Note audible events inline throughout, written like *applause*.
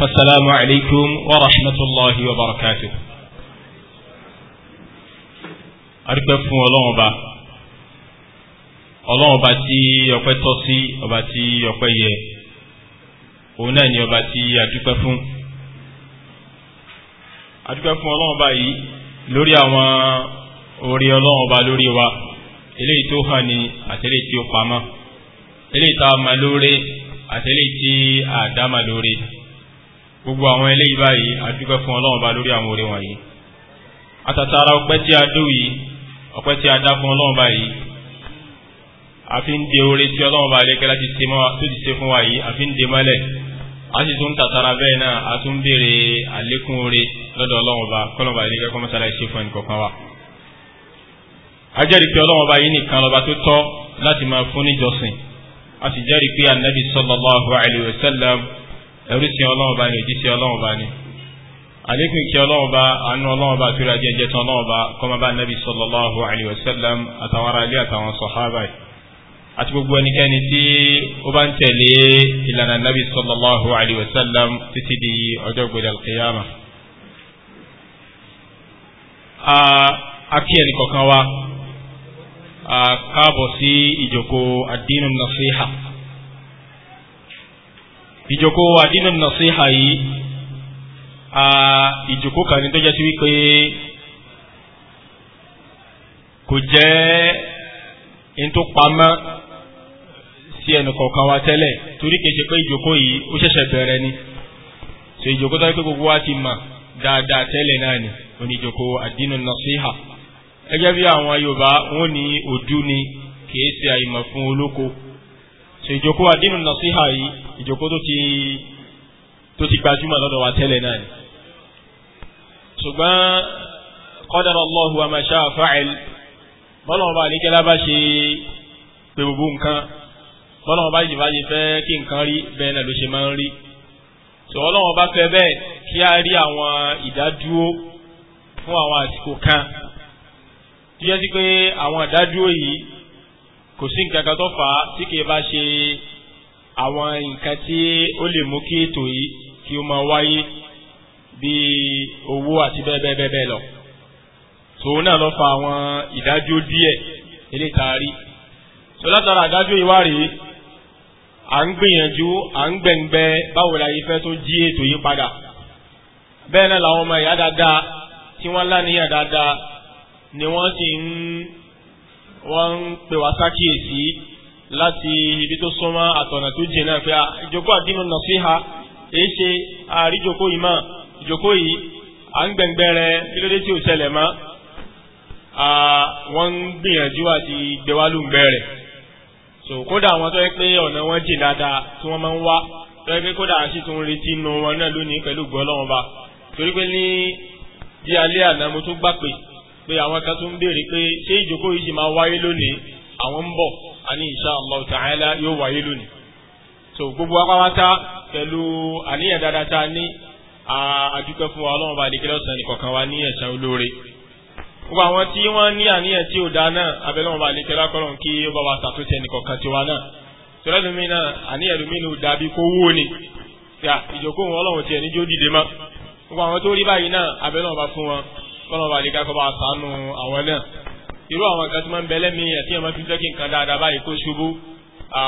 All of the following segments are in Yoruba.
فالسلام عليكم ورحمة الله وبركاته أركب فún Ọlọ́run Ọba Ọlọ́run Ọba tí ọpẹ́ tọ́ sí ọba tí ọpẹ́ yẹ òun náà ni ọba tí a dúpẹ́ fún a dúpẹ́ fún Ọlọ́run Ọba yìí lórí àwọn orí Ọlọ́run Ọba lórí wa eléyìí tó hàn ní àtẹ́lẹ̀ tí ó pamọ́ eléyìí tá a máa lóore àtẹ́lẹ̀ tí a dá máa lóore gbogbo àwọn eléyìí báyìí àdúgbẹ́ fún ọlọ́run bá lórí àwọn oore wọ̀nyí àtàtàrà ọpẹ́ tí a dó yìí ọpẹ́ tí a dá fún ọlọ́run báyìí àfi ń de oore tí ọlọ́run bá lẹ́kẹ́ láti ṣe mọ́ tó ti ṣe fún wa yìí àfi ń de mọ́lẹ̀ a sì tún tàtàrà bẹ́ẹ̀ náà a tún béèrè àlékún oore lọ́dọ̀ ọlọ́run bá kọ́lọ́run bá lẹ́kẹ́ kọ́mọ́sára ṣe fún ẹnì wa a jẹ́rìí pé ọlọ́run bá yìí nìkan lọ́ba tó tọ́ láti máa fún níjọsìn a sì jẹ́rìí pé anabi sallallahu alayhi wa sallam ẹrú sí ọlọ́run bá ní òjíṣẹ́ ọlọ́run bá ní àlékún ìkẹ́ ọlọ́run bá àánú ọlọ́run bá tó rájẹ́ jẹ́ tán ọlọ́run bá kọ́mọ bá nàbí sallallahu alayhi wa sallam àtàwọn ará ilé àtàwọn sọ̀hábà àti gbogbo ẹnikẹ́ni tí ó bá ń tẹ̀lé ìlànà nàbí sallallahu alayhi wa sallam títí di ọjọ́ gbọdọ̀ kìyàmà. a kí ẹnì kọ̀ọ̀kan wa káàbọ̀ sí ìjókòó ad-dinu ìjòkó àdínà nàṣíhà yìí a ìjòkó kan ní tó jẹ́ sí wípé kò jẹ́ in tó pamọ́ sí ẹnu kọ̀ọ̀kan wa tẹ́lẹ̀ torí kìí ṣe pé ìjòkó yìí ó ṣẹ̀ṣẹ̀ bẹ̀rẹ̀ ni so ìjòkó tó pé gbogbo wa ti mà dáadáa tẹ́lẹ̀ náà ni oníjòkó àdínà nàṣíhà gẹ́gẹ́ bí àwọn Yorùbá wọ́n ní òdú ni kìí ṣe àìmọ̀ fún olóko so ìjòkó àdínà nàṣíhà yìí ìjókòó tó ti tó ti gbajúmọ̀ lọ́dọ̀ wa tẹ́lẹ̀ náà ni ṣùgbọ́n qadara Allahu wa ma sha'a fa'il bọ́lọ̀wọ́ bá nígẹ́lá bá ṣe pé gbogbo nǹkan bọ́lọ̀wọ́ bá ìjìbá ṣe fẹ́ kí nǹkan rí bẹ́ẹ̀ náà ló ṣe máa ń rí ṣọ̀wọ́lọ́wọ́ bá fẹ́ bẹ́ẹ̀ kí a rí àwọn ìdádúró fún àwọn àsìkò kan tí yẹ́ sí pé àwọn ìdádúró yìí kò sí nǹkan kan tó fà á tí kì í bá ṣe àwọn nǹkan tí ó lè mú kí ètò yìí kí ó máa wáyé bí owó àti bẹ́ẹ̀ lọ tòun náà lọ fa àwọn ìdájọ́ díẹ̀ eléyìí tá tó látara àdájọ́ ìwárìí à ń gbìyànjú à ń gbẹ̀ngbẹ́ báwo la yìí fẹ́ tó jí ètò yìí padà bẹ́ẹ̀ náà làwọn ọmọ ìyá dáadáa tí wọ́n láníyàn dáadáa ni wọ́n sì ń wọ́n ń pè wá sákìyèsí láti ibi tó súnmọ́ àtọ̀nà tó jẹ náà pé ah, ìjókòó àdínú nasiha èyí ṣe àríjókòó yìí mọ́ ìjókòó yìí à ń gbẹ̀ngbẹ̀rẹ̀ kí ló dé tí ò ṣẹlẹ̀ mọ́ wọ́n ń gbìyànjú àti gbẹwálù ń bẹ̀rẹ̀ so kódà àwọn tó yẹ pé ọ̀nà wọn jìn dáadáa tí wọ́n máa ń wá tó yẹ pé kódà sì tún retí inú wọn náà lónìí pẹ̀lú gbọ́lọ́wọ́n ba torí pé ní bí alẹ́ àná mo tún gbà pé pé àwọn kan tún ń béèrè pé ṣé ìjókòó yìí sì máa wáyé lónìí àwọn ń bọ̀ Ani, ní insha Allah ta'ala yóò wáyé lónìí so gbogbo apáwátá pẹ̀lú àníyàn dáadáa tá a ní àdúpẹ́ fún wa ọlọ́run bá lè kílọ̀ sàn nìkọ̀kan wa ní ẹ̀san olóore gbogbo àwọn tí wọ́n ní àníyàn tí ò dá náà abẹ́lọ́run bá lè kílọ̀ kọ́lọ̀ kí ó bá wa ṣàtúnṣe nìkọ̀kan tiwa náà tọ́lẹ́lùmí náà àníyàn lómi ló dàbí kó wó ni ìjókòó wọn ọlọ́run tiẹ̀ níjó dìde mọ́ gbogbo àwọn tó rí báyìí náà abẹ́lọ́run bá fún wọn ọlọ́run bá lè kílọ̀ kọ́ irú àwọn nǹkan tí máa ń bẹ lẹ́mí ẹ̀ tí wọ́n máa fi fẹ́ kí nǹkan dáadáa báyìí kó ṣubú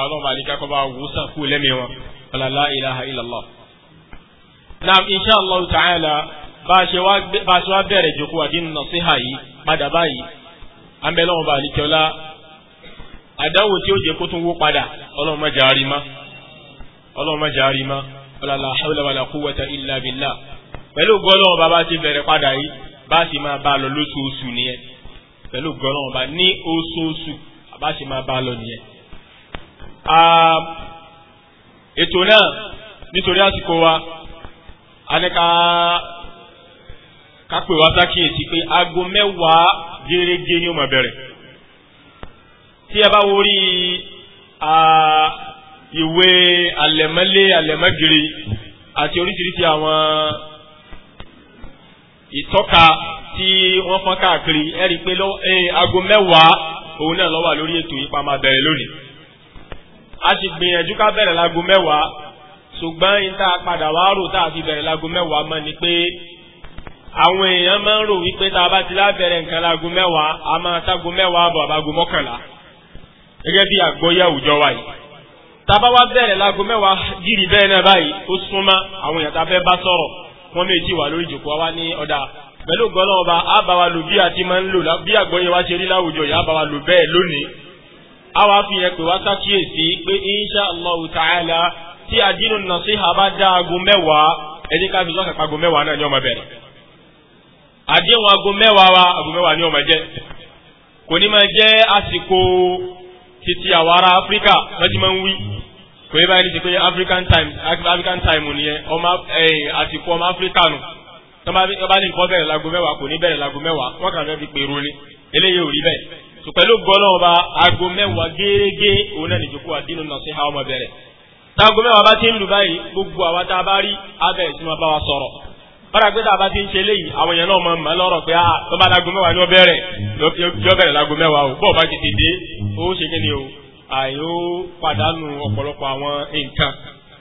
ọlọ́run àlíkà kọ́ bá wù sàn kú lẹ́mí wọn ọ̀làlá ilaha illallah. naam insha allah ta'ala bá a ṣe wá bẹ̀rẹ̀ jòkó àdín nasiha yìí padà báyìí an bẹ lọ́wọ́ àlíkà ọlá àdáwò tí ó jẹ kó tún wó padà ọlọ́run má má ọlọ́run má má ọ̀làlá pẹ̀lú gọ́lọ́run ọba ní oṣooṣù àbáṣe máa bá lọ nìyẹn. ètò náà nítorí àsìkò wa a kápẹ́ wa sákìyèsí pé aago mẹ́wàá gẹ́gẹ́ ni ó máa bẹ̀rẹ̀ tí ẹ bá worí ìwé alẹ̀mọ́lé alẹ̀mọ́giri àti oríṣiríṣi àwọn ìtọ́ka tí wọ́n fọ́n káàkiri ẹ rí i pé eh, aago mẹ́wàá òun náà ló lórí ètò yìí máa bẹ̀rẹ̀ lónìí. a ti gbìyànjú ká bẹ̀rẹ̀ láago mẹ́wàá ṣùgbọ́n yìí tá a padà wá rò tá a fi bẹ̀rẹ̀ láago mẹ́wàá mọ́ ni pé àwọn èèyàn máa ń rò wípé tá a bá ti lábẹ̀rẹ̀ nǹkan láago mẹ́wàá a máa tágo mẹ́wàá bọ̀ àbágo mọ́kànlá gẹ́gẹ́ bí àgbọ́yé àwùjọ wa yìí tá a bá wá bẹ̀rẹ̀ láago mẹ́wàá gírì bẹ́ẹ̀ náà báyìí ó súnmọ́ àwọn èèyàn tá a fẹ́ bá sọ̀rọ̀ wọ́n méjì wà lórí ìjòkó wa ní ọ̀dà pẹ̀lú gọ́lọ́ọ̀ba àbáwa lò bí àti máa ń lò bí àgbọ́yé wa ṣe rí láwùjọ yìí àbáwa lò bẹ́ẹ̀ lónìí àwa fi yẹn pè wá sákìyèsí pé insha allahu ta'ala tí àdínú nasiha bá dá aago mẹ́wàá ẹni ká fi sọ́kàpá aago mẹ́wàá náà ní ọmọ bẹ̀rẹ̀ àdéhùn aago mẹ́wàá wa aago mẹ́wàá ní ọmọ jẹ́ kò ní máa jẹ́ àsìkò títí àwa ará áfíríkà wọ́n máa ń wí kò yẹ báyìí ní ti pé African times, African time nìyẹn ọmọ eh, àsìkò ọmọ Africa nù tọ́ba ní nǹkan bẹ̀rẹ̀ lago mẹ́wàá kò ní bẹ̀rẹ̀ lago mẹ́wàá wọ́n kàn fẹ́ fi pèrò ni eléyìí ò rí bẹ́ẹ̀ tó pẹ̀lú gọ́lọ́wọ́ bá aago mẹ́wàá gẹ́gẹ́ òun náà nìjókò àdínú náà sí ha ọmọ bẹ̀rẹ̀ táago mẹ́wàá bá ti ń lù báyìí gbogbo àwa tá a bá rí abẹ́rẹ́ sí ma bá wa sọ̀rọ̀ bára pé tá a bá ti ń ṣe eléyìí àwọn èèyàn náà mọ̀ mọ́ lọ́rọ̀ pé ah, tọ́ba lago mẹ́wàá ni ó bẹ̀rẹ̀ lago mẹ́wàá o bọ́ọ̀ bá ti dìde ó ṣe kí ni o àyò pàdánù ọ̀pọ̀lọpọ̀ àwọn nǹkan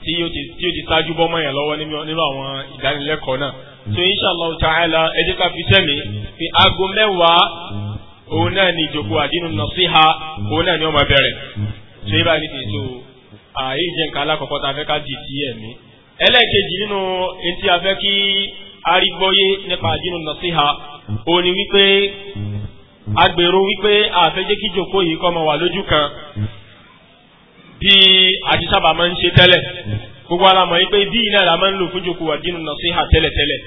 tí yóò ti ṣáájú bọ́ mọ́yàn lọ́wọ́ nínú àwọn ìdánilẹ́kọ̀ọ́ náà so inshallah ta'ala ẹ jẹ́ ká fi sẹ́mi fi aago mẹ́wàá òun náà ni ìjòkó àdínú nasiha òun náà ni ó bẹ̀rẹ̀ so ibà ní tèso àyè jẹ́ nǹkan alákọ̀ọ́kọ́ tá a fẹ́ ká dì sí ẹ̀mí ẹlẹ́ẹ̀kejì nínú etí a fẹ́ kí arígbọ́yé nípa àdínú nasiha òun ni wípé agbèrò wípé a fẹ́ jẹ́ kí ìjòkó yìí kó máa wà lójú kan bí a ti sábà máa ń ṣe tẹ́lẹ̀ gbogbo alamọ̀ yìí pé bí iná la máa ń lò fún jòkó àdínú nasiha tẹ́lẹ̀tẹ́lẹ̀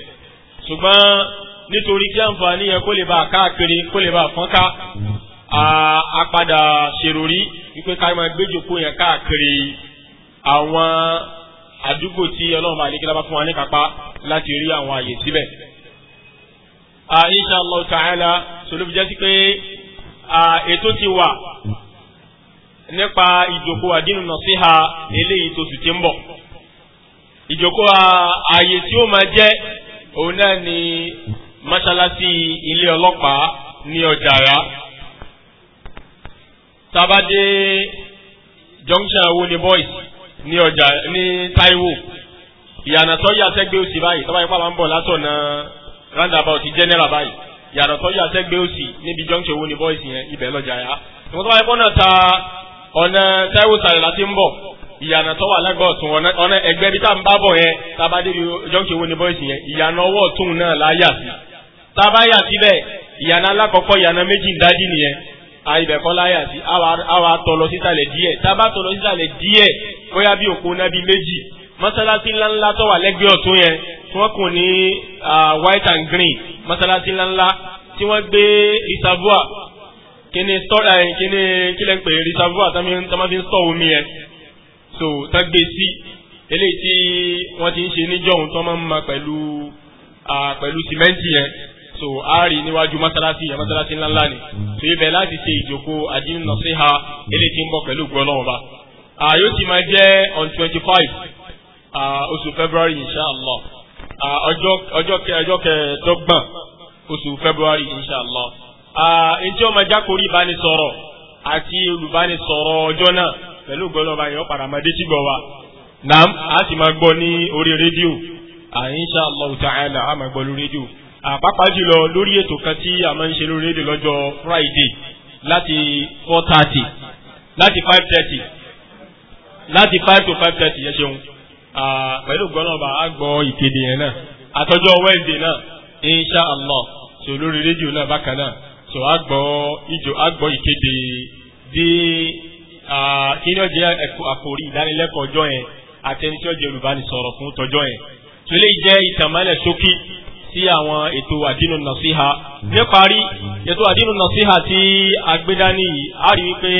ṣùgbọ́n nítorí kí àǹfààní yẹn kó lè bá a káàkiri kó lè bá a fọ́nká a padà ṣèròrí wípé ká máa gbé jòkó yẹn káàkiri àwọn àdúgbò tí ọlọ́run bá lékelá bá fún wa ní kápá láti rí àwọn àyè síbẹ̀. insha Allah ta'ala sọlọ́bù jẹ́ sí pé ètò ti wà nípa ìjòkó àdínú nasiha eléyìí tó sì ti ń bọ̀ ìjòkó ààyè tí ó máa jẹ́ òun náà ni mọ́ṣáláṣí ilé ọlọ́pàá ní ọjàrá tabade junction wo ni boys ní ọjà ní taiwo ìyànà tó yà sẹ́gbẹ́ òsì báyìí tọ́wáyé pàmò ń bọ̀ látọ̀nà roundabout general báyìí ìyànà tó yà sẹ́gbẹ́ òsì níbi junction wo ni boys yẹn ibẹ̀ lọ́jà yá ìwọ́n tọ́wáyé pọ́nà ta ọ̀nà táìwò sàrẹ̀ láti ń bọ̀ ìyànà tó wà lágbà ọ̀tún ọ̀nà ẹgbẹ́ bí tá à ń bá bọ̀ yẹn tába débi junction wo ni bọ́ọ̀sì yẹn ìyànà ọwọ́ ọ̀tún náà láyà sí tába yà síbẹ̀ ìyànà alákọ̀ọ́kọ́ ìyànà méjì ń dájú nìyẹn àìbẹ̀kọ́ láyà sí àwa tọ̀lọ̀ sísàlẹ̀ díẹ̀ tába tọ̀lọ̀ sísàlẹ̀ díẹ̀ bóyá bí òkú nábì méjì mọ́sálásí ńláńlá tó wà lẹ́gbẹ̀ẹ́ ọ̀tún yẹn tí wọ́n kùn ní ah, white and green mọ́sálásí ńláńlá tí wọ́n gbé reservoir kíní sọ́dà yẹn eh, kíní kílẹ̀ ń pè é reservoir tọ́mọ́fín sọ omi yẹn so tágbé sí eléyìí tí wọ́n ti ń ṣe níjọ́hun tó máa ń ma pẹ̀lú pẹ̀lú sìmẹ́ǹtì yẹn so a rí níwájú mọ́sálásí yẹn mọ́sálásí ńláńlá ni so ibẹ̀ láti ṣe ìjókòó àdínú nasiha eléyìí tí ń bọ̀ pẹ̀lú gbọ́ náà ba yóò ti máa jẹ́ on twenty five oṣù February inshallah ọjọ́ kẹẹ̀ẹ́dọ́gbọ̀n oṣù February inshallah ètí ọmọ jákòrí ìbánisọ̀rọ̀ àti olùbánisọ̀rọ̀ ọjọ́ náà pẹ̀lú gbọ́lọ́ba yẹn ọ̀pára máa dé sí gbọ́ wa naam a sì máa gbọ́ ní orí rédíò insha Allah ta'ala a máa gbọ́ lórí rédíò àpapà jùlọ lórí ètò kan tí a máa ń ṣe lórí rédíò lọ́jọ́ Friday láti four thirty láti five thirty láti five to five thirty yẹn ṣeun pẹ̀lú gbọ́lọ́ba a gbọ́ ìkéde yẹn náà àtọ́jọ́ Wednesday náà insha Allah sọ lórí rédíò náà bákan náà so agbọ́ ìjọ agbọ́ ìkéde dé kíni ọjẹ́ ẹ̀kọ́ àkòrí ìdánilẹ́kọ̀ọ́ ọjọ́ yẹn àtẹni tí ọjẹ́ olùbánisọ̀rọ̀ fún tọjọ́ yẹn tó lè jẹ́ ìtànmọ́lẹ̀ ṣókí sí àwọn ètò àdínú nàṣíhà níparí ètò àdínú nàṣíhà tí agbédání yìí a rí wípé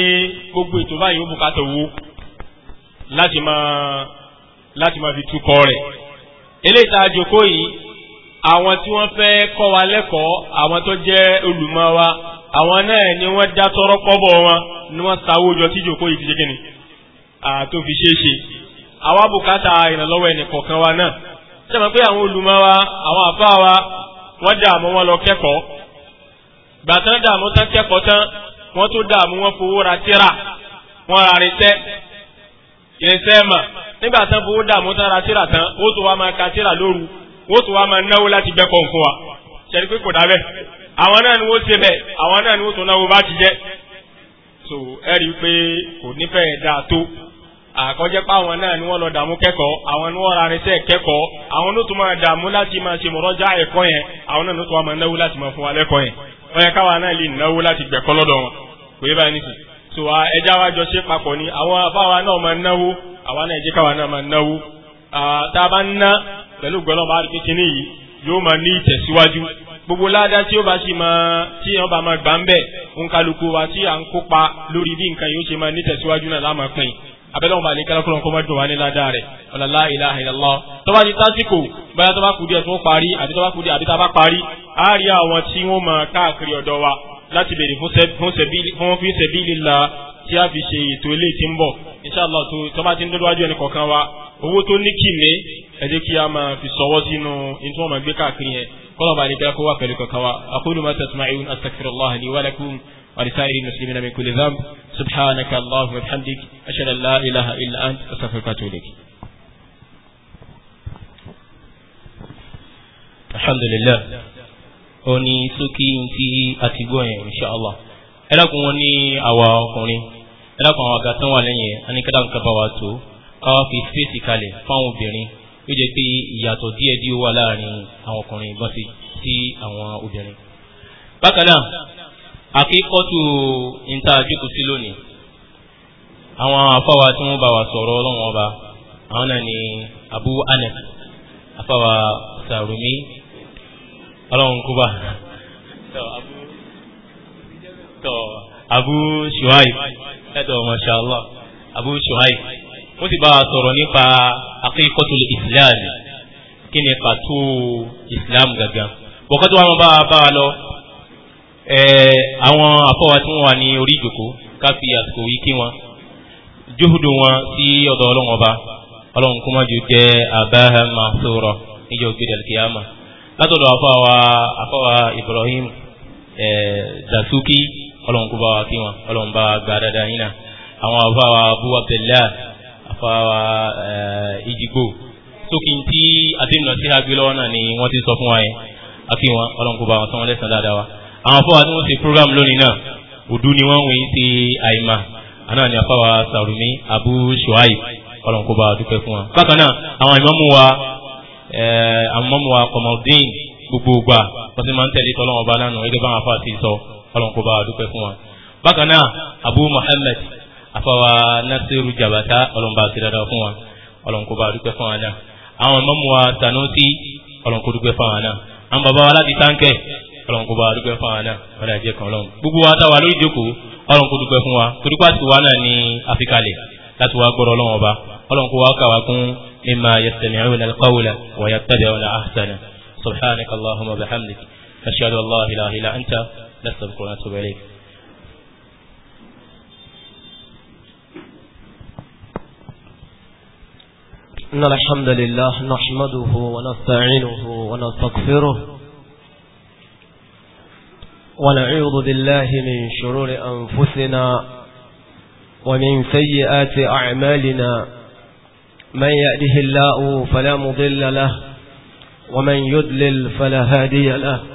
gbogbo ètò báyìí ó bùkátà owó láti máa láti máa fi túkọ̀ rẹ̀ eléyìí tá a jòkó yìí àwọn tí wọ́n fẹ́ kọ́ wa lẹ́kọ̀ọ́ àwọn tó jẹ́ olùmọ̀ wa àwọn náà ni wọ́n dá tọrọ kọ́bọ̀ wọn ni wọ́n sáwó jọ tí ìjòkó yìí ti ṣe kíni àtò fi ṣe é ṣe àwa bùkátà ìrànlọ́wọ́ ẹnì kọ̀ọ̀kan wa náà ṣe mọ̀ pé àwọn olùmọ̀ wa àwọn àfa wa wọ́n dààmú wọn lọ kẹ́kọ̀ọ́ gbàtán dààmú tán kẹ́kọ̀ọ́ tán wọ́n tó dààmú wọn fowó ra tíra wọ́n ra rinṣẹ́ irinṣẹ́ mà ra tíra wọ́n tún wá máa náwó láti gbẹ́ pọ̀ fún wa ṣẹ̀rí pé kò dá bẹ́ẹ̀ àwọn náà ni wọ́n ṣe bẹ́ẹ̀ àwọn náà ni wọ́n tún náwó bá ti jẹ́ so ẹ rí i pé kò nífẹ̀ẹ́ dáa tó àkọ́jẹ́ pé àwọn náà ni wọ́n lọ dààmú kẹ́kọ̀ọ́ àwọn ni wọ́n ra irinṣẹ́ kẹ́kọ̀ọ́ àwọn ló tún máa dààmú láti máa ṣe mọ̀rọ́jà ẹ̀kọ́ yẹn àwọn náà ló tún máa náwó láti máa fún wa lẹ́kọ̀ọ́ yẹn wọ́n yẹ káwa náà lè náwó láti gbẹ̀kọ́ lọ́dọ̀ wọn kò yẹ báyìí nìsín so ẹja wa jọ ṣe papọ̀ ni àwọn afáwa náà máa náwó àwa náà jẹ́ káwa náà máa náwó tá a bá ń ná pẹ̀lú gbọ́dọ̀ bá rí kékeré yìí yóò máa ní ìtẹ̀síwájú gbogbo ládá tí ó bá sì máa tí èèyàn bá máa gbà ń bẹ̀ òǹkàlùkù wa tí à ń kópa lórí bí nǹkan yóò ṣe máa ní ìtẹ̀síwájú náà láàmà pin abẹ́lẹ́ ọ̀bà àdékẹ́lá kúrò kó má dùn wá ní ládá rẹ̀ ọ̀làlá ilaha illallah tó bá ti tásìkò bóyá tó bá kù díẹ̀ tó parí àbí tó bá kù díẹ̀ àbí tá a bá parí á àwọn tí wọ́n máa káàkiri ọ̀dọ̀ wa láti béèrè fún fi sabilillah tí a fi ṣe ètò ilé tí ń bọ̀ inṣàlá tó tó bá ti ń dọ́dọ́ wájú ẹni kọ̀ọ̀kan wa owó tó ní kìmí ẹ jẹ́ kí a máa fi sọwọ́ sínú ní tí wọ́n máa gbé káàkiri yẹn kọ́lọ̀ bá ní kí a kó wá pẹ̀lú kọ̀ọ̀kan wa aqulu ma tasma'un astaghfirullah ni wa lakum wa subhanaka allahumma wa bihamdik ashhadu an la ilaha illa ant astaghfiruka wa atubu alhamdulillah oni ti atigo yẹn inṣàlá ẹlẹ́kùn wọn ní àwa ọkùnrin ẹlẹ́kùn àwọn àga tán wà lẹ́yìn ẹ̀ aníkẹ́dà nǹkan bá wa tó káwá fi spéèsì kalẹ̀ fáwọn obìnrin ó jẹ́ pé ìyàtọ̀ díẹ̀ díẹ̀ wà láàrin àwọn ọkùnrin bá sí sí àwọn obìnrin. bákan náà àkíkọ́tù níta àjókòó sí lónìí àwọn afáwa tí wọ́n bá wa sọ̀rọ̀ ọlọ́run ọba àwọn náà ni Abu anet afáwa Sàrùmí ọlọ́run kúbà dr abu shuaib ẹ̀dọ̀ mashallah abu shuaib wọ́n ti bá a sọ̀rọ̀ nípa akíkọ́tù islam kí ni pàtó islam gangan bọ̀kọ́ tó wà wọn bá a bá a lọ àwọn àfọwà tí wọ́n wà ní orí ìjòkó ká fi àsìkò yìí kí wọn jóhùdù wọn sí ọ̀dọ̀ ọlọ́run ọba ọlọ́run kó má ju jẹ́ abáhà máa sọ̀rọ̀ níjọ́ gbẹ̀dẹ̀ kíyàmà látọ̀dọ̀ àfọwà àfọwà ibrahim dasuki ọlọ́run kó bá wa kí wọn ọlọ́run bá wa gba dáadáa yín náà àwọn àfáwà Abu Abdullah àfáwà ìdìgbò eh, sókè tí àdéhùn náà sí àgbé lọ́wọ́ náà ni wọ́n ti sọ fún wa yẹn akí wọn ọlọ́run kó bá wọn sanwó lẹ́sàn dáadáa wa àwọn àfáwà tí wọ́n ṣe program lónìí náà òdu ni wọ́n wọ̀nyí ṣe àìmà àná ni àfáwà Sàrùmí Abu Shuaib ọlọ́run kó bá wa dúpẹ́ fún wa. bákan náà àwọn ìmámù wa eh, àwọn ìmámù wa Qamaruddin gbogbo gbà wọ́n ti máa ń ọlọ́nkọ́ bá dúpẹ́ fún wa. bákan náà abu muhammed afawa nasiru jabata ọlọ́nba kìdàdà fún wa ọlọ́nkọ́ bá dúpẹ́ fún wa náà. àwọn mọ́mú wa sanusi ọlọ́nkọ́ dúpẹ́ fún wa náà. àwọn bàbá wa láti táǹkẹ́ ọlọ́nkọ́ bá dúpẹ́ fún wa náà wọ́n dàjẹ́ kan lọ́n. gbogbo wa táwa lórí jókòó ọlọ́nkọ́ dúpẹ́ fún wa torí pàṣẹ wa náà ní àfikalẹ̀ láti wá gbọ́rọ̀ ọlọ́wọ́n ọba ọlọ́nkọ́ wa kà wá kún mimma نستغفرك ونتوب إليك إن الحمد لله نحمده ونستعينه ونستغفره ونعوذ بالله من شرور أنفسنا ومن سيئات أعمالنا من يأده الله فلا مضل له ومن يدلل فلا هادي له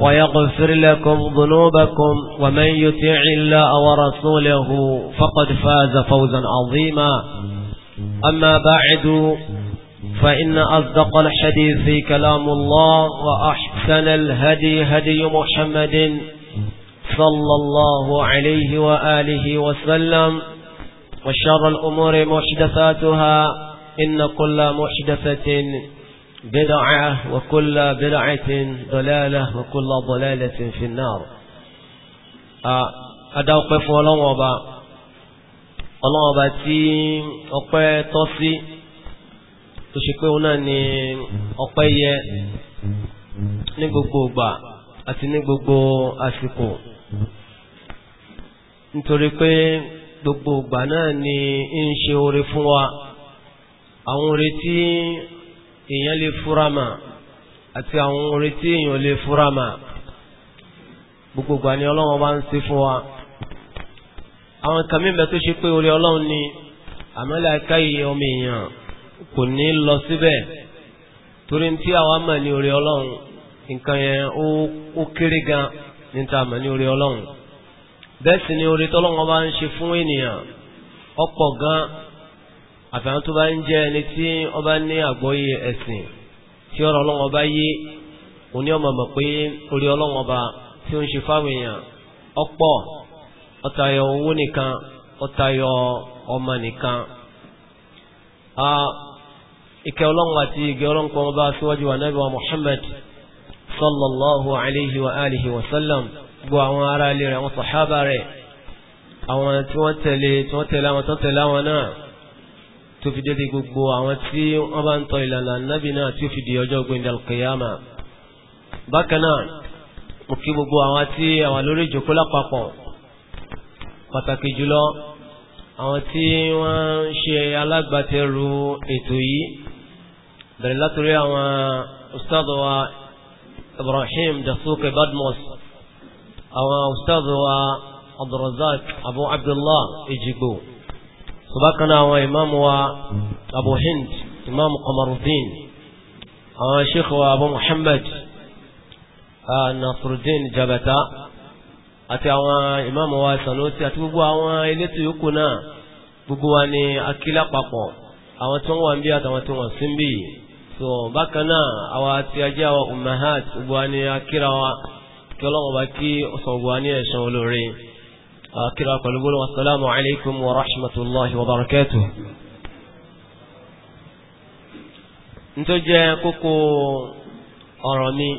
ويغفر لكم ذنوبكم ومن يطع الله ورسوله فقد فاز فوزا عظيما أما بعد فإن أصدق الحديث كلام الله وأحسن الهدي هدي محمد صلى الله عليه وآله وسلم وشر الأمور محدثاتها إن كل محدثة بدعة وكل بدعة ضلالة وكل ضلالة في النار أدوقف ولو أبا ولو أبا تي أقوى توسي تشكوه ناني أقوى ní gbogbo ìgbà àti ní gbogbo àsìkò nítorí pé gbogbo ìgbà náà ni ń ṣe èèyàn lè fúramà àti àwọn orí tí èèyàn lè fúramà gbogbo gbà ni ọlọ́run bá ń ṣe fún wa àwọn nǹkan mímẹ́ tó ṣe pé orí ọlọ́run ni àmọ́lẹ̀ akáyè ọmọ èèyàn kò ní lọ síbẹ̀ torí tí àwa mọ̀ ní orí ọlọ́run nǹkan yẹn ó kéré gan níta mọ̀ ní orí ọlọ́run bẹ́ẹ̀ sì ni orí tọ́lọ́run bá ń ṣe fún ènìyàn ọ̀pọ̀ gan àfihàn tó bá ń jẹ́ ẹni tí ó bá ní àgbọ́yé ẹ̀sìn tí ọ̀rọ̀ ọlọ́wọ́ bá yé òní ọmọ mọ̀ pé orí ọlọ́wọ́ bá tí ó ń ṣe fáwọn èèyàn ọ̀pọ̀ ọ̀tayọ owó nìkan ọ̀tayọ ọmọ nìkan ìkẹ́ ọlọ́run àti ìgẹ́ ọlọ́run kan bá síwájú wa nábì wa sallallahu alayhi wa alihi wa sallam gbọ́ àwọn ará ilé rẹ̀ àwọn sàhábà rẹ̀ àwọn tí wọ́n tẹ̀lé tí wọ́n tẹ̀lé àwọn tó tẹ̀lé àwọn náà tó fi débi gbogbo àwọn tí wọ́n bá ń tọ ìlànà ànábì náà tí ó fi di ọjọ́ gbẹ̀ndẹ̀ alkiyama bákan náà mo kí gbogbo àwọn tí àwọn lórí ìjòkó lápapọ̀ pàtàkì jùlọ àwọn tí wọ́n ń ṣe alágbàtẹrù ètò yìí bẹ̀rẹ̀ látòrí àwọn ustaz wa Ibrahim Dasuke Badmus àwọn ustaz wa Abdulrazak Abu Abdullah Ejigbo bákan náà àwọn ìmáàmù wa abu hind ìmáàmù qamarudin àwọn sheikh wa abu muhammad nasruddin jabata àti àwọn ìmáàmù wa sanusi àti gbogbo àwọn elétò yòókù náà gbogbo wa ni akílá papọ̀ àwọn tí wọ́n wà ń bí àtàwọn tí wọ́n sí ń bí so bákan náà àwọn àti ajé àwọn umahat gbogbo wa ni akíra wa kí ọlọ́wọ́ bá kí ọ̀sán gbogbo wa ní ẹ̀san olóore kíra pẹ̀lú gbọ́lọ́ wasalaamu alaykum wa rahmatulahi wa barakatu. nítorí jẹ́ kókó ọ̀rọ̀ mi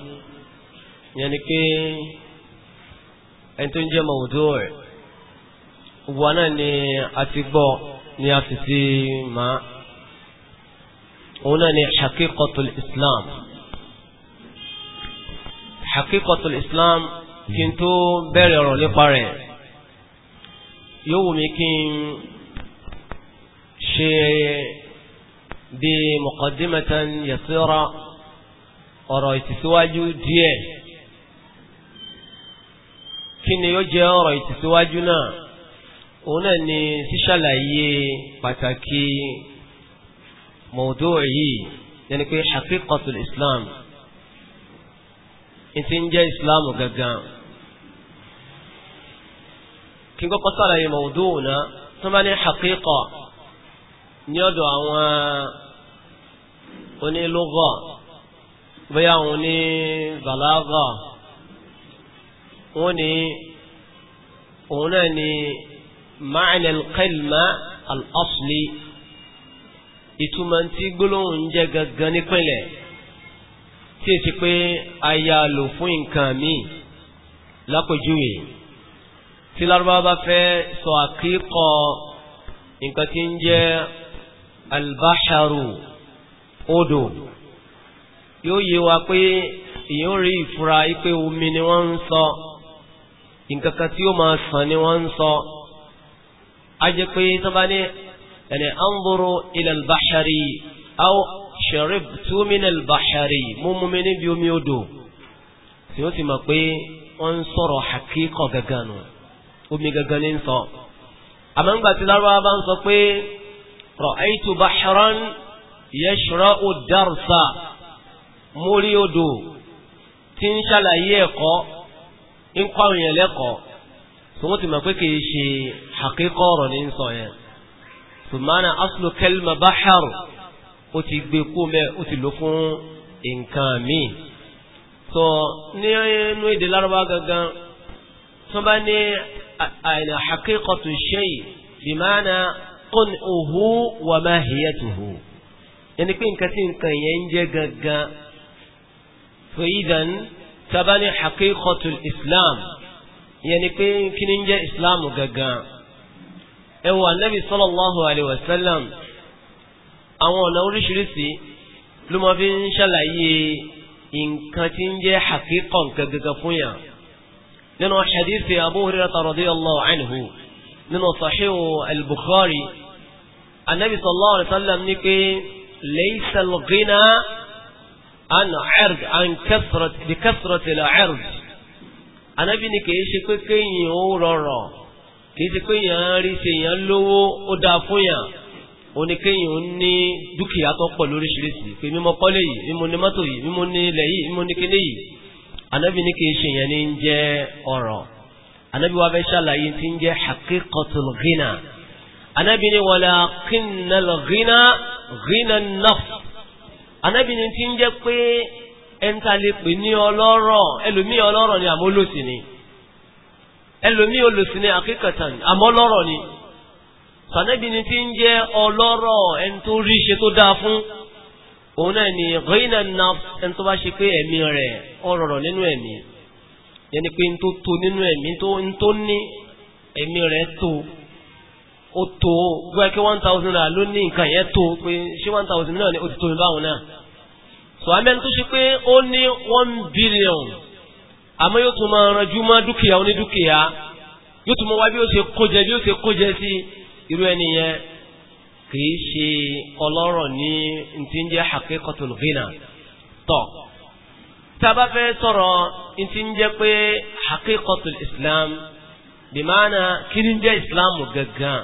yẹn ni pé ẹni tó ń jẹ́ mọ̀wùdó rẹ̀ wà ni a ni a sì ti ni haqiqatul islam haqiqatul islam kí n tó bẹ̀rẹ̀ ọ̀rọ̀ nípa yóò wù mí kí n ṣe bí muqaddimatan yasira ọ̀rọ̀ ìtìsíwájú díẹ̀ kí ni yóò jẹ́ ọ̀rọ̀ ìtìsíwájú náà òun náà ni ṣíṣàlàyé pàtàkì mọ̀ọ́dọ́ yìí yẹni pé haqiqatul islam ìtì islam gangan kí n kọ́kọ́ sàlàyé mọ̀ọ́dún náà tó bá ní haqiqa ní ọ̀dọ̀ àwọn onílùgọ̀ bóyá òun ní balaga wọ́n ní òun náà ní ma'na kalima al-asli ìtumọ̀ tí gbólóhùn jẹ́ gangan nípìnlẹ̀ tí èsì pé a yà lò fún nǹkan míì lápèjúwe tí lárúbáwá bá fẹ́ sọ àkíkọ nǹkan tí ń jẹ́ albáṣarù odò yóò yé wa pé èèyàn rí ìfura pé omi ni wọ́n ń sọ nǹkan kan tí ó máa sàn ni wọ́n ń sọ a pé tó ní ẹni anzuru ila albáṣarì aw sharibtu min albáṣarì mú mú mi níbi omi odò tí ó sì mọ̀ pé wọ́n ń sọ̀rọ̀ àkíkọ̀ gàgànù omi gangan ní sọ àmọ́ ń gbà tí lárúbáwá bá ń sọ pé ra'aytu bahran yashra'u darsa mórí odò tí ń ṣàlàyé ẹ̀kọ́ ń kọ́ àwọn èèyàn lẹ́kọ̀ọ́ tó wọ́n ti mọ̀ pé kì í ṣe àkíkọ́ ọ̀rọ̀ ní sọ yẹn sùmánà aslu kalma bahar ó ti gbé kó mẹ́ ó ti lò fún nǹkan míì tó ní inú èdè lárúbáwá gangan tó bá ní àìnà àkíkọ̀tù ṣe ìmáàna kọ́nùhù wà máa hìyàtùhù yẹni pé nǹkan tí nǹkan yẹn ń jẹ́ gangan fèyídàn tabani àkíkọ̀tù islam yẹni pé kí ni ń jẹ́ islam gangan ẹwà nabi sallallahu alayhi wa sallam àwọn ọ̀nà oríṣiríṣi ló máa fi ń ṣàlàyé nǹkan tí ń jẹ́ àkíkọ̀ nǹkan gangan fún yàn nínú hadithi Abu Hurairah radiyallahu anhu nínú sahihu al-Bukhari anabi sallallahu alayhi wa sallam ní pé laysa al-ghina an cird an kasrat bi kasrat al-cird anabi ní kìí ṣe pé kéèyàn ó rọrọ kìí ṣe pé yàn rí ṣe yàn lówó ó dáa fún yàn ó ní kéèyàn ó ní dúkìá tó pọ̀ lóríṣiríṣi pé mímọ kọ́lé yìí mímọ ní mọ́tò yìí mímọ ní ilẹ̀ yìí mímọ ní kíní yìí anabi ní kìí ṣe yẹn ní ń jẹ́ ọ̀rọ̀ anabi wa fẹ́ ṣàlàyé tí ń jẹ́ haqiqatul ghina anabi ní walakinnal ghina ghina nafs anabi ní tí ń jẹ́ pé ẹ̀ńtàlẹ́pẹ̀ ní ọlọ́rọ̀ ẹlòmíì ọlọ́rọ̀ ni àmọ́lòsì ni ẹlòmíì olòsì ni haqiqatan àmọ́lọ́rọ̀ ni sànẹ́bí ni tí ń jẹ́ ọlọ́rọ̀ ẹni ṣe tó dáa fún òun náà ni ghina nafs ẹni tó bá ṣe pé ẹ̀mí rẹ̀ ọ̀rọ̀rọ̀ nínú ẹ̀mí yẹni pé ń tó to nínú ẹ̀mí ń tó ní ẹ̀mí rẹ̀ tó ó tó gbé kí one thousand naira ló ní nǹkan yẹn tó pé ṣé one thousand náà ni ó ti tó mi báwọn náà sọ amẹ́ni tó ṣe pé ó ní one billion àmọ́ yóò tún máa ranjú mọ́ dúkìá onídúkìá yóò tún máa wá bí ó ṣe kójẹ bí ó ṣe kójẹ sí irú ẹni yẹn kìí ṣe ọlọ́rọ̀ ní ti ń jẹ́ haqiqatul ghina tọ̀ tá a bá fẹ́ sọ̀rọ̀ ti ń jẹ́ pé islam bí kí ni jẹ́ islam gangan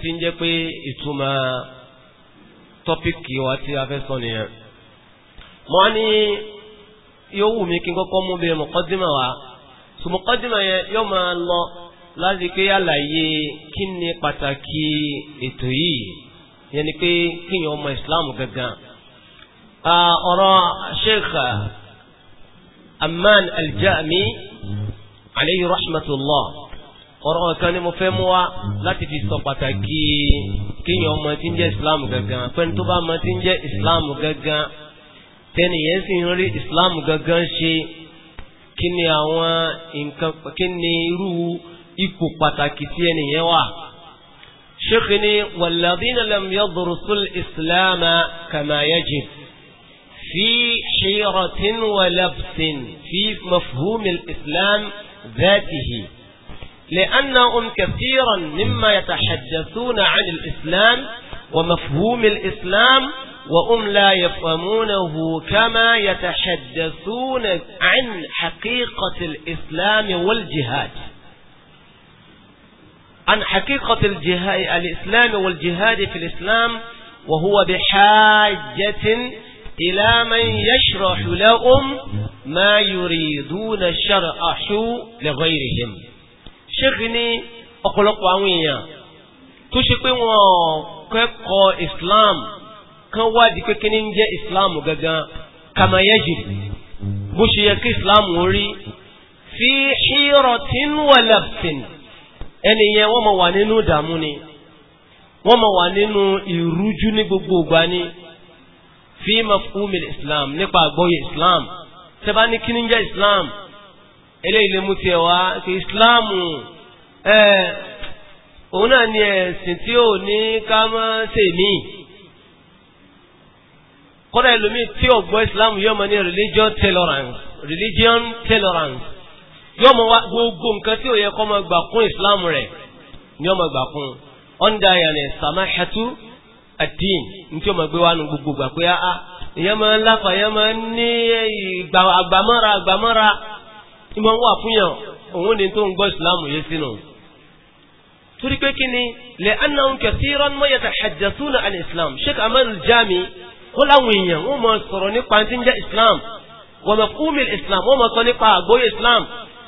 ti ń jẹ́ pé ìtumọ̀ tọ́píkì wa tí a fẹ́ sọ nìyẹn. mọ́ ní yóò wù mí kí n wa yẹn yóò máa yẹn ni pé kíyàn ọmọ islam gangan ọ̀rọ̀ sheikh aman aljami aleyhi rahmatullah ọ̀rọ̀ kan ni mo fẹ́ mú wa láti fi sọ pàtàkì kíyàn ọmọ tí ń jẹ́ islam gangan pẹ́ni tó bá mọ tí ń jẹ́ islam gangan tẹ́nìyẹn sì ń rí islam gangan ṣe kí ni àwọn nǹkan kí ni irú ipò pàtàkì tí ẹnìyẹn wà. شيخني والذين لم يدرسوا الإسلام كما يجب في حيرة ولبس في مفهوم الإسلام ذاته لأنهم كثيرا مما يتحدثون عن الإسلام ومفهوم الإسلام وهم لا يفهمونه كما يتحدثون عن حقيقة الإسلام والجهاد عن حقيقة الجهاد الإسلام والجهاد في الإسلام وهو بحاجة إلى من يشرح لهم ما يريدون شرحه لغيرهم شغني أقلق وعوية تشكي وكيكو إسلام كان وادي جاء إسلام وغاقا كما يجب مش يكي إسلام وري في حيرة ولبس ẹni yẹn wọ́n mọ̀ wà nínú ìdààmú ni wọ́n mọ̀ wà nínú ìrújú ní gbogbo ìgbà ni fi mafhum islam nípa àgbọ́yé islam tẹ́bá ní kí jẹ́ islam eléyìí lè mú tiẹ̀ wá kí islam ẹ̀ òun náà ni ẹ̀sìn tí ò ní ká máa ṣe mí kọ́dà ẹlòmíì tí ò gbọ́ islam yóò máa ní religion tolerance religion tolerance yóò mọ wá gbogbo nǹkan tí ó yẹ kọ́ mọ gbà kún ìsìláàmù rẹ̀ ni ó mọ gbà kún ọ̀ndà yàrá samahatu ad-din ní tí ó mọ gbé wá nu gbogbo gbà pé áá ah, ìyẹn ah, máa ń láfa ìyẹn máa ń ní ìgbà àgbàmọ́ra àgbàmọ́ra ìmọ̀ ń wà fún yàn òun ni tó ń gbọ́ ìsìláàmù yé sínú. torí pé kí ni li'annahum kathiran ma yatahaddathuna an islam sheikh ahmed jami ó láwọn èèyàn wọ́n mọ sọ̀rọ̀ nípa ti ń jẹ́ islam wa mafhumil islam wọ́n mọ sọ nípa àgbóyè islam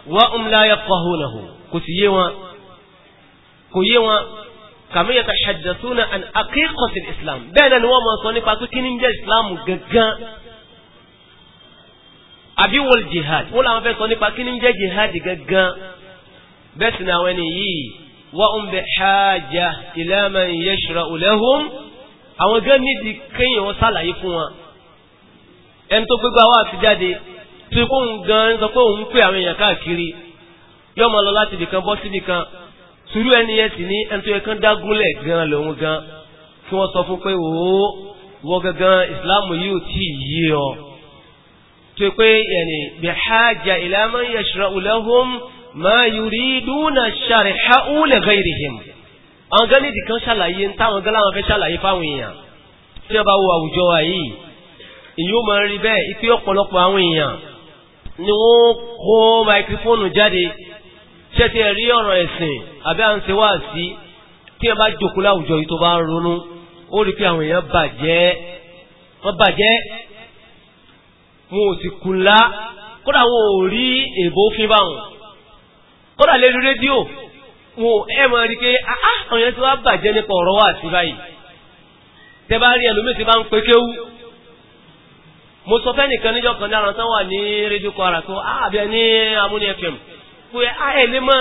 وهم لا يفقهونه كسيوا كيوا كما يتحدثون عن حقيقة الإسلام بين الوما صنف أكوكين جاء إسلام جاء àbí wọ́n jihad wọ́n làwọn fẹ́ sọ nípa kí ní jẹ́ jihad gangan bẹ́ẹ̀ sì náà wẹ́ni yìí wọ́n ń bẹ ṣáájá ìlànà ìyẹ́ṣọ́ra òlẹ́hùn àwọn gan nídìí kéèyàn sàlàyé fún wọn ẹni tó gbégbá wà fi jáde tó ikú òun gan sọ pé òun pè àwọn èèyàn káàkiri yóò máa lọ láti ibì kan bọ́ síbì kan sùúrù ẹni yẹn sì ní ẹni tó yẹ kán dágúnlẹ̀ gan lòun gan kí wọ́n sọ fún pé òó wọ́n gangan Islam yìí ò tí ì yé ọ tó pé yẹnì bihaja ila man yashra'u lahum ma yuriduna sharhahu li ghayrihim àwọn gan nídìí kan ṣàlàyé ń táwọn gan láwọn fẹ́ ṣàlàyé fáwọn èèyàn tí wọ́n bá wo àwùjọ wa yìí èyí máa rí bẹ́ẹ̀ ipe ọ̀pọ̀lọpọ̀ àwọn èèyàn ni wọ́n kó máikrófóònù jáde ṣẹ́tì ẹ̀rí ọ̀rọ̀ ẹ̀sìn àbí à ń ṣe wá sí tí ẹ bá jòkó láwùjọ yìí tó bá ń ronú ó rí pé àwọn èèyàn bàjẹ́ wọ́n bàjẹ́ wọn ò sì kùnlá kódà wọn ò rí èbó fín báwọn kódà lórí rédíò wọn ẹ mọ̀ rí pé àwọn èèyàn ti wá bàjẹ́ nípa ọ̀rọ̀ wá sí báyìí tẹ bá rí ẹlòmíì ti bá ń pe kéwú mo sọ fẹ́ nìkan níjọ́ kan dára tán wà ní rédíò kwara tó àbẹ̀ ah, ní amúni fm pé ah, ẹ lè mọ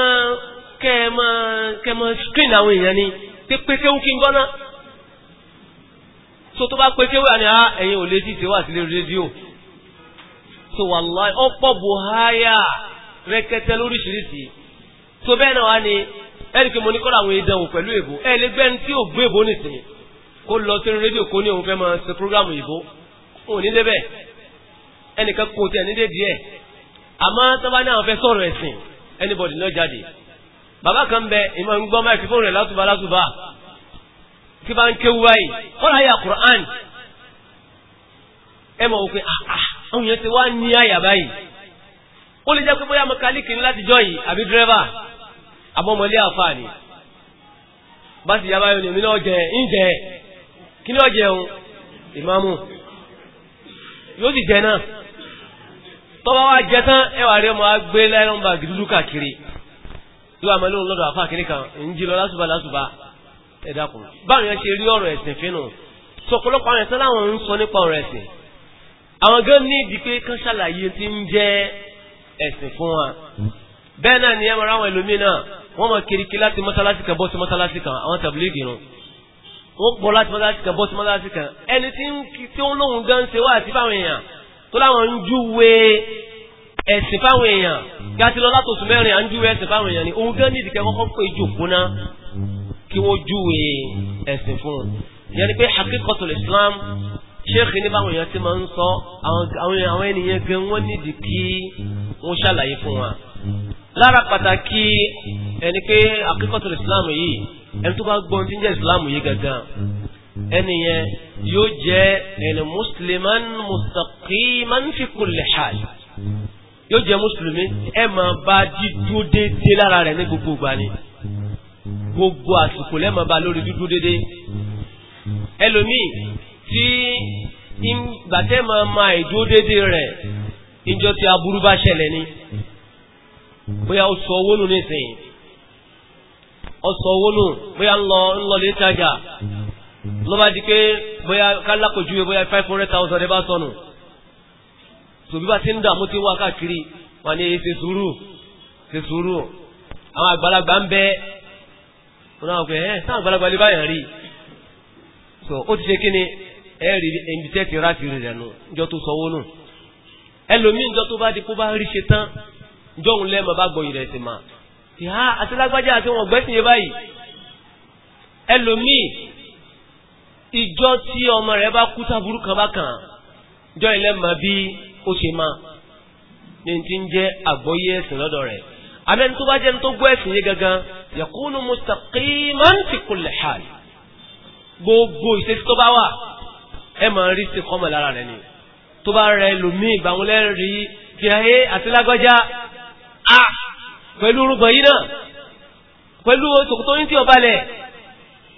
kẹ mọ kẹ mọ screen àwọn èèyàn ni pé pékéwú kí n gbọ́ná so tó bá pékéwú àni á ah, ẹ̀yin ò lè ti ṣe wà rédíò so wàláì ọ̀pọ̀ buhaya rẹkẹtẹ lóríṣiríṣi so bẹ́ẹ̀ náà wá ní ẹnì mo ní kọ́ra àwọn ìdánwò pẹ̀lú èbó ẹ lè gbẹ́ni tí ò gbé èbó nìsín kó lọ sí rédíò kó ní òun fẹ́ máa ò ní débẹ̀ ẹnìkan kò tẹ̀ ní dédìí ẹ̀ àmọ́ tọ́ba ní àwọn fẹ́ sọ̀rọ̀ ẹ̀sìn anybody lọ jáde bàbá kan bẹ ìmọ̀ ń gbọ́ máìkì fóònù rẹ̀ látùbà látùbà tí bá ń kéwu báyìí wọ́n láyà Qur'an ẹ mọ̀ òfin ah, ah, àwọn èèyàn ti wá ní àyà báyìí ó lè jẹ́ pé bóyá mọ̀kálíkì ní láti jọ yìí àbí dírẹ́fà àbọ̀mọ̀lé àǹfààní bá ti yá báyìí ní èmi náà jẹ ń jẹ kí ni ọ̀jẹ̀ òun ìmáàmù yóò sì jẹ náà tọ́ba wa jẹ tán ẹwà rẹ máa gbé láìlọ́n bá káàkiri yóò àmọ́ lóun lọ́dọ̀ àfa kiri kan ń jí lọ lásùbà lásùbà ẹ dákun báwọn yẹn ṣe rí ọ̀rọ̀ ẹ̀sìn fínú sọ̀pọ̀lọpọ̀ àwọn ẹ̀sìn láwọn ń sọ nípa ọ̀rọ̀ ẹ̀sìn àwọn gan ní ìdí pé kán ṣàlàyé ti ń jẹ́ ẹ̀sìn fún wa bẹ́ẹ̀ náà ni ẹ mọ̀ ráwọn ẹlòmíì náà wọ́n mọ̀ kirikiri láti wọ́n bọ́ láti mọ́sálásí kan bọ́ sí mọ́sálásí kan ẹni tí ń tí ó lóhun gan ṣe wá àti fáwọn èèyàn tó láwọn ń júwe ẹ̀sìn fáwọn èèyàn kí a ti lọ látòsùn mẹ́rin à ń júwe ẹ̀sìn fáwọn èèyàn ni òun gan nídìí kẹ́ kọ́kọ́ pé jòkó ná kí wọ́n júwe ẹ̀sìn fún un ìyẹn ni pé hakikatul Islam ṣéèkì ní báwọn èèyàn ti máa ń sọ àwọn ènìyàn gan wọ́n nídìí kí wọ́n ṣàlàyé fún wa lára pàtàkì ẹni pé akẹ́kọ̀ọ́ islam yìí ẹni tó bá gbọ́n tí ń jẹ́ islam yìí gangan ẹni yẹn yóò jẹ́ ẹni musliman mustaqiman fi kulli hal yóò jẹ́ mùsùlùmí ẹ máa bá dídú déédéé lára rẹ̀ ní gbogbo ìgbà ni gbogbo àsìkò lẹ́ẹ̀ máa bá lórí dídú déédéé ẹlòmíì tí gbàtẹ́ máa ma ìdúró dédé rẹ̀ ìjọ tí aburú bá ṣẹlẹ̀ ni bóyá ó sọ owó nù nísìnyí ó sọ owó nù bóyá ń lọ ń lọ lé tajà ló bá di pé bóyá kálákòjúwe bóyá five hundred thousand ẹ bá sọnù tòbí bá ti ń dààmú ti ń wá káàkiri wọn ni ṣe sùúrù ṣe sùúrù àwọn àgbàlagbà ń bẹ wọn náà wọn sáà àgbàlagbà lè báyà rí so ó ti ṣe kí ni ẹ̀rí ẹni tẹ́ ti ráàtì rẹ̀ rẹ̀ nù njọ́ tó sọ owó nù ẹlòmíì njọ́ tó bá di kó bá rí ṣe tán njọ́ òun lẹ́ẹ̀mọ́ bá gbọ́ ìrẹsì mà ti ha àti lágbájá àti wọn gbẹ́sìn yẹn báyìí ẹlòmíì ìjọ tí ọmọ rẹ̀ bá kú sáburú kan bá kàn njọ́ ìlẹ́mọ̀ bí ó ṣe máa ní ti ń jẹ́ àgbọ́yé ẹ̀sìn lọ́dọ̀ rẹ̀ abẹ́ni tó bá jẹ́ni tó gbọ́ ẹ̀sìn yé gangan yakunu mustaqiman fi kulli hal gbogbo ìṣesí tó bá wà ẹ máa rí sí kọ́mọ̀ lára rẹ̀ ni tó bá rẹ lòmíì ìgbàwọn lẹ́rìí fi ayé àti lágọ́já a pẹ̀lú orúgbọ̀n yìí náà pẹ̀lú tòkótó yín tí ọba lẹ̀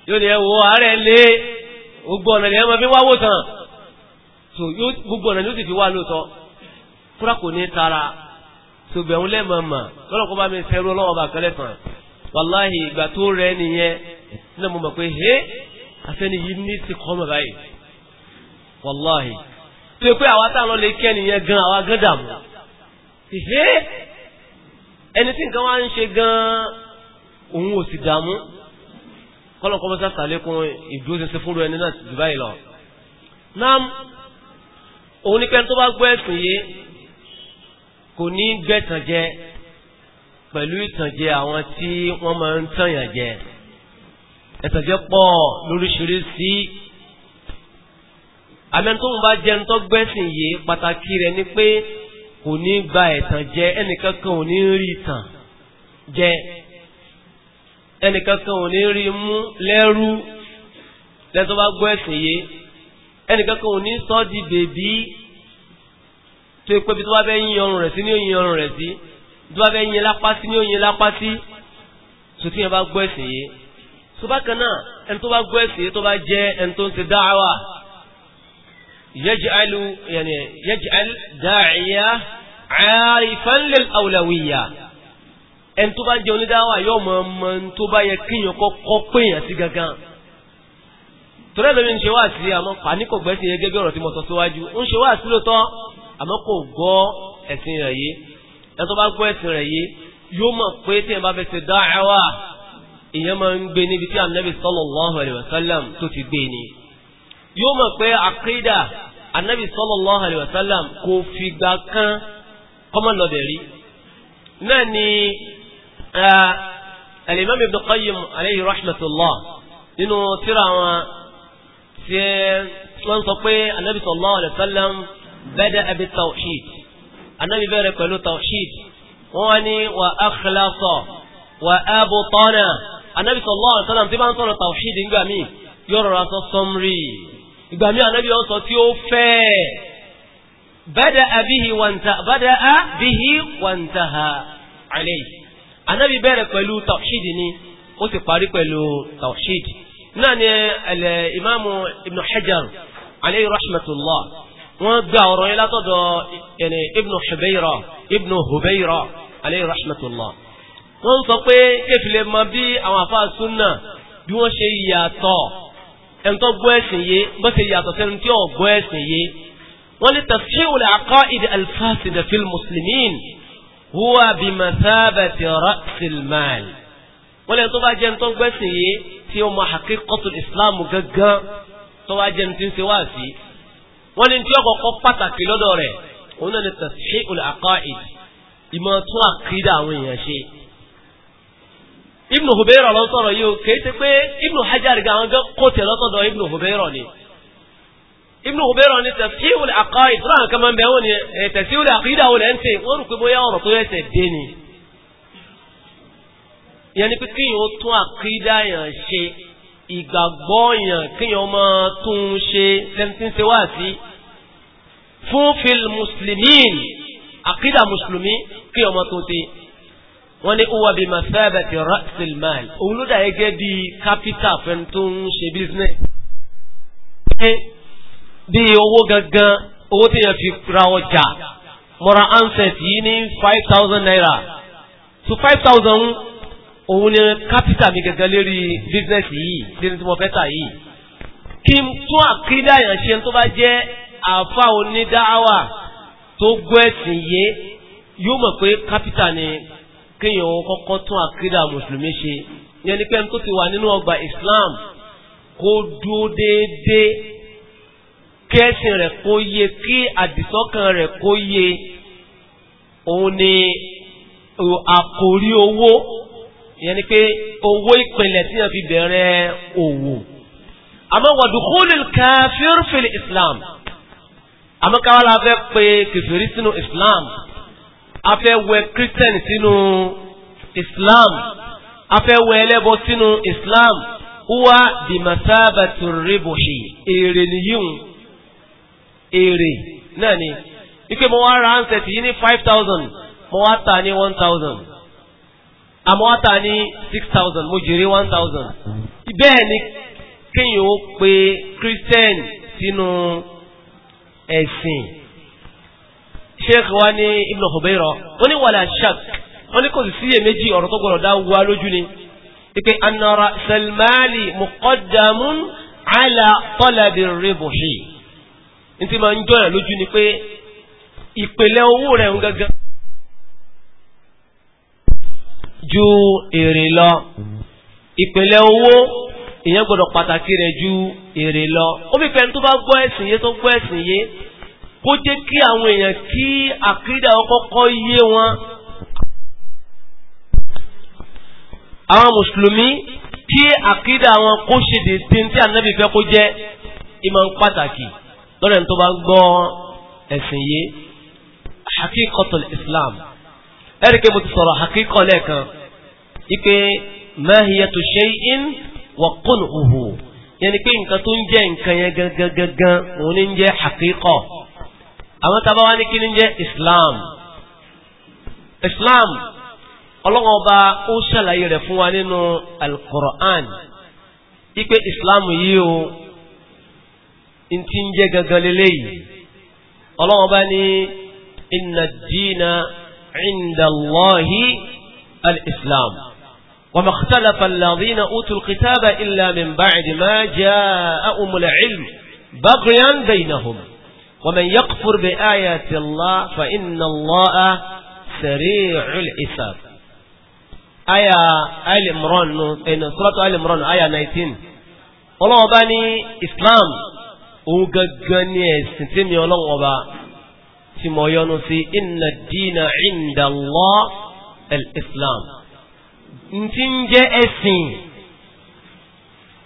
yóò ní ẹwọ ààrẹ lé gbogbo ọ̀nà ni ẹ máa fi wá wò tán tó yóò gbogbo ọ̀nà ni ó sì fi wá lóòótọ́ kúrà kò ní tara tó bẹ̀rún lẹ́mọ̀ọ́mọ̀ lọ́lọ́kọ́ bá mi fẹ́rú ọlọ́wọ́ bá kẹ́lẹ́ tán wàláhì ìgbà tó rẹ nìyẹn nínú mo mọ̀ pé hé afẹ́ni yìí ní ti kọ́ mọ̀ báyìí wàláhì tó yẹ pé àwa táwọn lọ lè kẹ́ nìyẹn gan àwa gan dààmú ṣe ẹni tí nǹkan wá ń ṣe gan òun ò sì dààmú kọ́lọ́kọ́ bá sàlékún ìdúróṣinṣin fúnru ẹni náà ti dùbá ìlọ. nam òun ní pẹ́ni tó bá gbọ́ ẹ̀sùn yìí kò ní gbẹ̀tàn jẹ pẹ̀lú ìtànjẹ àwọn tí wọ́n máa ń tànyàn jẹ ẹ̀tànjẹ pọ̀ lóríṣiríṣi àmẹ́ntóhun bá jẹ́ ń tọ́ gbẹ́sìn yìí pàtàkì rẹ̀ ni pé kò ní gba ẹ̀tàn jẹ ẹnìkankan ò ní rí ìtàn jẹ ẹnìkankan ò ní rí mú lẹ́rú lẹ́tọ́ bá gbẹ́sìn yìí ẹnìkankan ò ní sọ di bèbí tó pé bí tó bá fẹ́ yin ọrùn rẹ̀ sí ní òyin ọrùn rẹ̀ sí tó bá fẹ́ yin lápá sí ní òyin lápá sí tó tí bá gbẹ́sìn yìí tó bá kan náà ẹni tó bá gbẹ́sìn yìí tó bá jẹ́ ẹni tó ń ṣe dáhàwá. يجعل يعني يجعل داعية عارفا للأولوية ẹn tó bá jẹ́ onídáwà yóò mọ̀ ọmọ tó bá yẹ kíyàn kọ́kọ́ pèèyàn sí gangan torí ẹ̀lọ́mí ń ṣe wá sí àmọ́ pàní kò gbẹ́sìn yẹ gẹ́gẹ́ ọ̀rọ̀ tí mo sọ síwájú ń ṣe wá sí lóòótọ́ àmọ́ kò gbọ́ ẹ̀sìn rẹ̀ yé ẹn tó bá gbọ́ ẹ̀sìn rẹ̀ yé yóò mọ̀ pé tí ẹ bá fẹ́ ṣe dáhàwà ìyẹn máa ń gbé níbi tí Ànábì sallallahu alaihi wasallam tó ti gbé ni yóò mọ̀ pé àkídà anabi sallallahu alayhi wa sallam kò fìgbà kan kọ́mọlọ́dẹ̀ rí náà ni al-imam ibn qayyim alayhi rahmatullah nínú tírà wọn tí wọ́n sọ pé anabi sallallahu alayhi wa sallam bada'a bit-tawhid anabi bẹ̀rẹ̀ pẹ̀lú tawhid wọ́n wá ní wa akhlasa wa abtana anabi sallallahu alayhi wa sallam tí bá ń sọ̀rọ̀ tawhid ńgbà míì yóò rọra sọ sọmrí ìgbà mi ànábì ọ̀ sọ tí ó fẹ́ bada'a bihi wantaha bada'a bihi wantaha alayhi ànábì bẹ̀rẹ̀ pẹ̀lú tawhid ni ó sì parí pẹ̀lú tawhid náà ni ìmáàmù ibn hajar alayhi rahmatullah wọ́n gba ọ̀rọ̀ yẹn látọ̀dọ̀ ibn hubayra ibn hubayra alayhi rahmatullah wọ́n sọ pé kéfìlẹ̀ mọ bí àwọn àfáà súnà bí wọ́n ṣe yàtọ̀ ẹni tó gbọ́ ẹ̀sìn yé bó ṣe yàtọ̀ sẹ́ni tí ò gbọ́ ẹ̀sìn yé wọ́n lè tashihu al-aqaid al-fasida fil muslimin huwa bi mathabati ra'sil mal wọ́n lè tó bá jẹ́ tó gbẹ́sìn yé tí ó mọ haqiqatul islam gangan tó bá jẹ́ tí ṣe wá sí wọ́n lè tí ó kọ́kọ́ pàtàkì lọ́dọ̀ rẹ̀ òun náà ni tashihu al-aqaid ìmọ̀ ibnu hubeira ló ń sọ̀rọ̀ yìí o kìí ṣe pé ibnu hajar gan an gan kó tẹ̀ lọ́sọ̀dọ̀ ibnu hubeira ni ibnu hubeira ni tafsirul aqaid fúnra nǹkan máa ń bẹ̀ wọ́n ni eh, tafsirul aqida wọ́n lẹ́ ń tẹ̀ wọ́n rò pé bóyá ọ̀rọ̀ tó yẹsẹ̀ dé ni. pé kíyàn ó tún aqida yàn ṣe ìgbàgbọ́ yàn kíyàn máa tún ṣe lẹ́ntì ṣe wá sí fún fil muslimin aqida mùsùlùmí kíyàn máa tún ṣe wọ́n ní uwa bí mafẹ́bẹ̀ ti rasil mal òun ló dàá gẹ́gẹ́ bí kápítà fẹ́ni tó ń ṣe business. ṣé bí owó gangan owó tí yẹn fi ra ọjà mọ́ra ansẹ̀t yìí ní five thousand naira to five thousand òun ni kápítà mi gangan lérí business yìí lérí tí mo fẹ́ tà yìí. kí n tún àkídà yẹn ṣe tó bá jẹ́ àfa onídàáwà tó gbọ́ yé yóò mọ̀ pé kápítà ni kéèyàn kọ́kọ́ tún àkídà mùsùlùmí ṣe yẹn ni pẹ́ẹ́n tó ti wà nínú ọgbà Islam kó dúó déédéé kẹ́sìn rẹ̀ kó yé kí àdìsọ́kàn rẹ̀ kó yé òun ni àkórí owó yẹn ni pé owó ìpìlẹ̀ tí yẹn fi bẹ̀rẹ̀ òwò àmọ́ wàdùkúlù kafir fil Islam àmọ́ káwá la fẹ́ pe kèfèrí sínú Islam a fẹ́ wẹ kírísítẹ́nì sínú islam afẹ́wọ̀ ẹlẹ́bọ sínú islam huwa di masaba ribuhi èrè nìyíhun èrè náà ni ike mo wá ra ansẹ̀tì yìí ní five thousand mo wá tà ní one thousand àmọ́ wá tà ní six thousand mo jèrè one thousand bẹ́ẹ̀ ni kéèyàn ó pe christian sínú ẹ̀sìn sheikh wa ní ibn Hubayra ó ní wàlá shak wọ́n ní kò sì síyè méjì ọ̀rọ̀ tó gbọ́dọ̀ dá wa lójú ni pípé anara salmali muqaddamun ala talabi ribuhi ní ti máa ń jọyàn lójú ni pé ìpìlẹ̀ owó rẹ̀ ń gangan ju èrè lọ ìpìlẹ̀ owó èèyàn gbọ́dọ̀ pàtàkì rẹ̀ ju èrè lọ ó fi pẹ́ni tó bá gbọ́ ẹ̀sìn yé tó gbọ́ ẹ̀sìn yé kó jẹ́ kí àwọn èèyàn kí àkídà ọkọ̀ kọ́ yé wọn. àwọn mùsùlùmí kí àkídà àwọn kó ṣe dédé tí ànábì fẹ́ kó jẹ́ ìmọ̀ pàtàkì lọ́rẹ̀ tó bá gbọ́ ẹ̀sìn yìí hakíkọtul islam ẹ̀ríkẹ́ mo ti sọ̀rọ̀ hakíkọ lẹ́ẹ̀kan ipe mahiyatu shay'in wa qunuhu yẹni pé nǹkan tó ń jẹ́ nǹkan yẹn gangan òun ní ń jẹ́ hakíkọ àwọn tábà wá ní kí ní ń jẹ́ islam islam ọlọ́wọ́n ọba ó ṣàlàyé rẹ̀ fún wa nínú al-Qur'an ipe islam yìí o n ti ń jẹ́ gangan lélẹ́ yìí ọlọ́wọ́n ọba ní inna ad-dina 'inda Allahi al-islam wa ma ikhtalafa alladhina utul kitaba illa min ba'di ma ja'ahumul 'ilm baghyan baynahum wa man yakfur bi ayati Allah aya Al-Imran ẹnu eh, suratu Al-Imran aya 19 ọlọ́wọ́ bá ní Islam òun gangan ní ẹ̀sìn tí mi ọlọ́wọ́ bá tí mo yọnu sí inna ad-dina 'inda Allah al-Islam ntí ń jẹ́ ẹ̀sìn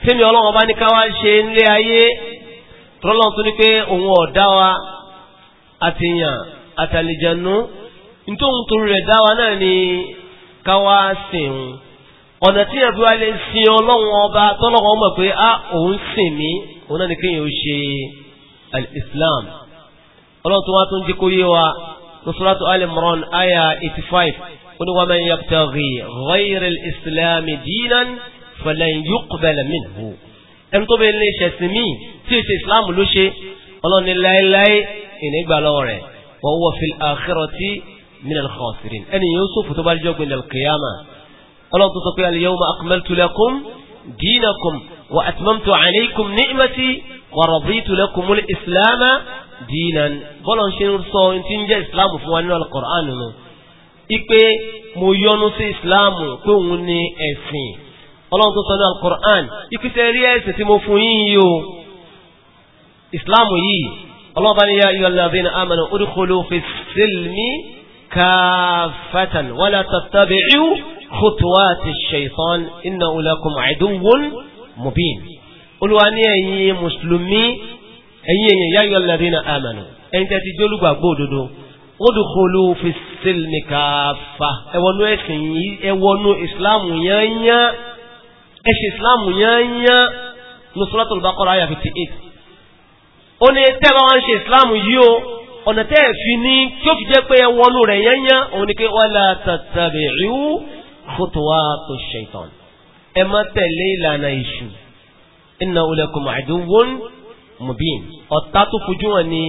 tí mi ọlọ́wọ́ ní káwá ṣe nílé ayé tọ́lọ́n tó ní pé òun ọ̀dá wa àtìyàn àtàlìjànú nítorí torí rẹ̀ dá wa náà ni káwá sìn un ọ̀nà tí ẹ̀bí wa lè sin ọlọ́run ọba tọ́lọ́run mọ̀ pé a ah, òun sìn mí òun náà ni kéèyàn ó ṣe islam ọlọ́run tó wá tó ń jí kó yé wa nusuratu al-imran aya 85 ó ní wa man yabtaghi ghayra al-islam dinan falan yuqbala minhu ẹni tó bẹ lè ṣẹ̀sìn mí tí èsì islam ló ṣe ọlọ́run ní láéláé ìnígbà lọ́wọ́ rẹ̀ wa huwa fil akhirati minal khasirin ẹni yóò sófò tó bá jẹ́ ọgbìn alkiyama ọlọ́run tó sọ pé al-yawma akmaltu lakum dinakum wa atmamtu alaykum ni'mati wa raditu lakum al-islam dinan bọ́lá ń ṣe ń sọ ti ń jẹ́ islam fún wa nínú al-Qur'an ipe mo yọ́nú sí islam pé òun ni ẹ̀sìn ọlọ́run tó sọ ní al-Qur'an ìpìtẹ́ rí ẹ̀sìn tí mo fún yín yìí o islam yìí ọlọ́run bá ní ya ayyuhal ladhina amanu udkhulu fi silmi كافة ولا تتبعوا خطوات الشيطان إنه لكم عدو مبين Olúwa ní ẹ̀yin mùsùlùmí ẹ̀yin èyàn yá yọ lẹ́rin náà àmànù ẹ̀yin tẹ́ ti jẹ́ olùgbàgbọ́ òdodo ó dùkọlù fi sílmì káfà ẹwọnú ẹ̀sìn yìí ẹwọnú ìsìláàmù yányá ẹ̀sìn ìsìláàmù yányá nusratul Baqara àyà 58 ó ní tẹ́ bá wọ́n ń ṣe ìsìláàmù yìí o ọ̀nà tẹ́ ẹ̀ fi ní tí ó fi jẹ́ pé ẹ wọnú rẹ̀ yányán òun ni pé wala tattabi'u khutuwati shaytan ẹ má tẹ̀lé ìlànà èṣù innahu lakum aduwwun mubin ọ̀tá tó fojú wọn ni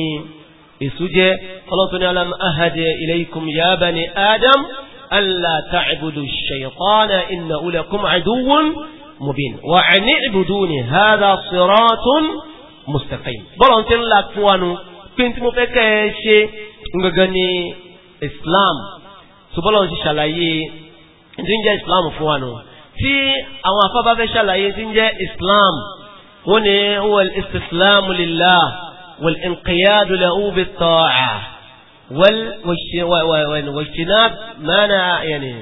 èṣù jẹ́ ọlọ́tún ní alam ahad ilaykum ya bani adam alla ta'budu shaytana innahu lakum aduwwun mubin wa an'buduni hadha siratun mustaqim bọ́lọ̀ ń tẹ́ fún wa nù pé tí mo fẹ́ kẹ́ ẹ ṣe gangan ni islam ṣùgbọ́n ṣe ṣàlàyé tí ń jẹ́ islam fún wa nù tí àwọn afábá fẹ́ ṣàlàyé tí ń jẹ́ islam wọ́n ní wal istislamu lillah wal inqiyadu lahu bit ta'a wal wajtinab mana yani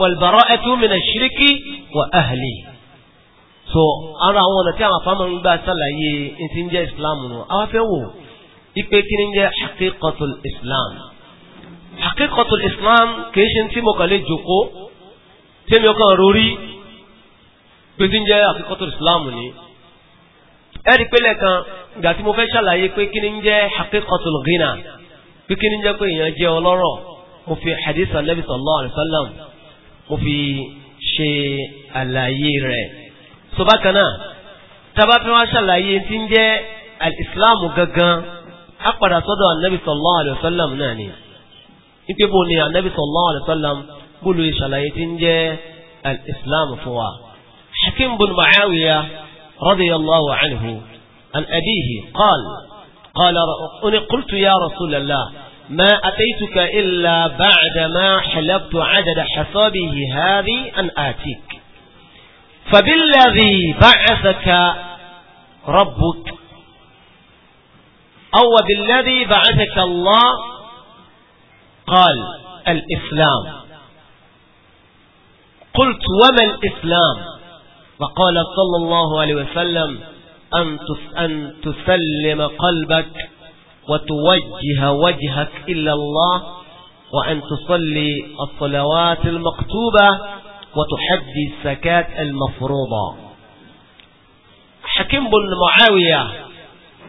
wal bara'atu min ash-shirki wa ahlihi. so ara àwọn ọ̀nà tí àwọn afáàmọ́ ń gbà sàlàyé ti ń jẹ́ islam nù àwọn afẹ́ wò ipe kí ni jẹ́ hakikatul islam hakikatul islam kìí ṣe tí mo kàn lè jòkó tẹ́mi ọkàn rórí pé tí ń jẹ́ hakikatul islam ni ẹ̀rí pé lẹ́ẹ̀kan ìgbà tí mo fẹ́ sàlàyé pé kí ni jẹ́ hakikatul ghina pé kí ni jẹ́ pé èèyàn jẹ́ ọlọ́rọ̀ mo fi hadith sallallahu alayhi wa sallam mo fi ṣe àlàyé rẹ̀ so bákan náà tábà fẹ́ wá ṣàlàyé tí ń jẹ́ alìsíláàmù gangan á padà sọ́dọ̀ anabi sallallahu alayhi wa sallam náà ni ipe bo ni anabi sallallahu alayhi wa sallam bólu ìṣàlàyé tí ń jẹ́ alìsíláàmù fún wa. hakim bin muawiya radiyallahu anhu an abihi qaal قال أنا قلت يا رسول الله ما أتيتك إلا بعد ما حلبت عدد حسابه هذه أن آتيك فبالذي بعثك ربك أو بالذي بعثك الله قال الإسلام قلت وما الإسلام وقال صلى الله عليه وسلم أن تسلم قلبك وتوجه وجهك إلا الله وأن تصلي الصلوات المكتوبة وتحدي الزكاة المفروضة حكيم بن معاوية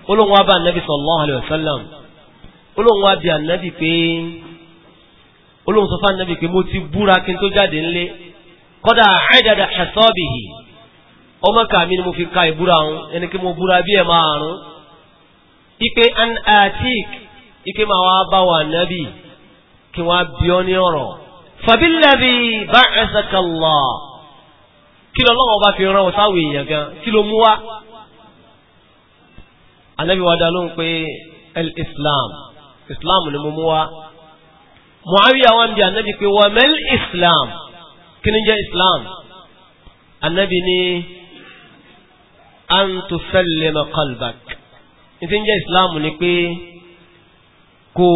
قلوا أبا النبي صلى الله عليه وسلم قلوا أبي النبي كين قلوا صفا النبي كين موتي بورا كنتو جادين لي قد عدد حسابه ọmọ kàmí ni mo fi ka ìbúra ọ̀hún ẹni kí mo búra bí ẹ̀ máa rún ipe an atik ipe máa wá bá wà nábì kí wọ́n á bí ọ fàbílẹ̀bí bá ẹ̀sẹ̀kànlá kí lọ lọ́wọ́ bá fi rán ọ sáwọ̀ èèyàn gan kí ló mú wá anábì wa dá lóhùn pé el-islam islam ni mo mú wá muawiya wa ń bi anábì pé wà mẹ́l islam kí ni jẹ́ islam anábì ní an tusallima qalbak ní ti ń jẹ́ islam ni pé kó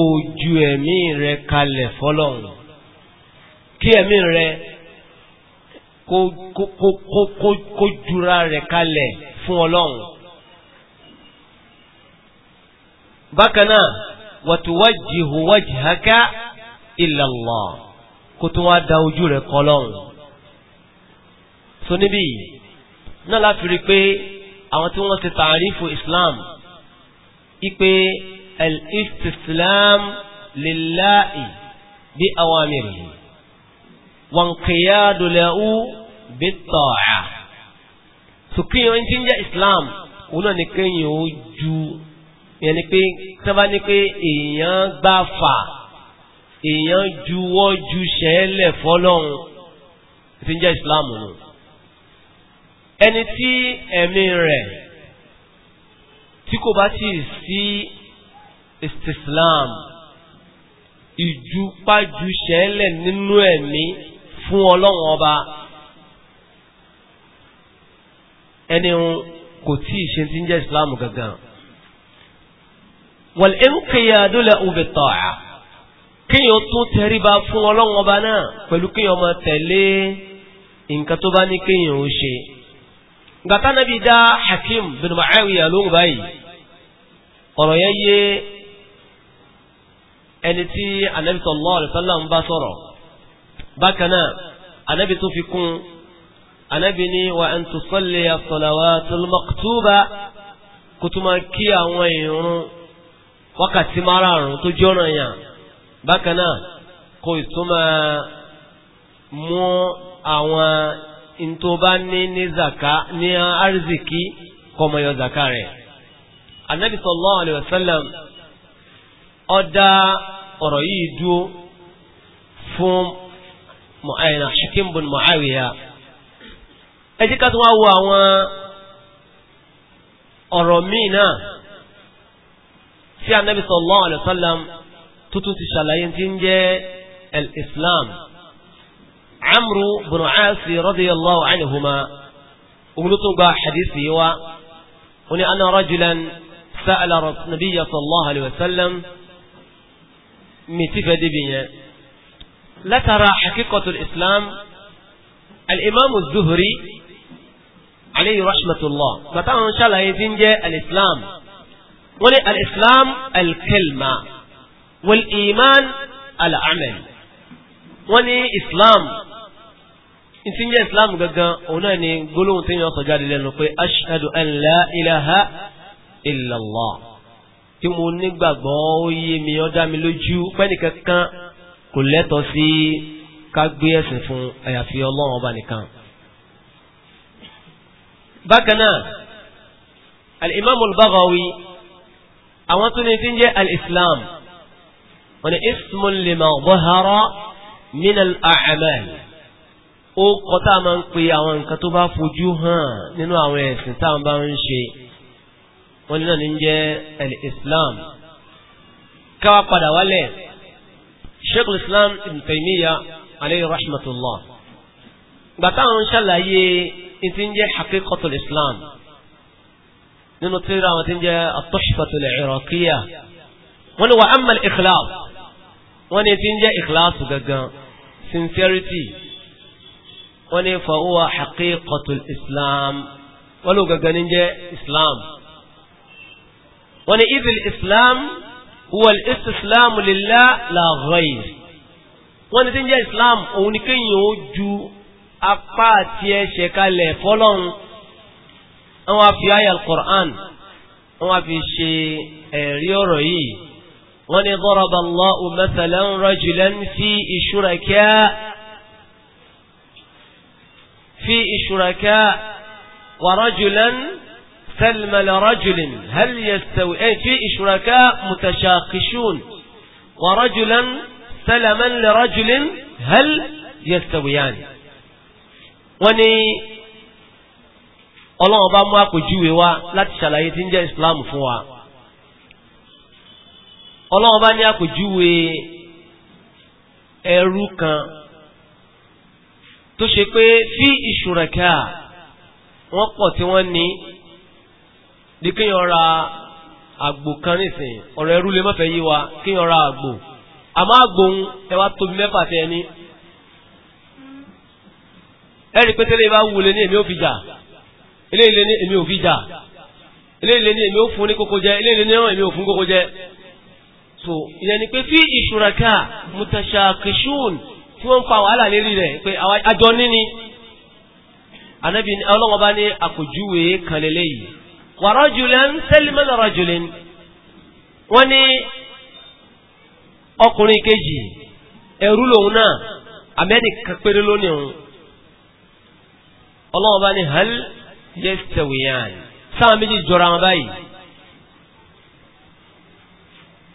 ju ẹ̀mí rẹ kalẹ̀ fọlọ́run kí ẹ̀mí rẹ kó kó kó kó kó jura rẹ̀ kalẹ̀ fún ọlọ́run. bákan náà wàtúwájìhù wájìháká ila Allah kó tó wá da ojú rẹ̀ kọ́ lọ́run. so níbí náà láti rí i pé àwọn tí wọ́n ti tààrífù islam ipe al-istislam lillahi bí awamirihi wànkìyàdù lẹ́hù bìtọ̀ọ̀à sùkúnyàn ń Islam una náà ni kéèyàn ju ìyẹn ni pé sábà ni pé èèyàn gbà fà èèyàn juwọ́ ju sẹ́ẹ̀lẹ̀ fọlọ́hún ti ń jẹ́ Islam nù ẹni tí ẹ̀mí rẹ̀ tí kò ti sí istislam ìjùpájùṣẹ́lẹ̀ nínú ẹ̀mí fún ọlọ́run ọba ẹni kò tí ì ṣe ti ń jẹ́ ìsìláàmù gangan wal inqiyadu lahu bi ta'a kíyàn tún tẹríba fún ọlọ́run ọba náà pẹ̀lú kíyàn máa tẹ̀lé nǹkan tó bá ní kíyàn ó ṣe gbàtà nàbí dá Hakim bin Mu'awiya lóhùn báyìí ọ̀rọ̀ yẹn yé ẹni tí Ànábì sallallahu alaihi wasallam ń bá sọ̀rọ̀ bákan náà anábì tó fi kún anábì ní wa an tusalli as-salawatul maktuba kó tó máa kí àwọn ìrun wákàtí márààrún tó jọ́ràn yàn bákan náà kó tó máa mú àwọn ìntó bá ní ní zaka ní arziki kọmọyọ zaka rẹ̀ anábì sallallahu alaihi wasallam ọ̀rọ̀ yìí dúó fún mọ̀áyìnà ṣùkín bùn mọ̀áwìyà ẹ jẹ́ ká tún wá wo àwọn ọ̀rọ̀ míì náà tí anábì sallallahu alaihi wasallam tuntun ti ṣàlàyé tí ń jẹ́ al-islam amru bùn aasi radiyallahu anhuma òun ló tún gba hadith yìí wá ó ní anna rajulan sa'ala nabiyya sallallahu alaihi wasallam mi ti fẹ́ débi yẹn látara hakikatul islam al'imamu zuhri alayhi rahmatullah bàtà wọn ṣàlàyé tí ń jẹ́ al'islam wọ́n ní al'islam al'kelma wal iman al'amal wọ́n ní islam ìtí ń jẹ́ islam gangan òun náà ni gbólóhùn tí yàn sọ jáde lẹ́nu pé ashhadu an la ilaha illallah tí mo nígbàgbọ́ ó yé mi ó dá mi lójú pẹ́nìkankan kò lẹ́tọ̀ sí ká gbé ẹ̀sìn fún àyàfi ọlọ́run ọba nìkan. bákan náà al-Imam al-Baghawi àwọn tó ní ti ń jẹ́ al-Islam wọn ni ismun lima zahara min al ó kọ́ tá a máa ń pe àwọn nǹkan tó bá fojú hàn nínú àwọn ẹ̀sìn tá a bá ń ṣe wọn ni náà ní jẹ́ al-Islam káwá padà wálẹ̀. Sheikhul Islam Ibn Taymiyyah alayhi rahmatullah gbàtà ń ṣàlàyé ìtí ń jẹ́ haqiqatul Islam nínú tíra àwọn tí ń jẹ́ at-Tuhfatul Iraqiyya wọ́n ni wa amma al-ikhlas wọ́n ni tí ń jẹ́ ikhlas gangan sincerity wọ́n ni fa huwa haqiqatul Islam wọ́n ló gangan ní jẹ́ Islam wọ́n ni idil Islam huwa al-istislamu lillah la ghayr wọ́n ní tí ń jẹ́ islam òun ni kéèyàn ó ju apá àti ẹsẹ̀ kalẹ̀ fọ́lọ́run àwọn afi ayé àwọn afi ṣe ẹ̀rí ọ̀rọ̀ yìí wọ́n ní daraba Allahu mathalan rajulan fi shuraka fi shuraka wa rajulan. سلم لرجل هل يستوي في شركاء متشاقشون ورجلا سلما لرجل هل يستويان وني ألا أبا ما كجوي وا لا تشلعي تنجا إسلام فوا ألا أبا نيا كجوي إروكا تشكوي في شركاء وقوة وني ní kéèyàn ra àgbò kan nísìnyí ọ̀rọ̀ ẹrú lè má fẹ́ yé wa kéèyàn ra àgbò àmọ́ àgbò ń ẹ wá tóbi mẹ́fà tẹ ẹni ẹ̀rí pétélé bá wulè ní èmi ò fi jà eléyìí lé ní èmi ò eléyìí lé ní èmi ò ní kókó jẹ eléyìí lé ní èmi ò kókó jẹ so ìyẹn ni pé fí ìṣúraká mutashakishun tí wọ́n ń pa wàhálà lérí rẹ̀ pé àjọ níní anábì ọlọ́wọ́ bá ní àkójúwe kan lélẹ́yìí wàrọ́jùlẹ̀ ń sẹ́lìmọ́ lọ́rọ̀jùlẹ̀ wọ́n ní ọkùnrin kejì ẹ̀rú lòun náà amẹ́ni kàpẹ́rẹ́ lónìí òun ọlọ́wọ́ bá ní hal yẹ́sẹ̀wìyàn sáwọn méjì jọra wọn báyìí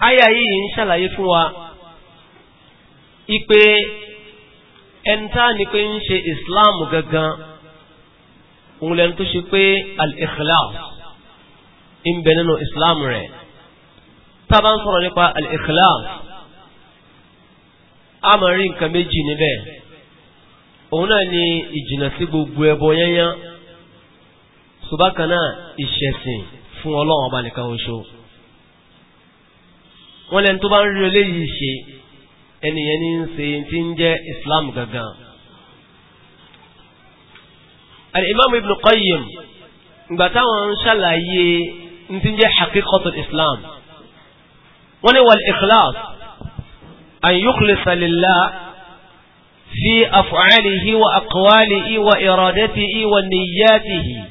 aya yìí ń ṣàlàyé fún wa ipe ẹnta ni pé ń ṣe islam gangan òun lẹ́nu tó ṣe pé al-ikhlas ń bẹ nínú islam rẹ̀ tábà ń sọ̀rọ̀ nípa al-ikhlas a máa rí nǹkan méjì níbẹ̀ òun náà ni ìjìnà sí gbogbo ẹbọ yẹ́yán subakana ìṣẹ̀sìn fún ọlọ́run ọba nìkan oṣù wọ́n lẹ́nu tó bá ń rí eléyìí ṣe ẹnìyẹn ní ń ṣe tí ń jẹ́ islam gangan al-imam ibn qayyim ìgbà táwọn ń ṣàlàyé نتنجي حقيقة الإسلام ونوى الإخلاص أن يخلص لله في أفعاله وأقواله وإرادته ونياته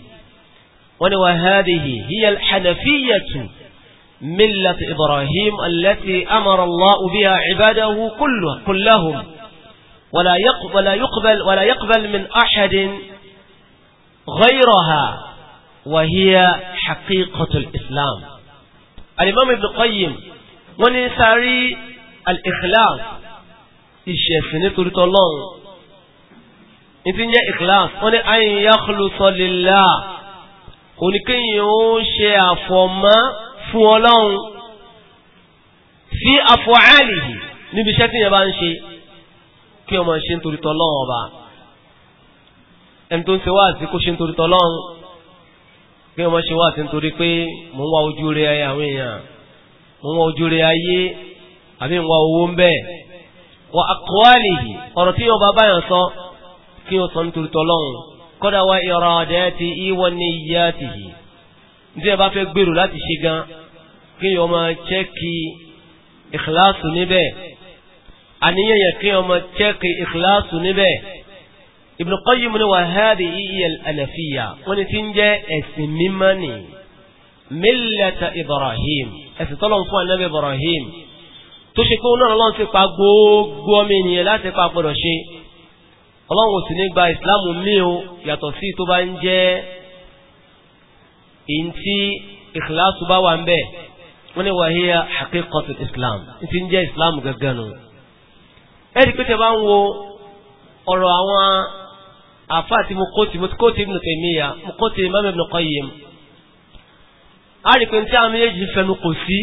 ونوى هذه هي الحنفية ملة إبراهيم التي أمر الله بها عباده كله كلهم ولا يقبل يقبل ولا يقبل من أحد غيرها وهي haqiqatul islam alimami ibn qayyim wọ́n ní sáré al-ikhlas ìṣẹ̀sìn nítorí tọ́lọ́run ní ti ń jẹ́ ikhlas wọ́n ní an yakhlusa lillah kò ní kéyìn ó ṣe àfọ̀mọ́ fún ọlọ́run sí af'alihi níbi iṣẹ́ tí yẹn bá ń ṣe kí ọmọ ṣe nítorí tọ́lọ́run ọba ẹni tó ń ṣe wáàsí kó ṣe nítorí tọ́lọ́run kí wọ́n ṣe wá sí nítorí pé mò ń wá ojú rẹ àwọn èèyàn mò ń wá ojú rẹ ayé àbí ń wá owó ń bẹ̀ wà àkọọ́lì ọ̀rọ̀ tí yóò bá báyàn sọ kí wọ́n sọ nítorí tọ́lọ́hun kọ́dà wá ìrọ̀ àdẹ́ ti ìwọ́n ní ìyá ti yìí nítorí ẹ bá fẹ́ gbèrò láti ṣe gan kí wọ́n máa chẹ́kì ìkìláàsù níbẹ̀ àníyàn kí wọ́n máa chẹ́kì ìkìláàsù níbẹ̀ Ibn Qayyim ni wà hadhihi hiya al-Hanafiyya wọ́n ni ti ń jẹ́ ẹ̀sìn mímọ́ ni millata Ibrahim ẹ̀sìn tọ́lọ̀ fún ànábì Ibrahim tó ṣe pé náà lọ́n ti pa gbogbo ọmọ ènìyàn láti pa gbọ́dọ̀ ṣe ọlọ́run sì ní gba ìsìláàmù míì yàtọ̀ sí tó bá ń jẹ́ èyí tí ìkìláàsù bá wà ń bẹ̀ wọ́n ní wa hiya islam ti ń jẹ́ ìsìláàmù gẹ́gẹ́ nù ẹ̀rí pé tẹ bá ń wo ọ̀rọ̀ àwọn àfáà tí mo kó tí mo kó tí Ibn Taymiyyah mo kó tí Imam Ibn Qayyim. a rí pé tí àwọn méjèèjì fẹnu kò sí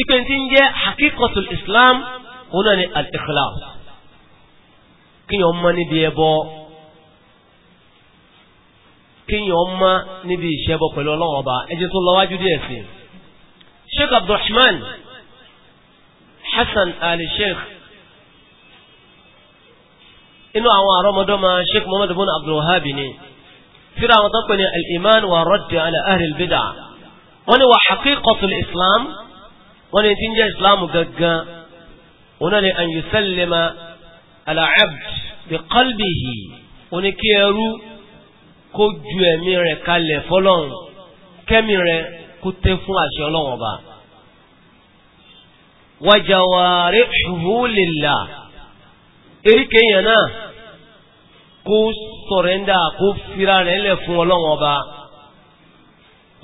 ipe tí ń jẹ́ hakikotul Islam òun náà ni al-ikhlas kíyàn mọ́ níbi ẹbọ kíyàn mọ́ níbi ìṣẹ́bọ pẹ̀lú Ọlọ́run Ọba tó lọ wájú díẹ̀ sí Sheikh Abdulrahman Hassan Ali Sheikh inú àwọn àrọ́mọdọ́mọ sheikh muhammad bin abdulwahab ni síra àwọn tán pè ní al-iman wa raddi ala ahli al-bid'ah wọ́n ní wa haqiqatul islam wọ́n ní tí ń jẹ́ islam gangan wọ́n náà ni an yusallima ala abd bi qalbihi wọ́n ní kí ẹrú ju ẹ̀mí rẹ̀ kalẹ̀ fọ́lọ́run kẹ́mí rẹ̀ kó tẹ́ fún àṣẹ ọlọ́run ọba wa jawarihuhu lillah eríkè èèyàn náà kó sọ̀rẹ́ndà kó fira rẹ̀ lẹ̀ fún ọlọ́wọ́n ọba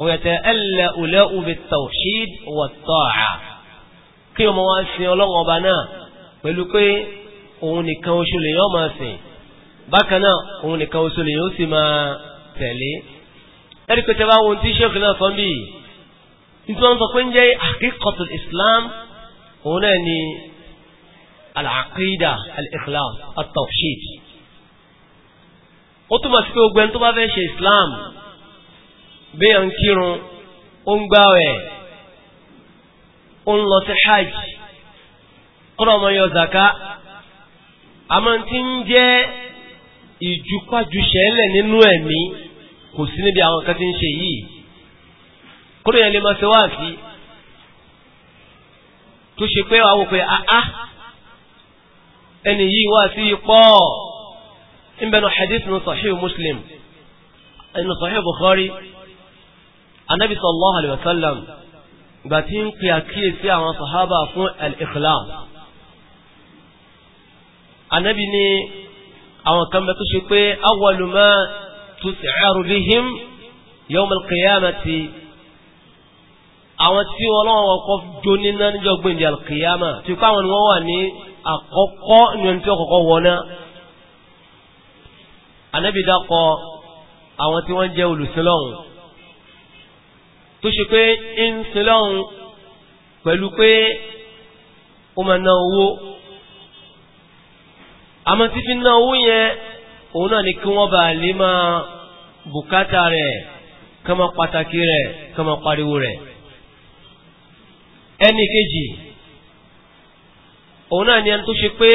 òyàtẹ̀ ẹlẹ́ òlẹ́ òbí tawhid wà tọ́ọ̀à kí ọmọ wa sin ọlọ́wọ́n ọba náà pẹ̀lú pé òun nìkan oṣù lè yọ́ máa sìn bákan náà òun nìkan oṣù lè yóò sì máa tẹ̀lé ẹ̀rí pé tẹ́wàá ohun tí ṣéèkì náà sọ bíi nítorí wọn sọ pé ń jẹ́ haqiqatul Islam òun náà ni al-aqida al-ikhlas at-tawhid ó túmọ̀ sí pé gbogbo ẹni tó bá fẹ́ ṣe islam bí ẹ̀ ń kírun ó ń gbààwẹ̀ ó ń lọ sí hajj kọ́nà ọmọ yọ zaka àmọ́ tí ń jẹ́ ìjùpájùṣẹ́lẹ̀ nínú ẹ̀mí kò sí níbi àwọn kan tí ń ṣe yìí kódò yẹn lè máa ṣe wáàfí tó ṣe pé àwọn òpè àá ẹni yìí wá sí ipọ́ ìbẹ̀nu hadith nù sahih muslim ẹnu sahih bukhari anabi sallallahu alayhi wa sallam gbà tí ń pè àkíyèsí àwọn sahaba fún al-ikhlas anabi ní àwọn kan bẹ tó ṣe pé awwalu ma tus'aru bihim yawm al-qiyamati àwọn tí wọn lọ́wọ́ kọ́ jóníná níjọ́ gbèǹdé al-qiyama tí kọ́ àwọn ni wọ́n wà ní àkọ́kọ́ ní ẹni tí ó kọ́kọ́ wọná anábì dákọ àwọn tí wọ́n jẹ́ olùsílọ́hùn tó ṣe pé ń sílọ́hùn pẹ̀lú pé ó máa ná owó àmọ́ títí ná owó yẹn òun náà ni kí wọ́n bá lè máa bùkátà rẹ̀ kí wọ́n pàtàkì rẹ̀ kí wọ́n pariwo rẹ̀ ẹnì kejì òun náà ni ẹni tó ṣe pé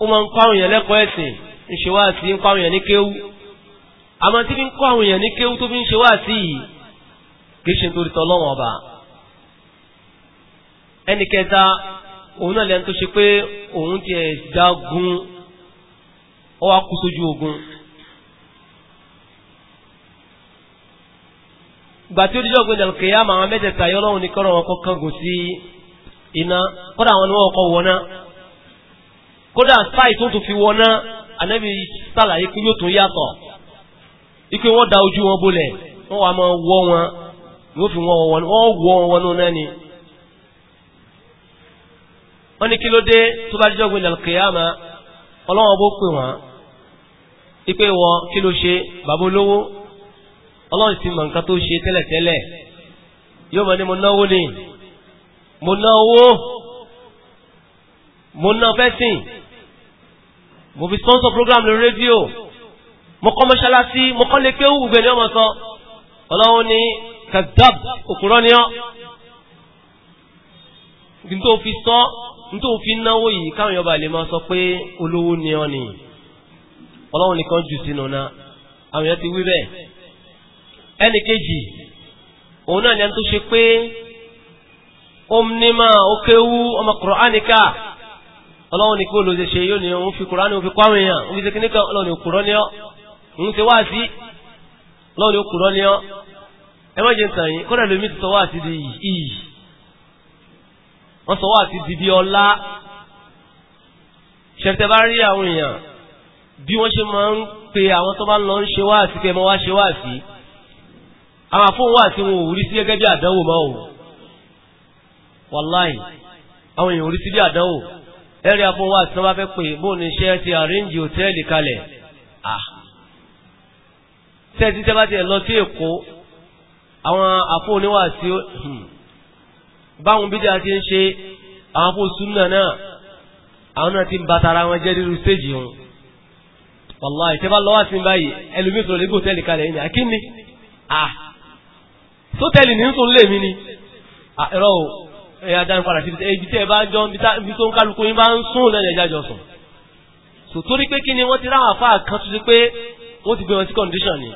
ó máa ń kọ́ àwọn èèyàn lẹ́kọ̀ọ́ ẹ̀sìn ń ṣe wá sí ń kọ́ àwọn èèyàn ní kéwú àmọ́ tí fi ń kọ́ àwọn èèyàn ní kéwú tó fi ń ṣe wá sí yìí kì í ṣe nítorí ọba kẹta òun náà tó ṣe pé òun ti ẹ̀ wá kú sójú ogun gbàtí ó àwọn mẹ́tẹ̀ẹ̀ta Ina kódà àwọn ni wọ́n kọ́ wọná kódà sáì tó tún fi wọná ànábì sàlàyé pé yóò tún yàtọ̀ ike wọ́n da ojú wọn bolẹ̀ wọ́n wà máa wọ́ wọn ni wọ́n fi wọ́n wọ́n wọ́n wọ́ wọn wọnú náà ni. wọ́n ní kí tó bá dídọ́gbé lẹ́lẹ́kẹ̀yàmá ọlọ́wọ́n bó pè wọ́n ipe wọ kí ló ṣe bàbá olówó ọlọ́run ti mọ̀ nǹkan tó ṣe tẹ́lẹ̀tẹ́lẹ̀ yóò mọ̀ ní mo náwó ni mo ná owó mo ná fẹ́sìn mo fi sponsor program lórí rédíò mo kọ́ mọ́ṣáláṣí mo kọ́ lé pé ó wùgbẹ́ ní ọmọ sọ ọlọ́run ní kadab òkúrọ́ ni ọ́ nítorí fi sọ nítorí fi náwó yìí káwọn èèyàn lè máa sọ pé olówó ni ọ́ ni ọlọ́run nìkan jù sínú náà àwọn èèyàn ti wí bẹ́ẹ̀ ẹnì kejì òun náà ni ẹni tó ṣe pé ó nímọ̀ ó kéwú ọmọ kùránì ká ọlọ́run ní kí ó lò ṣe ṣe yóò ní òun fi kùránì òun fi kọ́ àwọn èèyàn òun fi ṣe kíníkan ọlọ́run ní òkúrọ́ ní ọ́ òun ṣe wáàsí ọlọ́run ní òkúrọ́ ní ọ́ ẹ má jẹ́ ń tàn yín kọ́dà lómi ti sọ wáàsí di iyì wọ́n sọ wáàsí di bí ọlá ṣẹ̀tẹ̀ bá rí àwọn èèyàn bí wọ́n ṣe máa ń pe àwọn tó bá lọ ń ṣe wáàsí kẹ́ mọ́ wá ṣe wáàsí àwọn àfóhùn wáàsí wọn ò rí sí gẹ́gẹ́ bí àdánwò máa wò wàláì àwọn èèyàn orí sí bí àdánwò ẹ̀rí afọwọ́ àti sọ́wọ́ fẹ́ pè bóun ní iṣẹ́ ti àríǹjì òtẹ́ẹ̀lì kalẹ̀ tẹ́ẹ̀tí tẹ́ bá ti ẹ̀ lọ sí èkó àwọn àfọ́ oníwà sí hmm. báwọn bídí a ti ń ṣe àwọn àfọ́ súnà náà àwọn náà ti ń bàtàrà wọn jẹ́ nínú stéèjì wọn wàláì tẹ́ bá lọ́wọ́ sí báyìí ẹlòmíì sọ̀rọ̀ lẹ́gbẹ̀ẹ́ òtẹ́ẹ̀lì kalẹ̀ yìí ni àkíní sótẹ́ẹ̀lì ní ń sọ ni ẹ̀rọ ẹ̀yà dáni padà sí ibi tí ẹ bá jọ ibi tó ń kálukú yín bá ń sún lẹ́nu ẹ̀já jọ sò torí pé kí ni wọ́n ti ráwà fáà kan tó ti pé wọ́n ti gbé wọn sí condition ni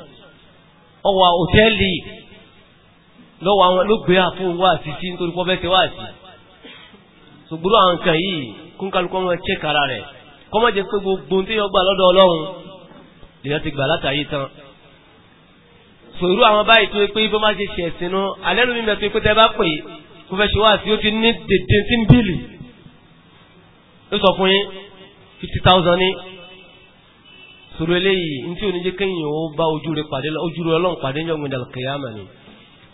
ọwọ́ òtẹ́ẹ̀lì lọ́wọ́ àwọn ló gbé àfún wá sí sí nítorí pọ́ bẹ́ẹ̀ ti wá sí. ṣùgbọ́n àwọn nǹkan yìí kún kálukú wọn ṣe kára rẹ̀ kọ́mọ́ jẹ́ pé gbogbo tí yọ gbà lọ́dọ̀ ọlọ́run lèyàn ti gbà látàyè tán. sòrú àwọn báyìí tó pé bí wọ́n bá ṣe ṣẹ̀sìn náà alẹ́ lómi mẹ́tò pé bá pè é tó fẹ́ ṣe wá sí ó ti ní dèdè tí ń ó sọ fún yín fifty thousand ní sọ̀rọ̀ eléyìí ní tí ò ní jẹ́ kéèyàn ó bá ojú rẹ̀ pàdé ojú rẹ̀ ọlọ́run pàdé ní ọ̀gbìn dàlùkẹ́ yá mà ni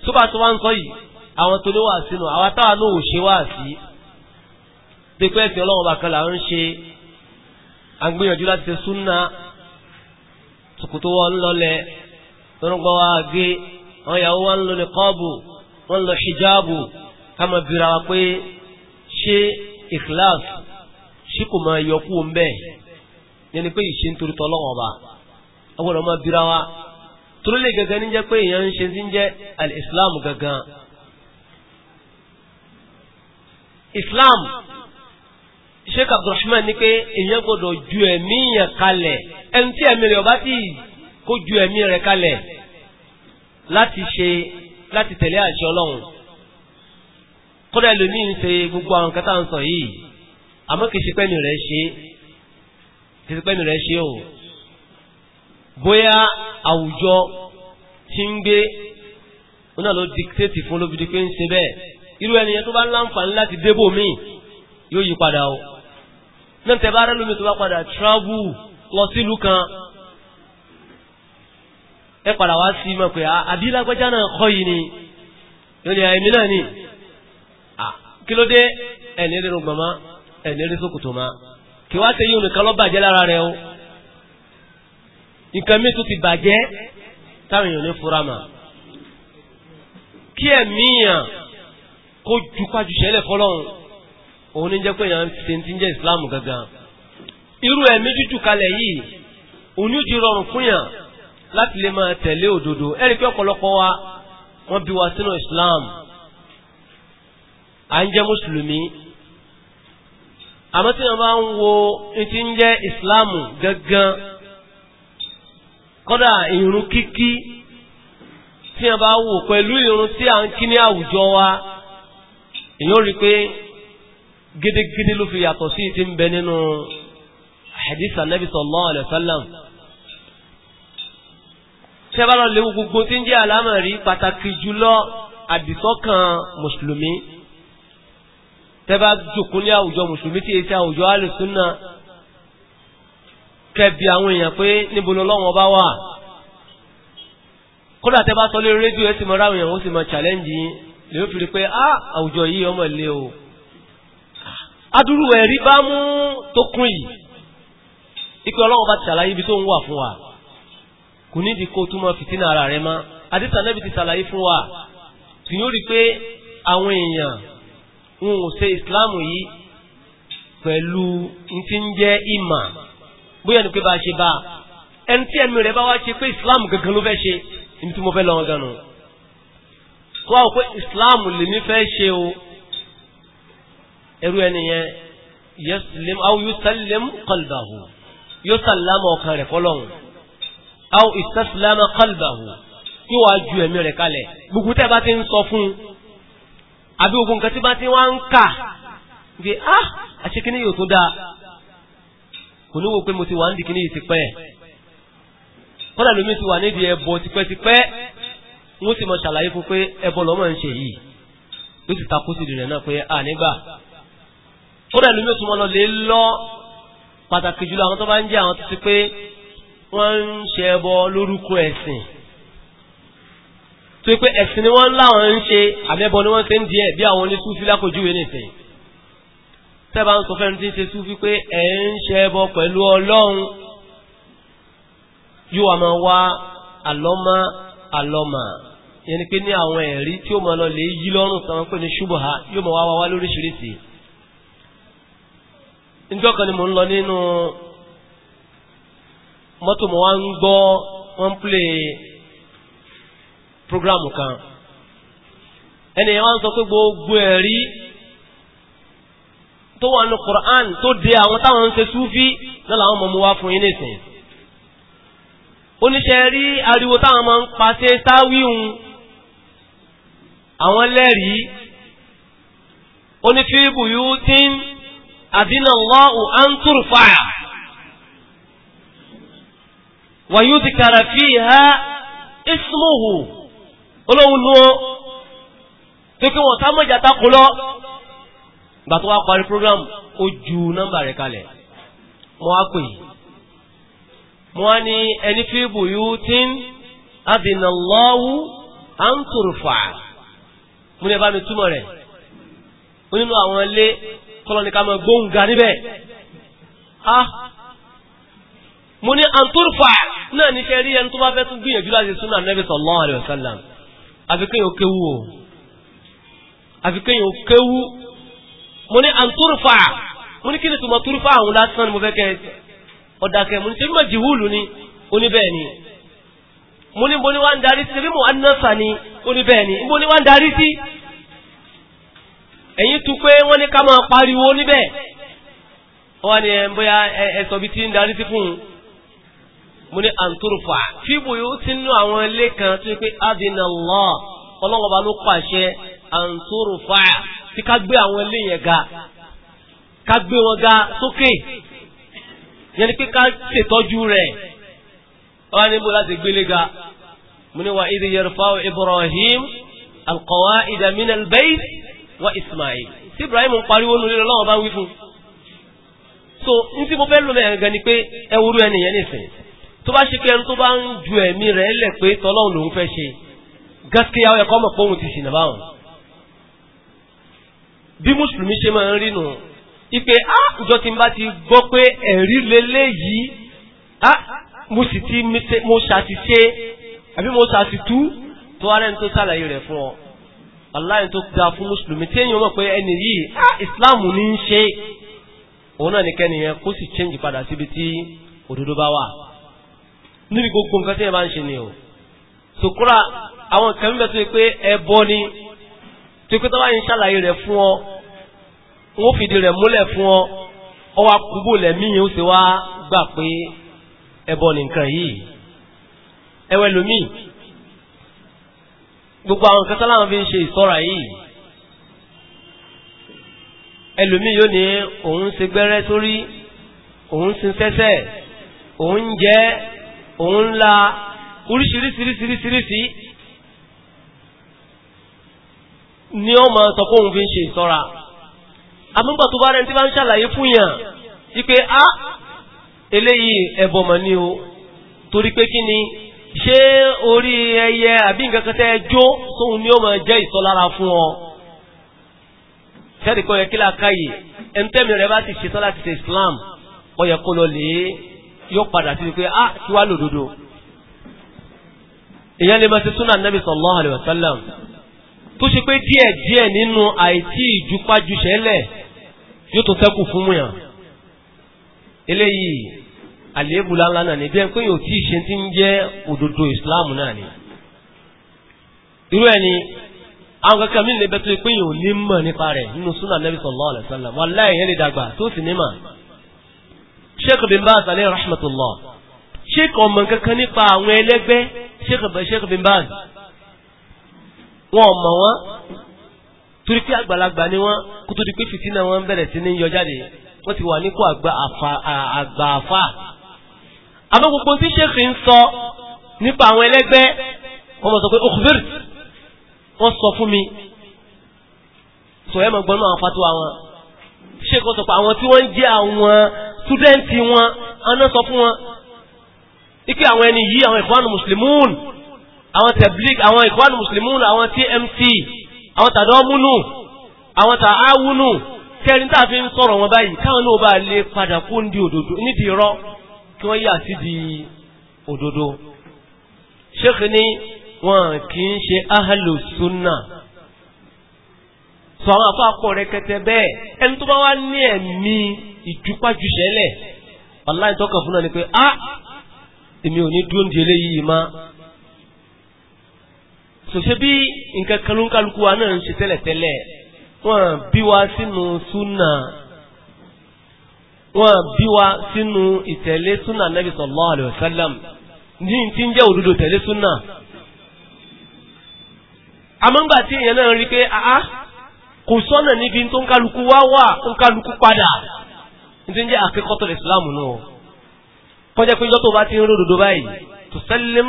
tó bá tó wá ń sọ yìí àwọn tó ní wà sínú àwa táwa náà ò ṣe wá sí pípẹ́ ẹ̀sìn ọlọ́run bá kan là ń ṣe àgbéyànjú láti ṣe súnà tòkòtò wọn lọlẹ̀ lọ́rùngbọ́ wa gé àwọn ìyàwó wa ń lọ ní kọ́ọ̀bù wọ́n lọ hijabu Kama máa bira wa pé ṣé ikhlas ṣé kò máa yọ kú ń yẹn ni pé ìṣe ń torí tọ́lọ́wọ́ ọba ọgbọ́dọ̀ máa bira wa torí lè gangan ní jẹ́ pé èèyàn ń ṣe ti ń jẹ́ al-islam gangan islam sheikh abdulrahman ní pé èèyàn gbọ́dọ̀ ju ẹ̀mí yẹn kalẹ̀ ẹni tí ẹ̀mí rẹ̀ ọba tí kó ju ẹ̀mí rẹ̀ kalẹ̀ láti ṣe láti tẹ̀lé àṣẹ ọlọ́run kódà ẹlòmíì ń ṣe gbogbo àwọn kẹta ń sọ yìí àmọ́ kì í ṣe pẹ́ẹ́nì rẹ̀ ṣe kì í ṣe pẹ́ẹ́nì rẹ̀ ṣe o bóyá àwùjọ ti ń gbé wọn náà ló dikítẹ́tì fún olóbìdí pé ń ṣe bẹ́ẹ̀ irú ẹnìyẹn tó bá láǹfààní láti débò míì yóò yí padà o náà tẹ bá rẹ lómi tó bá padà travel lọ sílùú kan ẹ padà wá sí mọ̀ pé àbí lágbájá náà kọ́ yìí ni yóò ní àìmí náà ni kí ló dé ẹni rí rògbọ̀n mọ́ ẹni rí sókòtò mọ́ kí wá ṣe yí nìkan lọ́ bàjẹ́ lára rẹ o nǹkan mi tún ti bàjẹ́ táwọn èèyàn ní fura mà kí ẹ̀mí yàn kó ju pàjù sẹ́lẹ̀ òun ní jẹ́ pé èèyàn ti ti ń jẹ́ ìsìláàmù gangan irú ẹ̀mí jújù kalẹ̀ yìí òun yóò di rọrùn fún yàn láti lè máa tẹ̀lé òdodo ẹ̀rí pé ọ̀pọ̀lọpọ̀ wa wọ́n bí wa sínú ìsìláàmù à ń jẹ́ mùsùlùmí àmọ́ tí wọ́n bá ń wo ti ń jẹ́ ìsìláàmù gangan kọ́dà ìrun kíkí tí wọ́n bá wò pẹ̀lú ìrun tí à ń kí ní àwùjọ wa èyàn rí pé gidigidi ló fi yàtọ̀ sí ti ń bẹ nínú hadith anabi sallallahu alayhi wa sallam tẹ́bàlọ́ léwu gbogbo tí ń jẹ́ àlámọ̀rí pàtàkì jùlọ àdìsọ́kàn mùsùlùmí tẹ́ bá jòkó ní àwùjọ mùsùlùmí tí èsì àwùjọ alùsùnà kẹbi àwọn èèyàn pé níbo lọ́wọ́ bá wà kódà tẹ́ bá sọ lórí rédíò ẹ sì mọ ráwọn èèyàn ó sì mọ challenge yín lèyó fi rí pé á àwùjọ yìí ọmọ ilé o adúrú ẹ̀rí bá mú tó kún yìí ipe ọlọ́wọ́ bá ṣàlàyé ibi tó ń wà fún wa kò nídìí kó túmọ̀ fìtínà ara rẹ mọ́ adéta nẹ́bi ti ṣàlàyé fún wa tìyóò rí pé àwọn èèyàn ń ò ṣe ìsìláàmù yìí pẹ̀lú ti ń jẹ́ ìmà bóyá ní pé bá ṣe bá ẹni tí ẹnu rẹ̀ bá wá ṣe pé ìsìláàmù gangan ló fẹ́ ṣe ní tí mo fẹ́ lọ́wọ́ ganu kó àwọn pé ìsìláàmù lèmi fẹ́ ṣe o ẹrú ẹni yẹn yẹsùlẹ̀m aw yusallem qalbahu yusallam ọkàn rẹ̀ fọlọ́hùn aw istaslama qalbahu yóò wá ju ẹ̀mí rẹ̀ kalẹ̀ gbogbo tẹ́ bá ti ń sọ fún un àbí ogun nǹkan tí bá ti wá ń kà bí á ah, àṣekíní yóò tún dáa kò ní wo pé mo ti wà ń di kíní yìí ti pẹ́ kọ́dà lómi ti wà nídìí ẹbọ tipẹ́tipẹ́ wọ́n sì mọ̀ ṣàlàyé fún pé ẹbọ lọ́mọ ń ṣe yìí ló sì takú sí ìrìnà pé a nígbà kọ́dà lómi tún mọ́ lọ lè lọ pàtàkì jùlọ àwọn tó bá ń jẹ́ àwọn tó ti pé wọ́n ń ṣe ẹbọ lórúkọ ẹ̀sìn tó pé ẹ̀sìn ni wọ́n láwọn ń ṣe àbẹ́bọ ni wọ́n ṣe ń díẹ̀ bí àwọn oníṣúfí lákòjúwe nìsín tẹ́bà ń sọ fẹ́ni tí ń ṣe súfí pé ẹ̀ ń ṣe ẹbọ pẹ̀lú ọlọ́run yóò wà máa wá àlọ́mà àlọ́mà yẹn ni pé ní àwọn ẹ̀rí tí ó máa lọ lè yí lọ́rùn kan pé ní ṣubuha yóò máa wá wá lóríṣiríṣi níjọ́ kan ni mò ń lọ nínú mọ́tò mo wá ń gbọ́ wọ́n ń pè program kan ẹni yẹn wá ń sọ pé gbogbo ẹ̀rí tó wà ní Qur'an tó de àwọn táwọn ń ṣe súfí náà làwọn mọ̀mú wá fún yín nìsín oníṣẹ́ rí ariwo táwọn máa ń pa ṣe sáwíhun àwọn lẹ́rìí onífíìbù yóò tí ń àdínà lọ́hùn áńtúrfà wàyúùtì kàràfíì ha ismuhu olóhun nu wọn tó kí wọn sáà mọ̀jà takò lọ ìgbà tó wá parí program ó ju nọ́mbà rẹ̀ kalẹ̀ mo wá pè mo wá ní ẹni fi buyutin adinallahu an turfa mo ní ẹ bá mi túmọ̀ rẹ̀ ó nínú àwọn ilé kọ́lọ́ ní ká máa gbóhùn níbẹ̀ ah mo ní an turfa náà níṣẹ́ rí ẹni tó bá fẹ́ tún gbìyànjú láti súnà nẹ́bí sallallahu alaihi àfikẹ́yìn ó kéwú o àfikẹ́yìn ó kéwú mo ní àǹtúrùfà mo ní kí ni tùmọ̀ túrùfà àwọn lásán ni mo fẹ́ kẹ́ ọ̀dàkẹ́ mo ní ṣe mímọ̀ jìwúlù ni oníbẹ̀ẹ́ ni mo ní bóní wá ń darí sí rímù annáfà ni oníbẹ̀ẹ́ ni bóní wá ń darí sí ẹ̀yìn tú pé wọ́n ní ká máa pariwo níbẹ̀ wọ́n ni ẹ̀ ń bóyá ẹ̀sọ̀ bí ti ń darí sí fún un mo ní àǹtòròfà fíbù yóò ti nú àwọn ilé kan tó yẹ pé adinallah ọlọ́wọ́ba ló pàṣẹ àǹtòròfà tí ká gbé àwọn ilé yẹn ga ká gbé wọn ga sókè yẹn ni pé ká ṣètọ́jú rẹ̀ wọ́n á níbo láti gbélé ga mo wa idh yarfa'u Ibrahim alqawa'ida min albayt wa Ismail tí Ibrahim ń pariwo nulẹ̀ lọ́wọ́ wí fún so n tí mo fẹ́ lò lẹ́yìn gan ni pé ẹ wúru ẹnìyẹn nìsín tó bá ṣe pé ẹrú tó bá ń ju ẹ̀mí rẹ̀ lẹ̀ pé tọ́lọ́run lòún fẹ́ ṣe gáskíyà ó kọ́ mọ̀ pé òun ti ṣìnà báwọn. bí mùsùlùmí ṣe máa ń rí nù ipe àjọ tí n bá ti gbọ́ pé ẹ̀rí leléyìí mo sì ti mo ṣàtìṣe àbí mo ṣàtìtú tó wá rẹ́ni tó ṣàlàyé rẹ̀ fún ọ aláyìn tó da fún mùsùlùmí tí èyàn mọ̀ pé ẹni yìí ìsìláàmù ní ń ṣe òun náà nìkẹ́ni yẹn kó sì change padà síbi tí òdodo bá wà níbi gbogbo nǹkan tí ẹ bá ń ṣe ni o sòkúrà àwọn kẹmí bẹ tó yẹ pé ẹbọ ni tó yẹ pé tọ́wá yìí ń ṣàlàyé rẹ̀ fún ọ ń ó fìdí rẹ̀ múlẹ̀ fún ọ ọ wa kúbò lẹ́míyìn ó sì wá gbà pé ẹbọ ni nǹkan yìí ẹwẹ lómi gbogbo àwọn nǹkan sáláwọn fi ń ṣe ìṣọ́ra yìí ẹlòmí yóò ní òun ṣe gbẹ́rẹ́ sórí òun ṣe fẹ́sẹ̀ òun jẹ́ òun la oríṣiríṣiríṣiríṣi ni ó máa sọ fóun fi ń ṣe ìṣọ́ra amúgbà tó bá rẹ̀ tí bá ń ṣàlàyé fún yàn wípé a eléyìí ẹ̀bọ̀mọ̀ ni o torí pé kí ni ṣé orí ẹyẹ àbí nǹkan kan tẹ́ jó sóhun ni ó máa jẹ́ ìsọlára fún ọ kẹ́rìkọ́ yẹ kí lákàyè ẹni tẹ́mi rẹ̀ bá ti ṣe sọ́lá ti ṣe Islam ó yẹ kó lọ lè é yóò padà sí pé ah kí wá lòdodo èyàn lè máa ṣe súnà nàbì sallallahu alaihi wasallam tó ṣe pé díẹ̀ díẹ̀ nínú àìtí ìjúpájúṣẹ́lẹ̀ yóò tó tẹ́kù fún mu eléyìí àléébù lánlá náà ni bí ẹn pé yóò tí ṣe ti ń jẹ́ òdodo ìsìláàmù náà ni irú ẹni àwọn kankan mí lè bẹ tó pé yóò ní mọ̀ nípa rẹ̀ nínú súnà nàbì sallallahu alaihi wasallam wallahi yẹn lè dàgbà tó sì ní mọ̀ sheikh bin baz alayhi rahmatullah sheikh ọmọ kankan nípa àwọn ẹlẹ́gbẹ́ sheikh bin baz wọn ọmọ wọn torí pé àgbàlagbà ni wọn kó tó di pé fìtínà wọn bẹ̀rẹ̀ sí ní yọ jáde wọn ti wà nípò àgbà àfà àmọ́ gbogbo tí sheikh ń sọ nípa àwọn ẹlẹ́gbẹ́ wọn mọ̀ sọ pé okhbir wọn sọ fún mi sọ ẹ mọ̀ gbọ́n àwọn fatuwa wọn sheikh sọ pé àwọn tí wọ́n jẹ́ àwọn túdẹ́ǹtì wọn ana sọ fún wọn ike àwọn ẹni yìí àwọn ìkwánu muslimun àwọn tẹ̀blík àwọn ìkwánu muslimun àwọn tmt àwọn tàdọ́múnù àwọn tàáwúnù kẹrin tá a fi ń sọ̀rọ̀ wọn báyìí káwọn náà bá lè padà kó ń di òdodo nídìí irọ́ kí wọ́n yà sí di òdodo ṣéèkì ni wọn kì í ṣe ahlu sunna sọ àwọn àpapọ̀ rẹ̀ kẹtẹ bẹ́ẹ̀ ẹni tó bá wá ní ẹ̀mí ìjúpájúṣẹ́lẹ̀ aláì tọ́kàn fún náà ni pé á ah, èmi ò ní dúró ní eléyìí má ṣòṣe bí nǹkan kanúkálukú wa náà ń ṣe tẹ́lẹ̀tẹ́lẹ̀ wọ́n bí wa sínú súnà wọ́n bí wa sínú ìtẹ̀lé súnà nabi sallallahu alaihi wasallam ní ti ń jẹ́ òdodo tẹ̀lé súnà àmọ́ngbà tí èèyàn náà rí pé àá ah, ah, kò sọ́nà níbi tó ń kálukú wá wà ń kálukú padà nítorí jẹ́ àkíkọ́tọ̀ ìsìláàmù náà kọjá pé yọ́tò bá ti ń ródòdó báyìí tó sẹ́lẹ̀m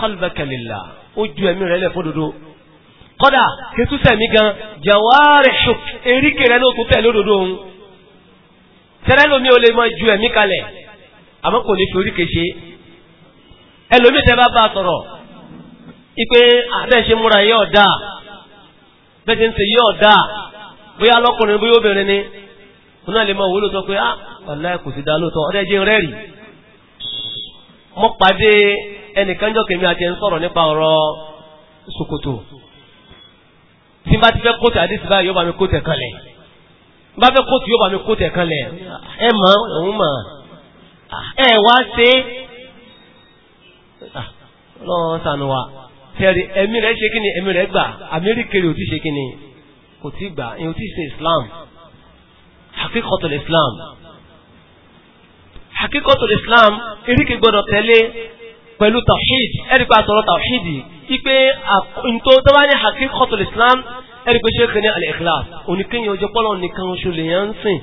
kọlbẹ̀kẹ̀lélà ó ju ẹ̀mí rẹ̀ lẹ̀ fódòdó kọ́dà kẹtù sẹ̀mí gan jẹ̀wárẹ̀ ṣùk eríkè rẹ̀ ló tún tẹ̀ lódòdó òun tẹ́rẹ́ lómi ò lè mọ ju ẹ̀mí kalẹ̀ àmọ́ kò ní fi oríkè ṣe ẹlòmí tẹ́ bá bá a sọ̀rọ̀ ipe àbẹ́ṣe múra yóò dáa bẹ́ẹ̀ ti ń ṣe yóò dáa bóyá lọ́kùnrin bóyá obìnrin ni fúnà lè mọ wúlò tó pé ah wàláhì kò sí dá lóòótọ́ ọdẹ jẹ́ rẹ́rì mo pàdé ẹnìkan jọ kèmí àti ẹn sọ̀rọ̀ nípa ọ̀rọ̀ ṣòkòtò tí bá ti fẹ́ kóòtù àdìsí báyìí yóò bá mi kóòtù ẹ̀kan lẹ̀ bá fẹ́ kóòtù yóò bá mi kóòtù ẹ̀kan lẹ̀ ẹ mọ̀ òun mọ̀ ẹ wá ṣe ah, lọ́wọ́ sànù wa tẹ̀rí ẹ̀mí rẹ̀ ṣe kí ni ẹ̀mí rẹ̀ gbà àmì kiri ò ti ṣe kí ni Islam hakikatul islam hakikatul islam eríkè gbọ́dọ̀ tẹ̀lé pẹ̀lú tawhid ẹ̀rí pé àtọ̀rọ̀ tawhid ipe àkóńtó tó bá ní hakikatul islam ẹ̀rí pé ṣe kéde al-ikhlas oníkéyìn ọjọ́ pọ́lọ́ nìkan oṣù lèèyàn ń sìn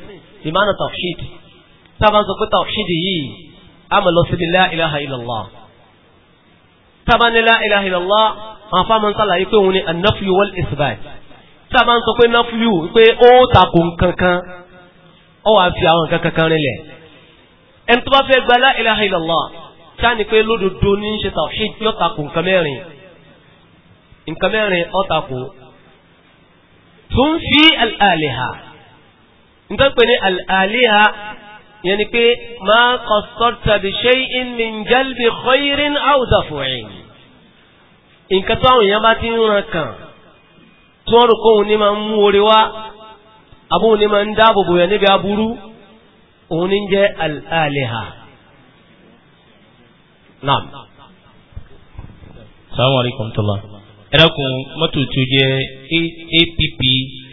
ìmánu tawhid tábà ń sọ pé tawhid yìí a mọ̀ lọ síbi la ilaha illallah tábà ní la ilaha illallah àwọn afáàmọ́ ń sàlàyé pé òun ni an-nafyu wal-isbat tábà ń sọ pé nafyu pé ó takò nǹkan kan ọ wà fi àwọn nǹkan kankan rinlẹ̀ ẹni tó bá fẹ́ gba la ilaha illallah sáàni pé lódodo ní ṣe tawhid yóò takò nǹkan mẹ́rin nǹkan mẹ́rin ọ takò tó ń fi al-aliha nǹkan pè ní al-aliha yẹn ni pé ma qasarta bi shay'in min jalbi khayrin aw daf'in nǹkan tó àwọn èèyàn bá ti ń ràn kàn tí wọ́n rò kóhun ní máa ń mú orí wá abóhun ni máa ń dáàbò bòyàn níbi aburú òun ní jẹ́ al-aliha naam salamu alaikum tọ́lá ẹ̀rọ̀kùn mọ́tò tó jẹ́ app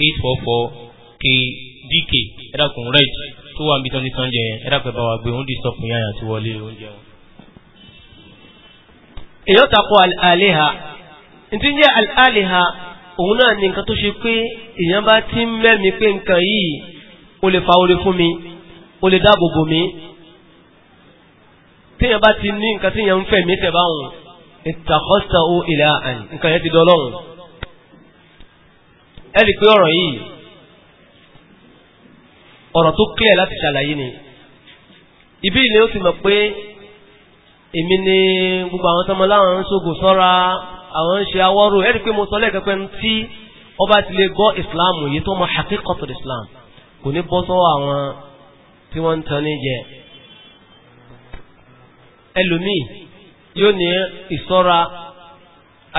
844kdk ẹ̀rọ̀kùn red tó wà níbi tó ní sọ́njẹ́ ẹ̀rọ̀kùn bá wa gbé oúnjẹ sọ́kùn yáyà tí wọlé oúnjẹ wọn. èyí ó takò al ntí ń jẹ́ al òun náà ni nǹkan tó ṣe pé èèyàn bá ti ń mẹ́mi pé nǹkan yìí ó lè fa oore fún mi ó lè dáàbò bò mí téèyàn bá ti ní nǹkan téèyàn ń fẹ̀ mí tẹ̀ báwọn ìtàkọ́sà ó ilẹ̀ àìn nǹkan yẹn ti dọ́lọ́run ẹ rí pé ọ̀rọ̀ yìí ọ̀rọ̀ tó clear láti ṣàlàyé ni ibi ilé ó ti mọ̀ pé èmi ni gbogbo àwọn tọmọ láwọn ń ṣògùn sọ́ra àwọn ń ṣe awọ́rò ẹ̀rí pé mo sọ lẹ́ẹ̀kan pé tí ọba ti lè gbọ́ ìsìláàmù yìí tó mọ hakíkọ́tù ìsìláàm kò ní bọ́ sọ́wọ́ àwọn tí wọ́n ń tan ní jẹ ẹlòmíì yóò ní ìṣọ́ra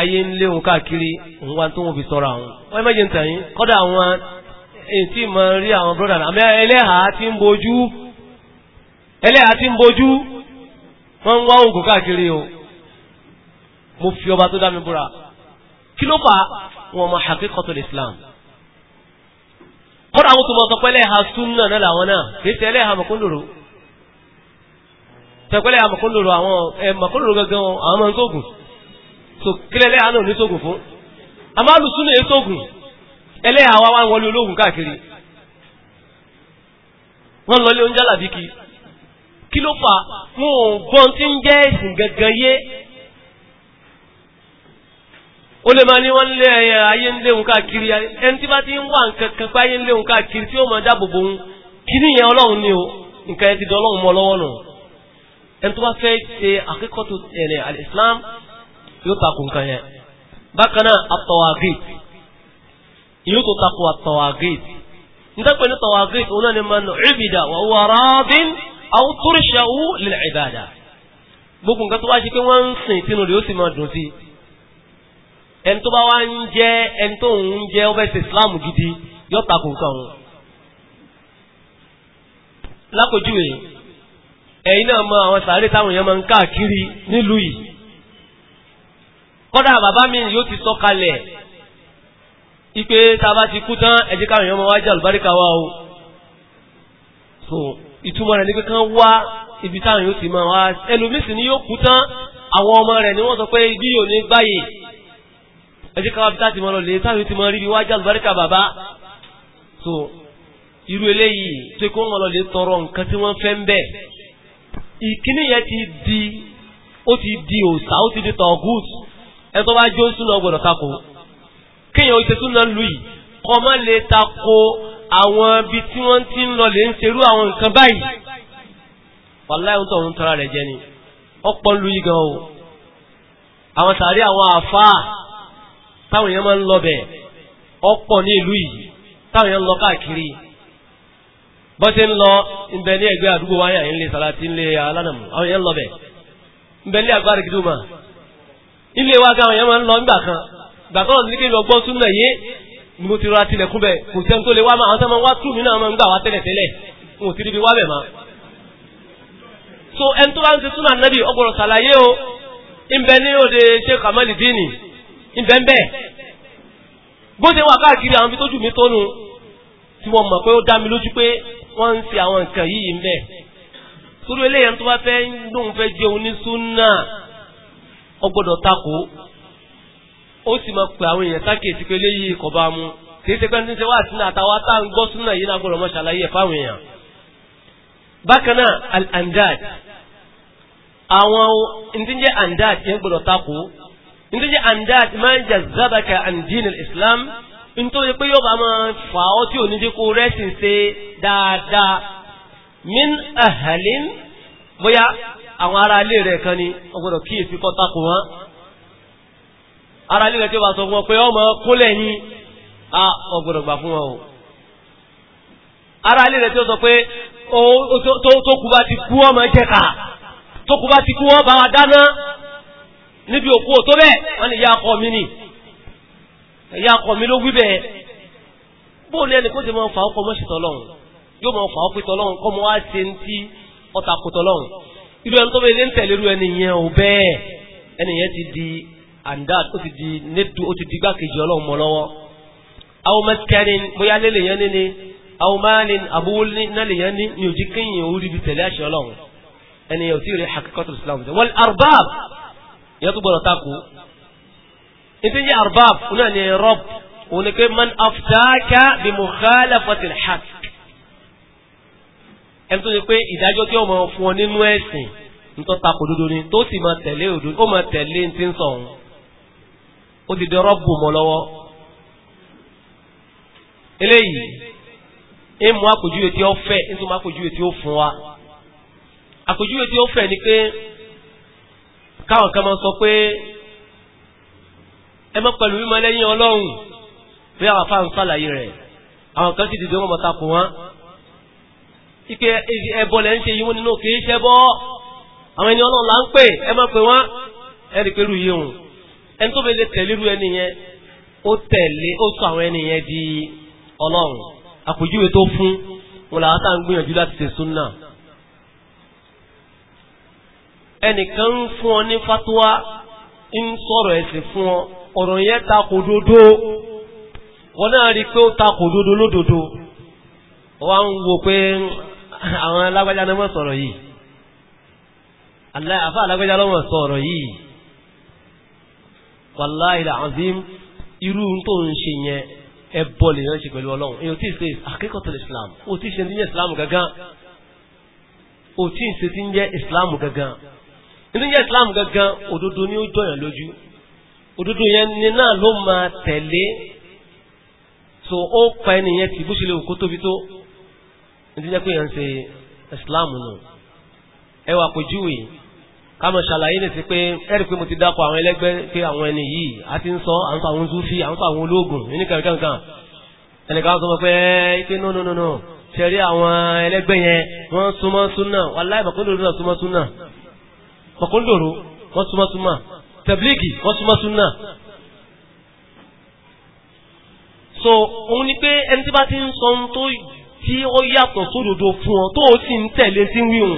ayé ń léhun káàkiri òun tó wọ́n fi sọ́ra òun wọ́n mẹ́jẹ ń tẹ̀yìn kọ́dà àwọn èyí tí rí àwọn brọ́dà àmì ẹlẹ́hà tí ń bojú wọ́n ń wá ògùn káàkiri o mo fi ọba tó dá mi búra kí ló fà wọn mọ hakikatul islam kọ́dà àwọn tó mọ̀ sọ pé ẹlẹ́ha súnà náà làwọn náà kì í ṣe ẹlẹ́ha mọ̀kúndòrò tẹ̀pẹ́lẹ́ àmọ̀kúndòrò àwọn ẹ̀mọ̀kúndòrò gangan àwọn ọmọ ìṣògùn tó kílẹ̀ ẹlẹ́ha náà ní ìṣògùn fún amáàlù súnà ìṣògùn ẹlẹ́ha wa wá wọlé ológun káàkiri wọ́n lọlé oúnjẹ làbíkí kí ló fà wọn ò gbọ́n tí ń jẹ́ ìsìn gangan yé ó lè máa ní wọ́n lé ẹyẹ ayé ń léhun káàkiri ẹni tí bá ti ń wà nǹkan kan pé ayé ń léhun káàkiri tí dáàbò bò ń ọlọ́run ni o nǹkan ti di ọlọ́run mọ́ lọ́wọ́ nù ẹni tó bá fẹ́ ṣe akẹ́kọ̀ọ́ tó e, tẹ̀lé alìsílám yóò takò nǹkan yẹn bákan náà atọ́wàgéèt yóò tó takò atọ́wàgéèt níta pẹ̀lú tọ́wàgéèt òun náà ni máa ẹni tó bá wá ń jẹ́ ẹni tó ń jẹ́ ó ṣe islam gidi yóò takò nǹkan òun. lákòjúwe ẹ̀yin náà mọ àwọn sàárè táwọn èèyàn máa ń káàkiri nílùú yìí kọ́dà bàbá mi yóò ti sọ kalẹ̀ ipe tá a bá ti kú tán ẹ̀jẹ̀ káwọn èèyàn máa wá jẹ́ àlùbáríkà wa o. so ìtumọ̀ rẹ̀ ni pé kán wá ibi táwọn yóò ti máa wá ẹlòmísìn ni yóò kú tán àwọn ọmọ rẹ̀ ni wọ́n sọ pé ibi yóò ní gbáyìí ẹjẹ́ káwá bíi táti mọ́ lọ lè táwọn ti mọ́ rí bí wájú àlùbáríkà bàbá so irú eléyìí tó kó wọn lọ lè tọrọ nǹkan tí wọ́n fẹ́ ń bẹ̀ ìkíní yẹn ti di ó ti di òòsà ó ti di tọ̀gùt ẹ tó bá jó súnà gbọ́dọ̀ tako kéèyàn ó ti súnà lù yìí kọ́ mọ́ lè tako àwọn ibi tí wọ́n ti ń lọ lè ń serú àwọn nǹkan báyìí wàláyé tó ń tọ́ra rẹ̀ jẹ ni ọ̀pọ̀ lù yìí gan o àwọn tàrí àwọn àfáà táwọn èèyàn máa ń lọ ọ̀pọ̀ ní ìlú yìí táwọn èèyàn lọ káàkiri bọ́tí ń lọ ìbẹ̀ ẹgbẹ́ àdúgbò wáyà ń lè sàlátí alánàmù àwọn èèyàn lọ gidi mà ilé wa èèyàn máa ń lọ nígbà kan ìgbà kan ní kí n lọ gbọ́ súnmọ́ yé ni mo ti rọra kò sẹ́ni tó wá máa àwọn wá mí náà ìbẹ̀ǹbẹ̀ bó ṣe wà káàkiri àwọn ibi tó jù mí tónú tí wọ́n mọ̀ pé ó dá mi lójú pé wọ́n ń ṣe àwọn nǹkan yìí ń bẹ̀ torí eléyàn tó bá fẹ́ lóun fẹ́ jẹun ní súnà ó gbọ́dọ̀ takò ó sì máa pè àwọn èèyàn sákèsí pé léyìí kò bá mu kì í ṣe pé ní ṣe wá sínú àtàwọn tá à ń gbọ́ súnà yìí náà mọ́ ṣàlàyé ẹ̀ fáwọn èèyàn bákan náà al-andad àwọn ntí jẹ́ andad yẹn gbọ́dọ̀ takò nítorí andad máa ń jàzábàkà andinil islam nítorí pé yóò bá máa fà ọ́ tí ò ní dínkù rẹ́sìn ṣe dáadáa min ahalin bóyá àwọn ará ilé rẹ̀ kan ni ọgbọ́dọ̀ kíyèsí kọ́ takò wọn ará ilé rẹ̀ tí ó bá sọ fún wọn pé ọmọ kólẹ̀ yín a ọgbọ́dọ̀ gbà fún wọn o ará ilé rẹ̀ tí ó sọ pé tó kú bá ti kú ọmọ jẹ́ka tó kú bá ti kú ọ bá wa dáná níbi òkú ò tó bẹ́ẹ̀ wọ́n ní ìyá ọkọ mi ni ìyá ọkọ mi ló wí bẹ́ẹ̀ bó ní ẹnì kó ti máa fà ọkọ mọ́ṣì tọ́lọ́hún yóò máa fà ọkọ tọ́lọ́hún kọ́ mọ́ wá ṣe ń tí ọ̀tà kò tọ́lọ́hún irú ẹni tó bẹ́ẹ̀ lé ń tẹ̀lé irú ẹni yẹn ò bẹ́ẹ̀ ẹni yẹn ti di andad ó ti di nedu ó ti di gbákejì ọlọ́run mọ́ lọ́wọ́ àwọn mẹ́tíkẹ́rin bóyá lélẹ̀ yẹn níní àwọn máàlin àbúwò nílẹ̀ yẹn ní ní òjì kéyìn òwúrí bi tẹ̀lé àṣẹ ọlọ́run ẹni yẹn ò tí ì rí hakikatul islam wal arbab ìyẹn tó gbọ́dọ̀ takò ètò yẹ arbab oní àná rọb òní pé man aftaka bi mukhalafati al-haq ẹni tó ní pé ìdájọ́ tí ó máa fún ọ nínú ẹ̀sìn ń tọ́ takò dodo ni tó sì máa tẹ̀lé òdo ó máa tẹ̀lé ní ti ń sọ̀hún ó ti di rọ́bù mọ́ lọ́wọ́ eléyìí ìmú àpèjúwe tí ó fẹ́ nítorí àpèjúwe tí ó fún wa àpèjúwe tí ó fẹ́ ni pé káwọn kan máa sọ pé ẹ mọ́ pẹ̀lú mímọ́ lẹ́yìn ọlọ́run pé àwọn afá ń sàlàyé rẹ̀ àwọn kan sì dìde wọn mọ̀ta kù wọn ike ẹbọ lẹ́ ń ṣe yíwọ́n nínú kì í ṣe bọ́ àwọn ẹni ọlọ́run là ń pè ẹ mọ́ pé wọ́n ẹ rí pẹ̀lú yìí hùn ẹni tó fẹ́ lè tẹ̀lé irú ẹni yẹn ó tẹ̀lé ó sọ àwọn ẹni yẹn di ọlọ́run àpèjúwe tó fún wọn làwọn tá ń gbìyànjú láti ṣe súnà ẹnìkan n fún ọ ní fatuwa ń sọ̀rọ̀ ẹ̀sìn fún ọ ọ̀rọ̀ yẹn ta kò dodo wọn náà rí dodo lódodo wo pé àwọn alágbájá náà mọ̀ sọ̀rọ̀ yìí àfa alágbájá lọ́wọ́ sọ̀rọ̀ yìí wàláhì làzím irú tó ń ṣe yẹn ẹbọ lè yàn ṣe pẹ̀lú ọlọ́run èyí ò tí ì ṣe islam tí ì ṣe ní islam gangan tí ì ṣe ti nítorí jẹ́ islam gangan òdodo ni ó jọyàn lójú òdodo yẹn ni náà ló máa tẹ̀lé so ó pa ẹnìyẹn tì bó ṣe lè kó tóbi tó nítorí pé yẹn ń ṣe islam nù ẹ wà pèjúwe ká mọ̀ ṣàlàyé lè sí pé ẹ̀rì pé mo ti dákọ̀ àwọn ẹlẹ́gbẹ́ pé àwọn ẹni yìí a ti ń sọ à ń sọ àwọn zufi à ń sọ àwọn ológun ní kankankan ẹnìkan sọ pé ẹ pé no no no ṣe rí àwọn ẹlẹ́gbẹ́ yẹn wọ́n súnmọ́ súnà wàláhì ìbàkúndòdó náà súnmọ́ súnà kọ̀kúndòrò wọ́n súnmọ́ súnmọ́ tẹ̀blígì wọ́n súnmọ́ súnmọ́ so òun ni pé ẹni tí bá ti ń sọ ohun tó tí ó yàtọ̀ sódodo fún ọ tó o sì ń tẹ̀lé sí wíhùn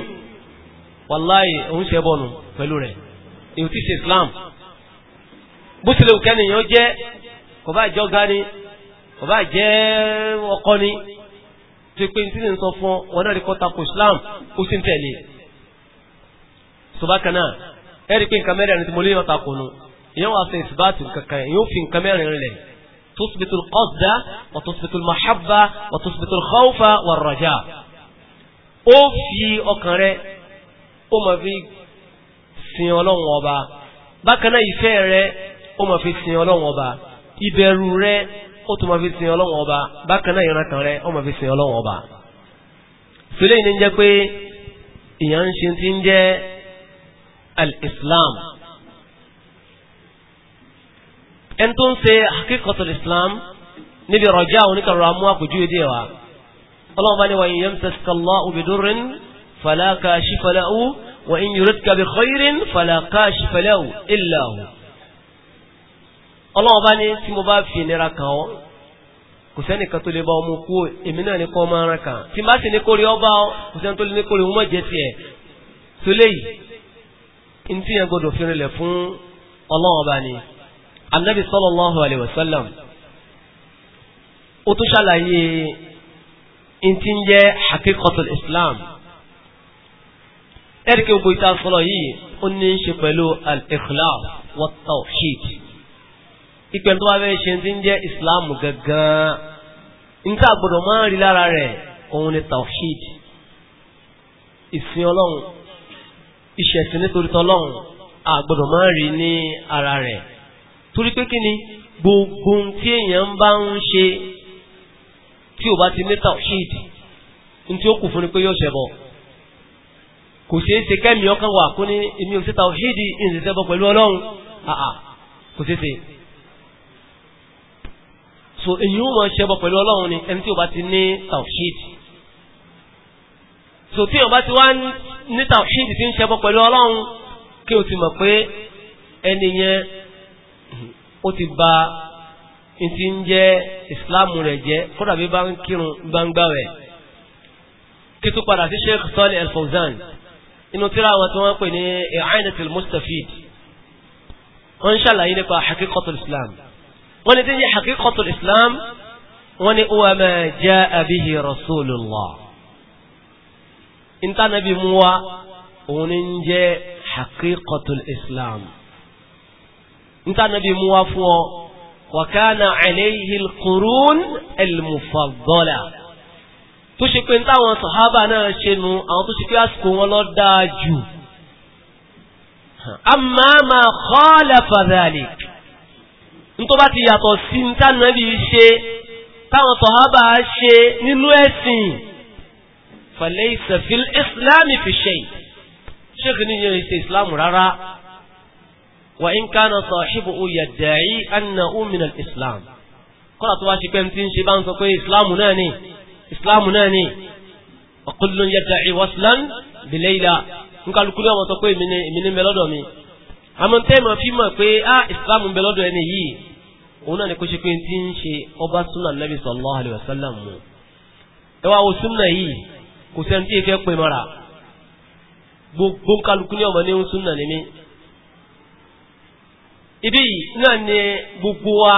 wàláì òun ṣe bọ̀nù pẹ̀lú rẹ̀ èyí ti ṣe Islam bó tilẹ̀ òkè nìyẹn jẹ́ kò bá jẹ́ ọ̀gá ni kò bá jẹ́ ọkọ ni tó pé ní tí ń sọ fún ọ wọn náà rí kọ́ta kò Islam kó sì ń tẹ̀lé tó bá kan náà ẹ̀rí pé nǹkan mẹ́rin tí mo lè yọta kùnú ìyẹn wàá ṣe ìsìbáàtì kankan yóò fi nǹkan mẹ́rin rẹ̀ tusbitu al-qasda wa tusbitu al-mahabba wa tusbitu al-khawfa wa ar-raja ó fi ọkàn rẹ̀ ó máa fi sin ọlọ́run ọba bákan náà ìfẹ́ rẹ̀ ó fi sin ọlọ́run ọba ìbẹ̀rù rẹ̀ ó tún fi sin ọlọ́run ọba bákan náà ìrànkàn rẹ̀ ó máa fi sin ọlọ́run ọba. sílẹ̀ ni ń jẹ́ pé èèyàn ń ṣe al-islam ẹni tó ń ṣe hakíkọ̀tù islam níbi rọjá oníkàrọ̀ amú àpòjúwe dé wa ọlọ́run bá ní wa in yamsaska Allahu bidurrin fala kashifa lahu wa in yuridka bi khairin fala kashifa lahu illa hu ọlọ́run bá ní tí mo bá fi nira kàn ọ́ kò sẹ́ni kan tó lè bá ọmọ kú èmi náà ní kọ́ ọmọ ara kan tí má sì ní kórè ọba kò sẹ́ni tó lè ní kórè ọmọ jẹ tiẹ̀ tó léyìí ntí yẹn gbọdọ̀ fi rinlẹ̀ fún ọlọ́wọ́n bá ní anabi sallallahu alayhi wa sallam ó tún ṣàlàyé ntí ń jẹ́ hakikotul islam ẹ̀ríkì gbogbo ìta sọ̀rọ̀ yìí ó ní í ṣe pẹ̀lú al-ikhlas wa tawhid ìpẹ́ tó bá fẹ́ ṣe ti ń jẹ́ islam gangan níta gbọdọ̀ máa rí lára rẹ̀ òun ni tawhid ìsìn ọlọ́run ìṣẹ̀sìn nítorí tọ́lọ́run àgbọ̀dọ̀ máa rí ní ara rẹ̀ torí pé kí ni gbogbo tí èèyàn bá ń ṣe tí ò bá ti ní tawhid ní tí ó kù fún ni pé yóò ṣẹbọ kò ṣeé ṣe kẹ́mi ọkàn wà kó ní èmi ò sí tawhid ìṣẹ̀ṣẹ̀bọ pẹ̀lú ọlọ́run kò ṣeé ṣe so èyí ó mọ̀ ṣẹbọ pẹ̀lú ọlọ́run ni ẹni tí ò bá ti ní tawhid so tí ọba ti wá ní tàwíìdì tí ń ṣẹbọ pẹ̀lú ọlọ́run kí o ti mọ̀ pé ẹni yẹn ó ti ba ti ń jẹ́ ìsìláàmù rẹ̀ jẹ́ kódà bí bá ń kírun gbangba rẹ̀ kí tó padà sí Sheikh Salih Al-Fawzan inú tíra àwọn tí wọ́n pè ní I'anatul Mustafid wọ́n ń ṣàlàyé nípa haqiqatul Islam wọ́n ní tí ń jẹ́ haqiqatul Islam wọ́n ní huwa ma jaa bihi Rasulullah ìntánẹ́bí mú wá òun ní ń jẹ́ haqiqatul islam ìntánẹ́bí mú wá fún ọ wa kana alayhi al-qurun al-mufaddala tó ṣe pé táwọn sàhábà náà ṣe nu àwọn tó ṣe pé àsìkò wọn lọ dáa jù amma ma khalafa dhalik tó ti yàtọ̀ sí ìntánẹ́bí ṣe táwọn sàhábà ṣe nínú ẹ̀sìn falaysa fil islami fi shay ṣéèkì ní yẹn ṣe ìsìláàmù rárá wa in kana sahibuhu yadda'i annahu min al-islam kọ́lá tó wá ṣe pé ń ti ń ṣe bá ń sọ pé ìsìláàmù náà ni ìsìláàmù náà ni wa kullun yadda'i waslan bi layla nkálukú ní ọmọ sọ pé èmi ní mẹ́lọ́dọ̀ mi àmọ́ tẹ́ mọ̀ fi mọ̀ pé á ìsìláàmù mẹ́lọ́dọ̀ ẹni yìí òun náà ni kó ṣe pé ti ń ṣe ọba súnà nàbì sallallahu alaihi wasallam mu ẹ wá wo súnà yìí kò sẹ́ni tí ìfẹ́ pè mọ́ra gbogbo kálukú ní ọmọ ní ń súnà ní ibi náà ni gbogbo wa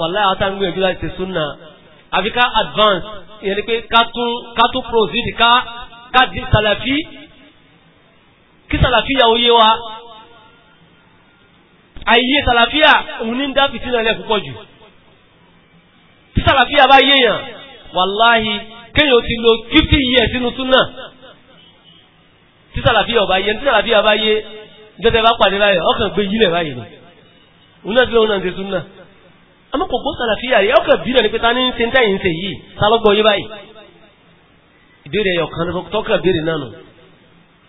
wàlá àwọn táwọn gbìyànjú láti súnà àfi ká advance ìyẹn ni pé ká tún ká tún proceed ká di sàlàfí kí sàlàfí yà ó yé wa àìyé sàlàfíà òun ní ń dá fìtínà lẹ́kùn pọ̀ jù tí sàlàfíà bá yéèyàn wàláhì kéèyàn ti lo fifty years sínú súnà tí sàlàfíà ọba yẹ tí sàlàfíà bá yé jẹ́tẹ̀ bá pàdé báyìí ọkàn gbé yílẹ̀ báyìí ni òun náà ti lóun náà ti súnà àmọ́ kò gbọ́ sàlàfíà rẹ̀ ọkàn bí rẹ̀ ni pé ta ní ṣe ń tẹ̀yìn ṣe yìí ta ló gbọ́ yé báyìí ìbéèrè ẹ̀yọ̀ kan tọ́kàn béèrè náà nù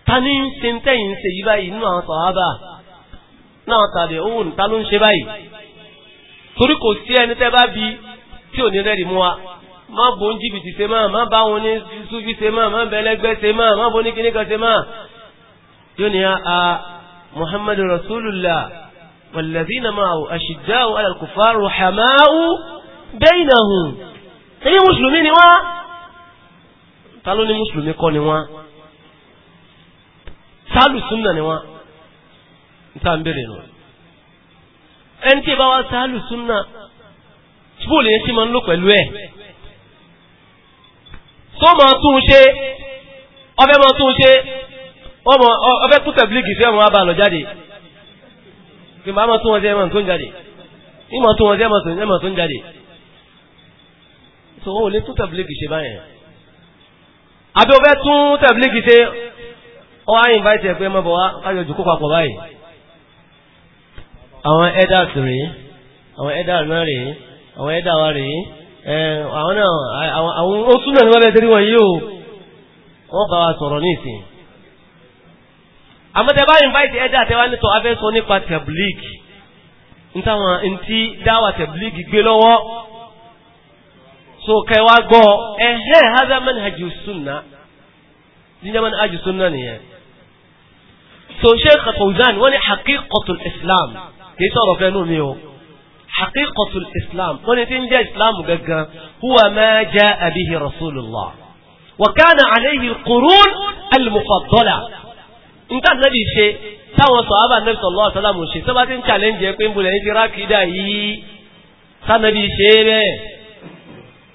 ta ni ṣe ń tẹ̀yìn ṣe yìí báyìí nínú àwọn sàhábà náà tàbí òun ta ló ń ṣe báyìí torí kò sí ẹni tẹ́ bá bi tí ò ní rẹ́ẹ̀dì mú wa má bò ń jìbìtì ṣe mọ́ má bá wọn ní súfì ṣe mọ́ má bẹ́lẹ́gbẹ́ ṣe mọ́ má bò ní kíní kan ṣe mọ́. yóò ní a muhammad rasulullah walladhina ma'ahu ashidda'u 'ala al-kuffar ruhama'u baynahum. ẹni mùsùlùmí ni wá ta ló ní mùsùlùmí kọ́ ni wá sáàlù súnà ni wá níta ń bèrè nù ẹni tí ì bá wá sáàlù súnà tí bóòlù yẹn máa ń lò pẹ̀lú ẹ̀ tó mọ̀ tún ṣe ọfẹ́ mọ̀ tún ṣe ọfẹ́ tún tẹ̀blíkì sí ọmọ abànà jáde kí máa mọ̀ tún wọn sí ẹmọ̀ tó ń jáde ìmọ̀ tún wọn sí ẹmọ̀ tó ń jáde tó wọn ò lè tún tẹ̀blíkì ṣe báyẹn àbí ọfẹ́ tún tẹ̀blíkì ṣe ọ wá invite ẹ̀ pé mọ́ bọ̀ wá káyọ̀ jù kó papọ̀ báyìí àwọn elders rèé àwọn elders náà rèé àwọn elders wa rèé àwọn náà àwọn ó súnmọ̀ níwọ́n bẹ́ẹ̀ tẹ́rí wọn yíò wọ́n bá wa sọ̀rọ̀ ní ìsìn àmọ́tẹ́bá invite ẹ̀dá àtẹ́wá nítọ́ afẹ́sọ nípa tẹ̀blík nítàwọn ntí dáwà tẹ̀blík gbé lọ́wọ́ so kẹwàá gbọ́ ẹ̀hẹ́ hadha manhaju sunna jíjẹ́ manhaju sunna nìyẹn so Sheikh Fawzan wọ́n ní haqiqatul Islam kì í sọ̀rọ̀ fẹ́ nù mí o haqiqatul islam wọ́n ní tí ń jẹ́ islam gangan huwa ma jaa bihi rasulullah wa kana alayhi alqurun almufaddala nǹkan náà bí ṣe táwọn sọ̀hábà nẹ́bí sallallahu alaihi wasallam ṣe tó bá ti ń challenge ẹ pé ń bolẹ̀ ní ti rákìdá yìí sánàbí ṣe rẹ̀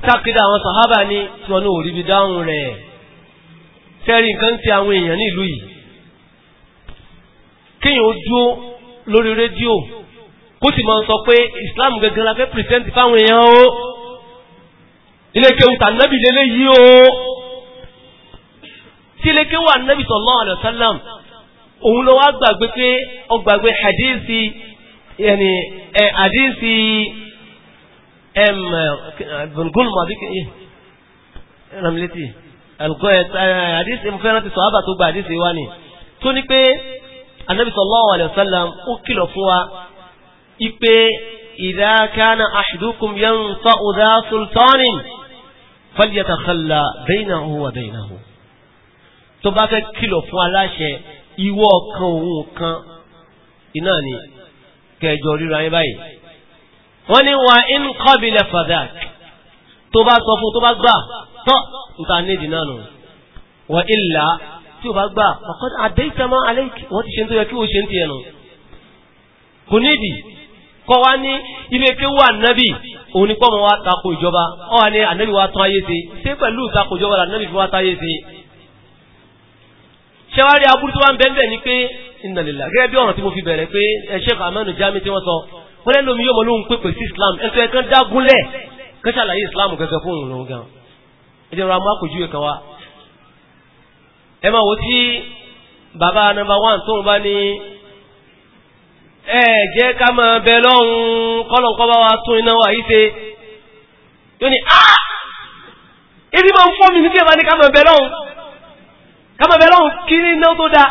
tákìdá àwọn sọ̀hábà ní tí wọn ní òrìbí dáhùn rẹ̀ fẹ́rí nǹkan ti àwọn èèyàn ní ìlú yìí kíyàn ó dúó lórí rédíò kó sì máa sọ pé islam gẹ́gẹ́ la fẹ́ present fáwọn èèyàn o ilé kéwù tànàbì lélẹ́ yìí o tí ilé kéwù ànàbì sallallahu alaihi wasallam òun ló wá gbàgbé pé ó gbàgbé hadithi yẹni ẹ hadithi ẹm gbọ̀ngùn mọ̀ àbíkẹ́ yìí ẹ̀rọ mi létí ẹ̀lùkọ́ mo fẹ́ràn ti sọ àbà gba hadithi wa ni tó ní pé ànàbì sallallahu alaihi ó kìlọ̀ fún wa ipe ìdákaná aṣìdúkùn yẹn tọ́ ọ̀dá sultanin fọ́lìyàtàkọ́lá bẹ́ẹ̀nàhù wà bẹ́ẹ̀nàhù tó bá fẹ́ kìlọ̀ fún aláṣẹ ìwọ kan òun kan iná ni kẹjọ ríra yín báyìí wọ́n ní wa in kọ́bílẹ̀ fadak tó bá sọ fún tó bá gbà tọ́ nta nídìí náà nù wa illa tí o bá gbà àdéhìtàmọ́ alẹ́ wọ́n ti ṣe ń tó yẹ kí o ṣe ń tiẹ̀ nù kò nídìí kọ́ wá ní ilé kéwú ànábì òun ni kọ́ mọ́ wá tako ìjọba wọ́n wá ní ànábì wá tán ayé ṣe ṣé pẹ̀lú ìtako ìjọba ànábì fi wá táyé ṣe. ṣẹ́wárí aburú tó wá ń bẹ́ẹ̀ ni pé ìnàlélà gẹ́gẹ́ bí ọ̀ràn tí mo fi bẹ̀rẹ̀ pé ẹ̀ṣẹ́ fàmánù jámi tí wọ́n sọ wọ́n lẹ́nu omi yóò mọ lóhun pépè sí Islam ẹ̀sọ́ ẹ̀kan dágúnlẹ̀ kan ṣàlàyé Islam gẹ́gẹ́ fún òun gan ẹ̀jẹ̀ rà mú àpèjúwe kan wá. ẹ máa wo tí bàbá number one tóun bá ní ẹ jẹ́ ká máa bẹ lọ́hun kọ́lọ̀ kọ́ bá wa tún iná wà yí ṣe yóò ní àá ibi máa ń fọ́ mi nígbà ní ká máa bẹ lọ́hun ká máa bẹ lọ́hun kí ní iná tó dá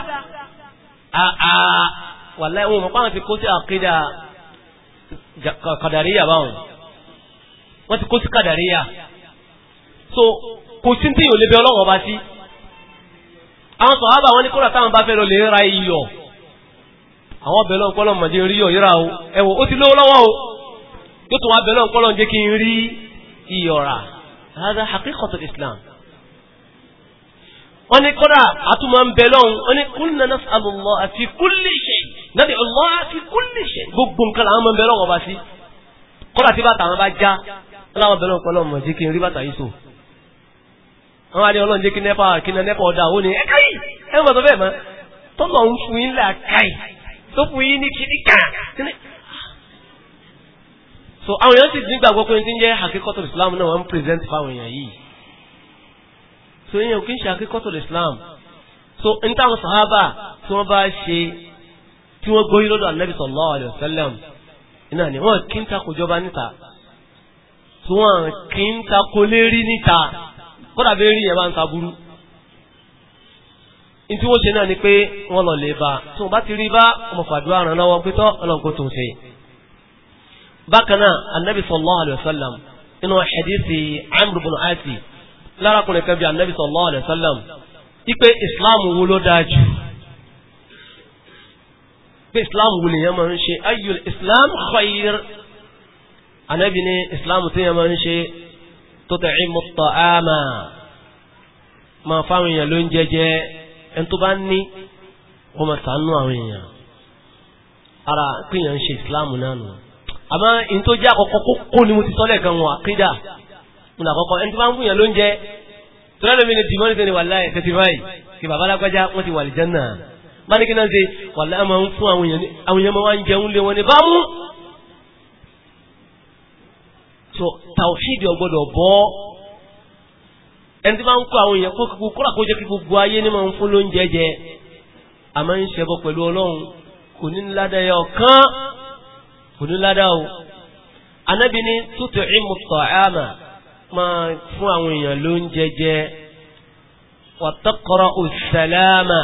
wà láì wọn mọ̀pá ti kó sí àkídà kàdàríyà báwọn wọn ti kó sí kàdàríyà so kò sí tí yóò lè bẹ ọlọ́wọ́ bá sí àwọn sọ̀hábà wọn ní kóra táwọn bá fẹ́ lọ lè ra iyọ̀ àwọn bẹ̀lọ́ ọ̀pọ̀lọ́ mọ̀dé rí ọ̀yọ́ra o ẹwọ ó ti lówó lọ́wọ́ o yóò tún wá bẹ̀lọ́ ọ̀pọ̀lọ́ jẹ́ kí n rí ìyọ̀ra rárá haqiqatul islam wọ́n ní kọ́dà àtúmọ̀ ń bẹ̀lọ́ wọ́n ní kulna nas'alu Allah fi ọlọ́run jẹ́ kí nẹ́pà kí nẹ́pà ọ̀dà ó ní yìí ẹ̀ tó bẹ́ẹ̀ mọ́ tọ́lọ̀ ń fún yín láàkáyìí tó fún yín ní kìíní kan so àwọn èèyàn sì dín gbàgbọ́ pé ti ń jẹ́ àkíkọ́tò Islam náà wọ́n ń present fáwọn èèyàn yìí so èèyàn kì í ṣe àkíkọ́tò Islam so n táwọn sàhábà tí wọ́n bá ṣe tí wọ́n gbóyún lọ́dọ̀ Ànábì sallallahu alaihi wasallam náà ni wọ́n kí ń takò jọba níta tí wọ́n kí ń takò lérí níta kódà bẹ́ẹ̀ rí yẹn bá ń ta in tí wọ́n ṣe náà ni pé wọ́n lọ lè bá tí wọ́n bá ti rí bá ọmọ fàdúrà ràn lọ́wọ́ pé tọ́ ọlọ́nkó tó ṣe bákan náà anabi sallallahu alayhi wa sallam inú hadithi amr bin ati lára kùnrin kan bí anabi sallallahu alayhi wa sallam ipe islam wo ló dáa jù pé islam wo lèèyàn máa ń ṣe ayyul islam khair anabi ni islam tó yẹn máa ń ṣe tut'imu ta'ama máa fáwọn èèyàn ló ń jẹjẹ ẹni tó bá ní kó máa sànú àwọn èèyàn ara péyàn ń ṣe islam náà nù àmọ́ in tó jẹ́ àkọ́kọ́ kókó ni mo ti sọ́lẹ̀ kan wọn àkídà mo nà àkọ́kọ́ ẹni tó bá ń fún yàn lóúnjẹ tó lẹ́nu mi ni dìmọ́ nítorí wàláhì tẹ́tí báyìí kí bàbá lágbájá wọ́n ti wà lè jẹ́nà bá ní kí náà ṣe wàláhì máa ń fún àwọn èèyàn máa ń jẹun lé wọn ní bámú. so tàwíìdì ọgbọ́dọ̀ bọ́ ẹni tí bá ń kó àwọn èèyàn kó kóra kó jẹ́ kí gbogbo ayé ní máa ń fún lóúnjẹ jẹ àmọ́ ń ṣẹbọ pẹ̀lú ọlọ́run kò ní ládàá yẹ ọ̀kan kò ní ládàá o anábì ní tútù ìmú tọ̀ọ́mà máa fún àwọn èèyàn lóúnjẹ jẹ wàtọ́kọ̀rọ̀ òsàlámà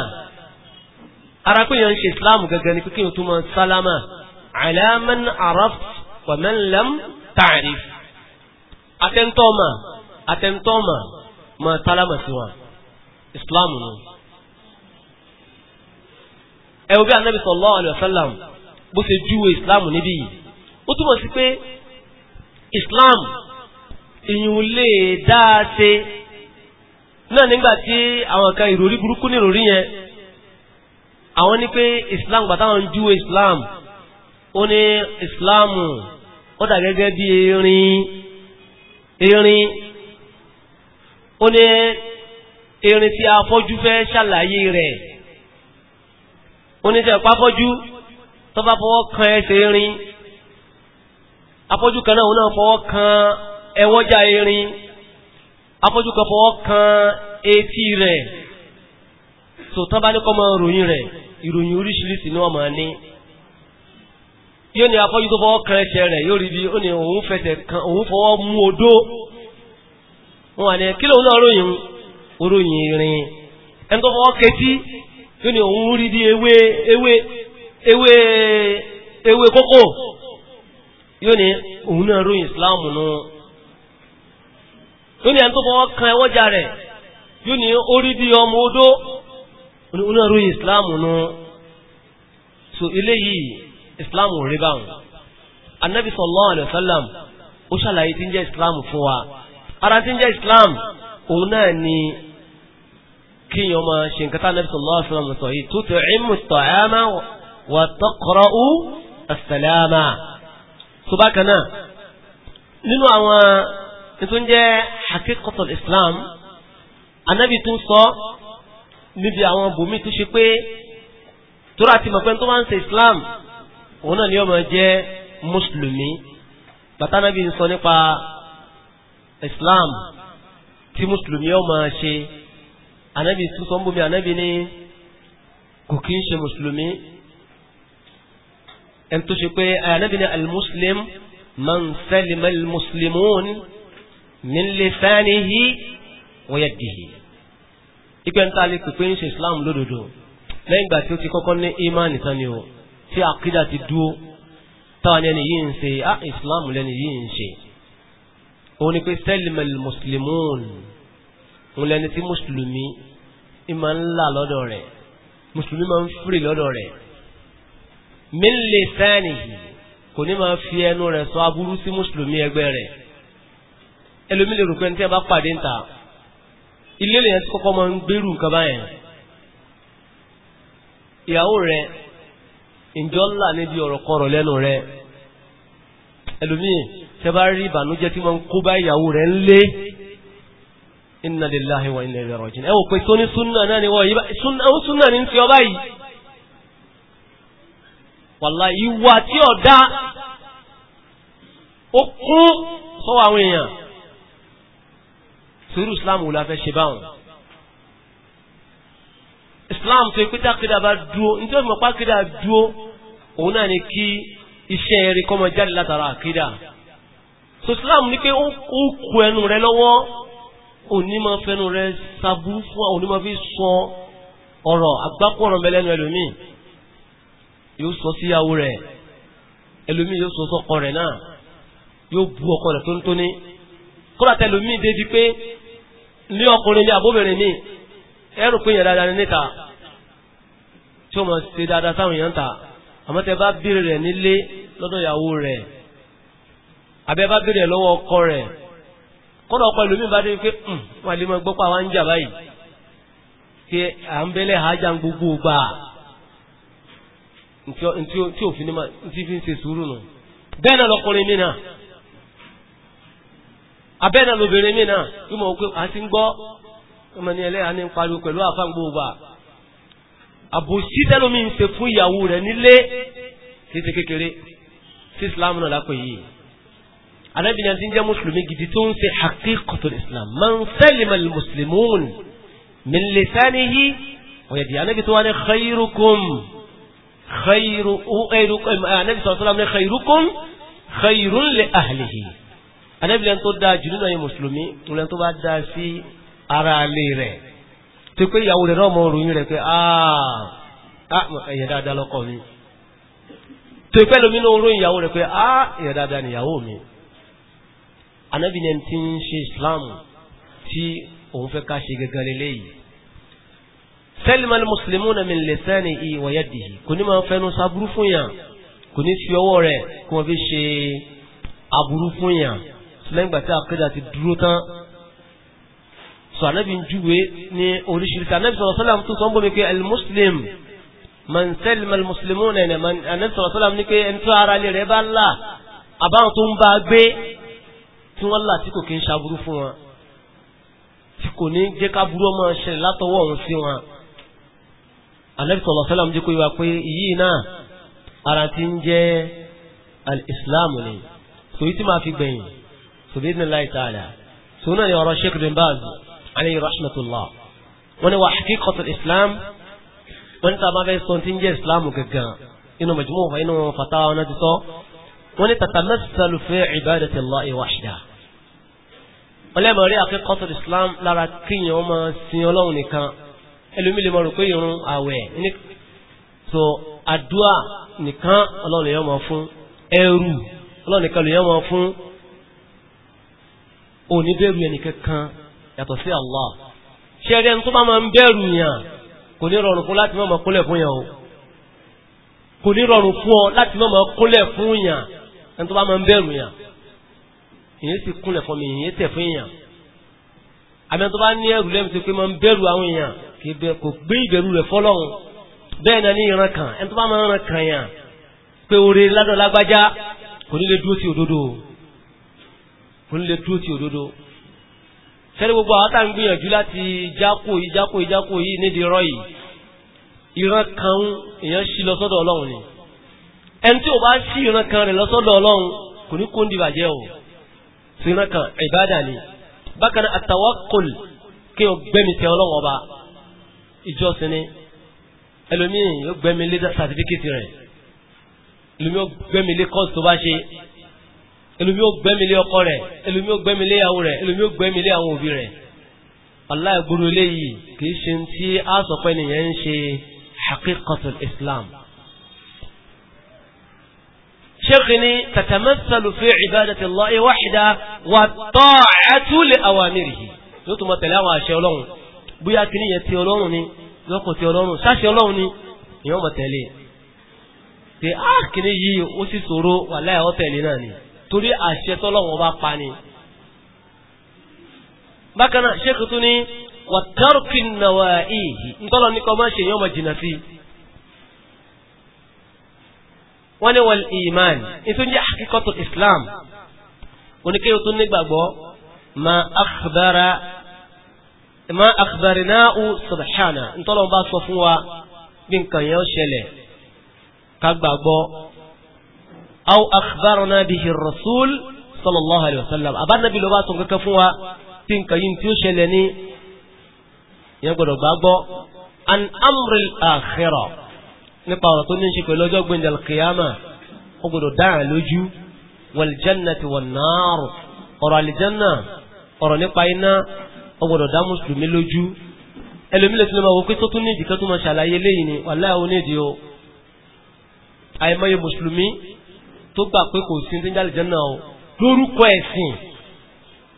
arákùnrin yẹn ń ṣe ìsìláàmù gẹ́gẹ́ ni kíkẹ́ tó máa sálámà àlámán àràf wàmẹ́lẹ́m tààríf atẹ́ntọ́mà atẹ́ntọ́mà ma talama sí wọn islam nù ẹ wo bí anabi sallallahu alaihi wasallam bó ṣe júwe islam níbí yìí ó túmọ̀ sí pé islam ìyún lè dáa ṣe náà nígbà tí àwọn kan ìròrí burúkú ní yẹn àwọn ní pé islam gbàtàwọn ń júwe islam ó ní islam ó dà gẹ́gẹ́ bí erin erin ó ní erin tí afọ́jú fẹ́ ṣàlàyé rẹ̀ ó ní sẹ́pá afọ́jú tó bá fọwọ́ kan ẹsẹ̀ erin afọ́jú kan náà ó náà fọwọ́ kan ẹwọ́jà erin afọ́jú kan fọwọ́ kan etí rẹ̀ tó tán bá ní kọ́ mọ ìròyìn rẹ̀ ìròyìn oríṣiríṣi ni wọ́n máa ní yóò ní afọ́jú tó fọwọ́ kan ẹsẹ̀ rẹ̀ yóò rí bí ó ní òun fẹsẹ̀ kan òun fọwọ́ mú odó wọn wà ní kí náà ròyìn irin ẹni kẹtí tó ní òun rí bí ewé ewé ewé ewé kókó yóò ní òun náà ròyìn nù tó ní kan ẹwọ́jà rẹ̀ yóò ní ọmọ odó òun náà ròyìn nù so eléyìí ìsìláàmù rí báwọn anabi sallallahu ó ṣàlàyé tí ń wa ara tí ń jẹ́ islam òun náà ni kíyàn ọmọ ṣe nǹkan tánà sallallahu alaihi wasallam sọ yìí tut'imu at-ta'ama wa taqra'u as-salama tó bákan náà nínú àwọn tó ń jẹ́ haqiqatul islam anábì tún sọ níbi àwọn bòmí tó ṣe pé tó rà ti mọ̀ pé tó máa ń ṣe islam òun náà ni ọmọ jẹ́ mùsùlùmí bàtánàbì sọ nípa islam tí mùsùlùmí ọ máa ṣe anábì sísọ ń bomi anábì ní kò kí ń ṣe mùsùlùmí ẹn tó ṣe pé anábì ní almuslim man salima almuslimun min lisanihi wa yadihi ìpẹ́ ń ta lè pèpè ń ṣe islam lódodo lẹ́yìn ìgbà tí ó ti kọ́kọ́ ní imani tán o tí àkídà ti dúó táwọn ẹni yìí ń ṣe ah islam lẹ́ni yìí ń ṣe òun ni pé sẹ́lìmẹ̀lì mùsùlùmùn òun lẹni tí mùsùlùmí ìmọ̀ ńlá lọ́dọ̀ rẹ̀ mùsùlùmí máa ń fìrì lọ́dọ̀ rẹ̀ min lisanihi kò ní máa fi ẹnu rẹ̀ sọ aburú sí mùsùlùmí ẹgbẹ́ rẹ̀ ẹlòmí lè rò pé ní tí a bá pàdé ń ta ilé lèyàn tí kọ́kọ́ máa ń gbèrú nǹkan báyẹn ìyàwó rẹ̀ ǹjọ́ ńlá níbi ọ̀rọ̀ kọ̀rọ̀ lẹ́nu rẹ̀ ẹlòmíì tẹ́bá rí ìbànújẹ́ tí wọ́n kó bá ìyàwó rẹ̀ ń lé inna lillahi wa inna ilaihi raji'un ẹwọ pé tó ní súnà náà ni wọ́n yí súnà ní ti ọba yìí wàlá ìwà tí ọ̀dá ó kún sọ́wọ́ àwọn èèyàn sórí islam wò la fẹ́ ṣe báwọn islam tó pété akéda bá dúó nítorí mọ̀pá akéda dúó òun náà ni kí iṣẹ́ rẹ̀ kọ́mọ jáde látara akéda so islam ní pé ó kó ẹnu rẹ lọ́wọ́ onímọ̀ fẹnu rẹ saburú fún onímọ̀ fi sọ ọ̀rọ̀ agbákọ̀ọ̀rọ̀ mẹ́lẹ́nu ẹlòmíì yóò sọ síyàwó rẹ̀ ẹlòmíì yóò sọ sọ́kọ rẹ̀ náà yóò bu ọkọ rẹ̀ tónítóní kódà tẹ ẹlòmíì débi pé ní ọkùnrin ní abóbìnrin ní ẹrù pé yẹn dáadáa níta tí ó mọ̀ ṣe dáadáa sáwọn èèyàn ta àmọ́ tẹ bá bírè abẹ́ bá bèrè lọwọ ọkọ rẹ kọ́nà ọkọ ìlú mi bá dé pé hmm, wọ́n lè mọ gbọ́ pa àwọn ń jà báyìí à ń ń gbogbo gbà tí òfin ma ti fi ń ṣe sùúrù nù bẹ́ẹ̀ náà lọkùnrin mi náà abẹ́ náà lóbìnrin mi náà bí mo pé àti ń gbọ́ ọmọ ní ẹlẹ́yà ní pariwo pẹ̀lú àfa gbogbo gbà àbòsí tẹ́lómi ń ṣe Islam náà lápè yìí. anábìyàn ti ń jẹ́ mùsùlùmí gidi tó ń ṣe haqiqatul islam man salima al-muslimun min lisanihi ọ̀yẹ̀dì anábì tó wá ní khayrukum khayrukum anábì sọ̀rọ̀ ní khayrukum khayrun li ahlihi anábì lẹ́nu tó dáa jù nínú ẹ̀yin mùsùlùmí lẹ́nu tó bá dáa sí ara alẹ́ rẹ̀ tó pé ìyàwó rẹ̀ náà mọ̀ ròyìn rẹ̀ pé ẹ̀yẹ̀ dáadáa lọ́kọ mi tó pẹ́ lómi náà ròyìn ìyàwó rẹ̀ pé ẹ̀yẹ̀ dáadáa ni ìyàwó mi anabi ní ẹni tí ń ṣe islam tí òun fẹ́ ká ṣe gẹ́gẹ́ lélẹ́ yìí sẹ́lìmọ́ ni mùsùlùmí náà mi lè sẹ́ni ìwọ̀yẹ́ dìhì kò ní máa fẹ́nu sábúrú fún yàn kò ní fi ọwọ́ rẹ̀ kí wọ́n fi ṣe aburú fún yàn lẹ́gbà tí àkídà ti dúró tán sọ anábì ń júwe ní oríṣiríṣi anábì sọ̀rọ̀ tó sọ ń bọ́ mi al-muslim man salima al-muslimuna nẹ̀nẹ̀ anábì sọ̀rọ̀ sọ́làm ní pé ẹni tó ara lè rẹ̀ bá ńlá àbáwọn tó ń bá gbé tí wọ́n là tí kò kí ń ṣaburú fún wọn tí kò ní jẹ́ ká burú ọmọ ṣẹlẹ̀ látọwọ́ ọ̀hún sí wọn. Ànábì sallallahu alaihi wasallam jẹ́ kó yé wa pé ìyí náà ara ti ń jẹ́ islam ni sòyí tí máa fi gbẹ̀yìn sòbí ní láì tààlà sòun náà ni ọ̀rọ̀ sheikh bin baz alayhi rahmatullah wọ́n ní wa haqiqatul islam wọ́n ní tá fẹ́ sọ ti ń jẹ́ islam gangan inú majmu' inú fatawa náà ti sọ wọ́n ní tatamassalu fi ibadati Allahi wahda ọlẹ́mọ̀ rí akẹ́kọ̀ọ́tọ̀ Islam lára kíyàn ọmọ sin ọlọ́run nìkan ẹlòmí lè mọ̀ rò pé irun àwẹ̀ ní so àdúà nìkan ọlọ́run yẹn mọ̀ fún ẹrù ọlọ́run nìkan lèyàn mọ̀ fún oníbẹ̀rù ẹnì kankan yàtọ̀ sí Allah ṣe ẹni tó bá máa ń bẹ̀rù yàn kò ní rọrùn fún láti mọ̀ mọ̀ kólẹ̀ fún yàn o kò ní rọrùn fún ọ láti mọ̀ mọ̀ kólẹ̀ fún yàn ẹni tó bá máa ń bẹ̀rù yàn ìyẹn sì kúnlẹ̀ fún mi ìyẹn tẹ̀ fún yàn àmì tó bá ní ẹrù lẹ́mí tó pé máa ń bẹ̀rù àwọn èèyàn kò gbé ìbẹ̀rù rẹ̀ fọ́lọ́hun bẹ́ẹ̀ náà ní ìran kan ẹni tó bá máa ń ran kan yàn pé oore ládọ̀ lágbájá kò ní lè dúró sí òdodo kò ní lè dúró sí òdodo sẹ́ni gbogbo àwọn táwọn gbìyànjú láti jákò yìí jákò yìí jákò yìí nídìí rọ́ yìí ìran kan èèyàn sí lọ sọ́dọ̀ ọlọ́run ni ẹni tí ò bá sí ìran kan rẹ̀ lọ́sọ́dọ̀ ọlọ́run kò ní kóńdì bàjẹ́ o sí ìran kan ìbádà ni bákan náà àtàwákùl kí o gbẹ́mi tẹ ọlọ́run ọba ìjọsìn ni ẹlòmíì yóò gbẹ́mi lé sàtífíkìtì rẹ̀ ẹlòmíì yóò gbẹ́mi lé kọ́ọ̀sì tó bá ṣe ẹlòmíì yóò gbẹ́mi lé ọkọ rẹ̀ ẹlòmíì yóò gbẹ́mi lé ìyàwó rẹ̀ ẹlòmíì yóò gbẹ́mi lé àwọn òbí rẹ̀ aláìgboro eléyìí kì í ṣe ti á nìyẹn ń ṣe haqiqatul islam شيخني تتمثل في عبادة الله وحده والطاعة لأوامره يوتما تلاوى àṣẹ Ọlọ́run bóyá kini yẹn ti Ọlọ́run ni loko ti Ọlọ́run sase Ọlọ́run ni yẹn ma tẹ̀lé te ah kini yìí ó sì ṣòro wallahi ó tẹ̀lé náà ni torí àṣẹ t'Ọlọ́run bá pa ni bákan náà sheikh tún ni wa tarkin nawaihi ntolo ni ko ma ṣe yẹn ma jìnnà sí wọ́n ní wọ́n ìmán nítorí jẹ́ àkíkọ́tù islam oníkéyò tó nígbàgbọ́ ma akhbara ma akhbarnahu subhana ntọ́lọ́ bá sọ fún wa bí nǹkan yẹn ó ṣẹlẹ̀ ká gbàgbọ́ aw akhbarana bihi rasul sallallahu alayhi wa sallam abánabi ló bá sọ kankan fún wa bí nǹkan yìí tí ó ṣẹlẹ̀ ní yẹn gbọ́dọ̀ gbàgbọ́ an amril akhirah nípa ọ̀rọ̀ tó ní ṣe pẹ̀lú ọjọ́ gbẹ̀ndẹ̀ alkiyama ó gbọ́dọ̀ dáhàn lójú wàlìjánnàtì wà náàrù ọ̀rọ̀ àlìjánnà ọ̀rọ̀ nípa iná ó gbọ́dọ̀ dá mùsùlùmí lójú ẹlòmí lè tún lọ́mọ wọ́n pé tó tún ní ìdíkẹ́ tó máa ṣàlàyé léyìn ni wà láàá onídìí o àìmọye mùsùlùmí tó gbà pé kò sí ní àlìjánnà lórúkọ ẹ̀sìn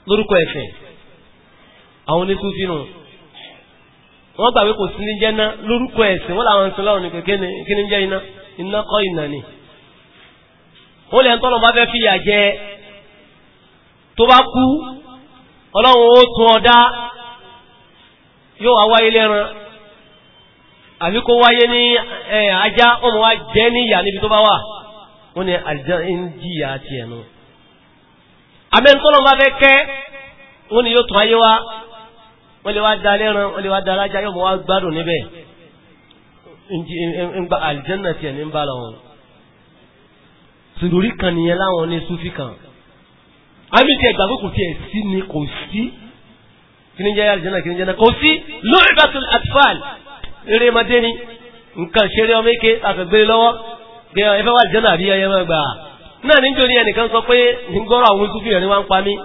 lórúkọ ẹ̀sìn àwọn onísúfinu wọ́n gbà pé kò sí ní jẹ́ ná lórúkọ ẹ̀sìn wọ́n làwọn sọlọ́run ní kékeré ní kí ní jẹ́ iná iná kọ́ ìnà ni. ó lẹ́yìn tọ́lọ́ bá fẹ́ fìyà jẹ tó bá kú ọlọ́run ó tún ọ̀dá yóò wá wáyé lẹ́ran àbí kó wáyé ní ajá ọmọ wa jẹ́ níyà níbi tó bá wà wọ́n ní àjá ń jìyà tiẹ̀ nù. àmẹ́ńtọ́lọ́ bá fẹ́ kẹ́ wọ́n ní yóò tún ayé wá wọ́n lè wá da lẹ́ran wọ́n lè wá da alájà yóò mọ́ wá gbádùn níbẹ̀ ngba aljanna tiẹ̀ ní ń bá lọ́wọ́ sùdùrí kan nìyẹn láwọn ní sufi kan àmì tiẹ̀ gbà kò tiẹ̀ sí ni kò sí kí ni jẹ́ aljanna kí ni jẹ́ náà kò sí lórí batul atfal eré madé ni nǹkan ṣeré ọmọ eke àfẹ́gbére lọ́wọ́ bí ẹ fẹ́ wá aljanna àbí ẹyẹ mọ́ gbà náà níjọ́ ni ẹnìkan sọ pé ń gbọ́rọ̀ àwọn sufi rẹ̀ ni wọ́n ń pa mí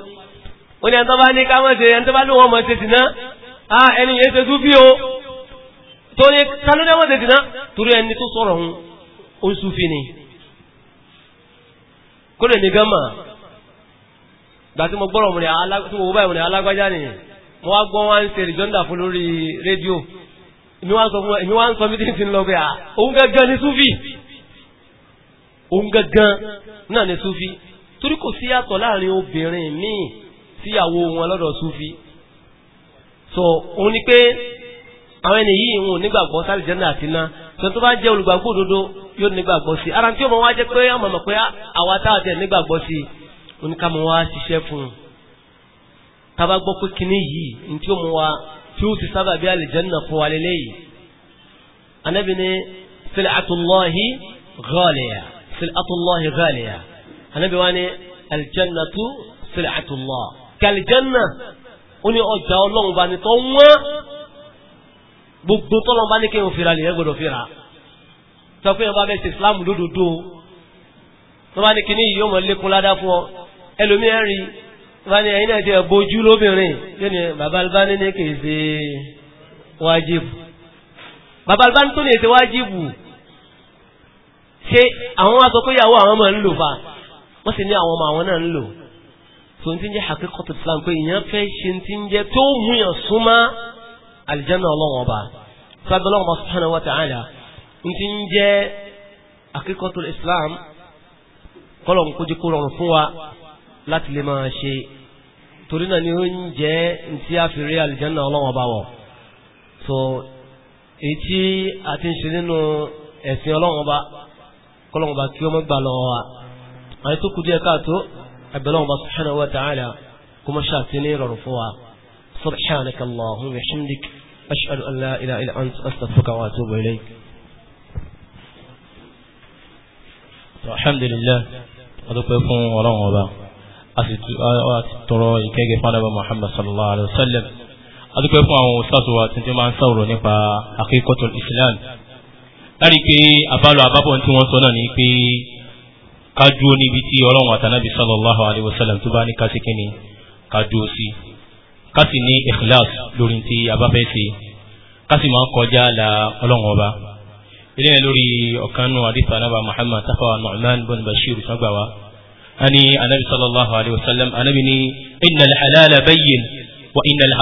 ó ní ẹni tó bá ní ká mọ̀ ṣe ẹni tó bá lóun ọmọ ṣe sìná á ẹni yẹn ṣe súfì o tó ní ta ló ní ọmọ ṣe torí ẹni tó sọ̀rọ̀ òun ó súfì ni kó lè ní gánmà gbà tí mo gbọ́rọ̀ mọ̀ ní tí mo wọ́ báyìí mọ̀ ní alágbájá nìyẹn mo wá gbọ́ wá ń ṣe rìjọ́ndà fún lórí rédíò èmi wá ń sọ fún èmi wá ń sọ bí tí ń lọ pé òun gángan ní súfì òun gángan náà ní súfì torí kò síyàtọ̀ láàrin obìnrin míì síyàwó wọn lọ́dọ̀ súfí so òun ni pé àwọn ẹni yìí wọn ò nígbàgbọ́ sáré jẹ́ náà àtiná sọ tó bá jẹ́ olùgbàgbọ́ òdodo yóò nígbàgbọ́ sí ara tí ó mọ̀ wá jẹ́ pé àmọ̀ mọ̀ pé àwa táwọn tẹ̀ nígbàgbọ́ sí oníkàmọ́ wá ṣiṣẹ́ fún un tába gbọ́ pé kíní yìí ní tí ó mú wa tí ó ti sábà bí àlìjẹ́nà fún wa lélẹ́ yìí anábì ní sílẹ̀tùlọ́hì gọ́ọ̀lẹ̀yà sílẹ̀tùlọ́hì gọ́ọ̀lẹ̀yà anábì wá ní àlìjẹ́nà tó sílẹ̀tùlọ́hì kàlìjẹ́nà ó ní ọjà ọlọ́run bá ní tọ́ wọ́n gbogbo tọ́lọ́run bá ní kí n fira lè yẹ fira sọ pé ọba bẹ́ẹ̀ ṣe islam lódodo tó bá ní kí ní yìí ó mọ̀ lékun ládá fún ọ ẹlòmíràn rí bá ní ẹ̀yin náà ti ẹ̀ bójú lóbìnrin yóò ní bàbá albani ní kì í ṣe wájibù bàbá albani tó ní èsè wájibù ṣe àwọn wá sọ pé ìyàwó àwọn máa ń lò fa wọ́n sì ní àwọn ọmọ àwọn náà ń lò so ti ń jẹ́ hakikọ́tù islam pé ìyẹn fẹ́ ṣe ti ń jẹ́ tó mú yàn súnmọ́ aljanna ọlọ́wọ́n ọba sábẹ́ ọlọ́wọ́n ọba subhanahu wa ta'ala ń ti ń jẹ́ hakikọ́tù islam kọ́lọ̀ kojú kó fún wa láti lè máa ṣe torí náà ni ó ń jẹ́ ń a fi rí aljanna ọlọ́wọ́n ọba wọ̀ so èyí a ti ṣe nínú ẹ̀sìn ọlọ́wọ́n ọba kọ́lọ̀ ọba kí ọmọ gbà lọ́wọ́ wa àyẹ̀tò kùdí ẹ̀ka tó abẹ́lẹ́ wọn bá subhanahu wa ta'ala kó mọ́ ṣáà ti ní ìrọ̀rùn fún wa subhanaka allahumma wa hamdik ashhadu an la ilaha illa anta astaghfiruka wa atubu ilayk. alhamdulillah adúpẹ́ fún ọlọ́run ọba a sì tọrọ ìkẹ́gẹ́ fáwọn muhammad sallallahu alayhi wa sallam adúpẹ́ fún àwọn òṣàṣù wa tuntun máa ń sọ̀rọ̀ nípa akíkọ́tò islam láti pé àbálò àbábọ̀ tí wọ́n sọ náà ni pé ká dúró níbi tí ọlọ́run àtànábi sallallahu alayhi wa sallam tó bá ní kásí kíni ká dúró sí ká sì ní ikhlas lórí tí a bá fẹ́ ṣe ká sì máa kọjá la ọlọ́run ọba ilé lórí ọ̀kanú àdìsá anábà Muhammad tafawa Nu'man bin Bashir sọgbàwa ani anabi sallallahu alayhi wa sallam anabi ni inna al-halala bayyin wa inna al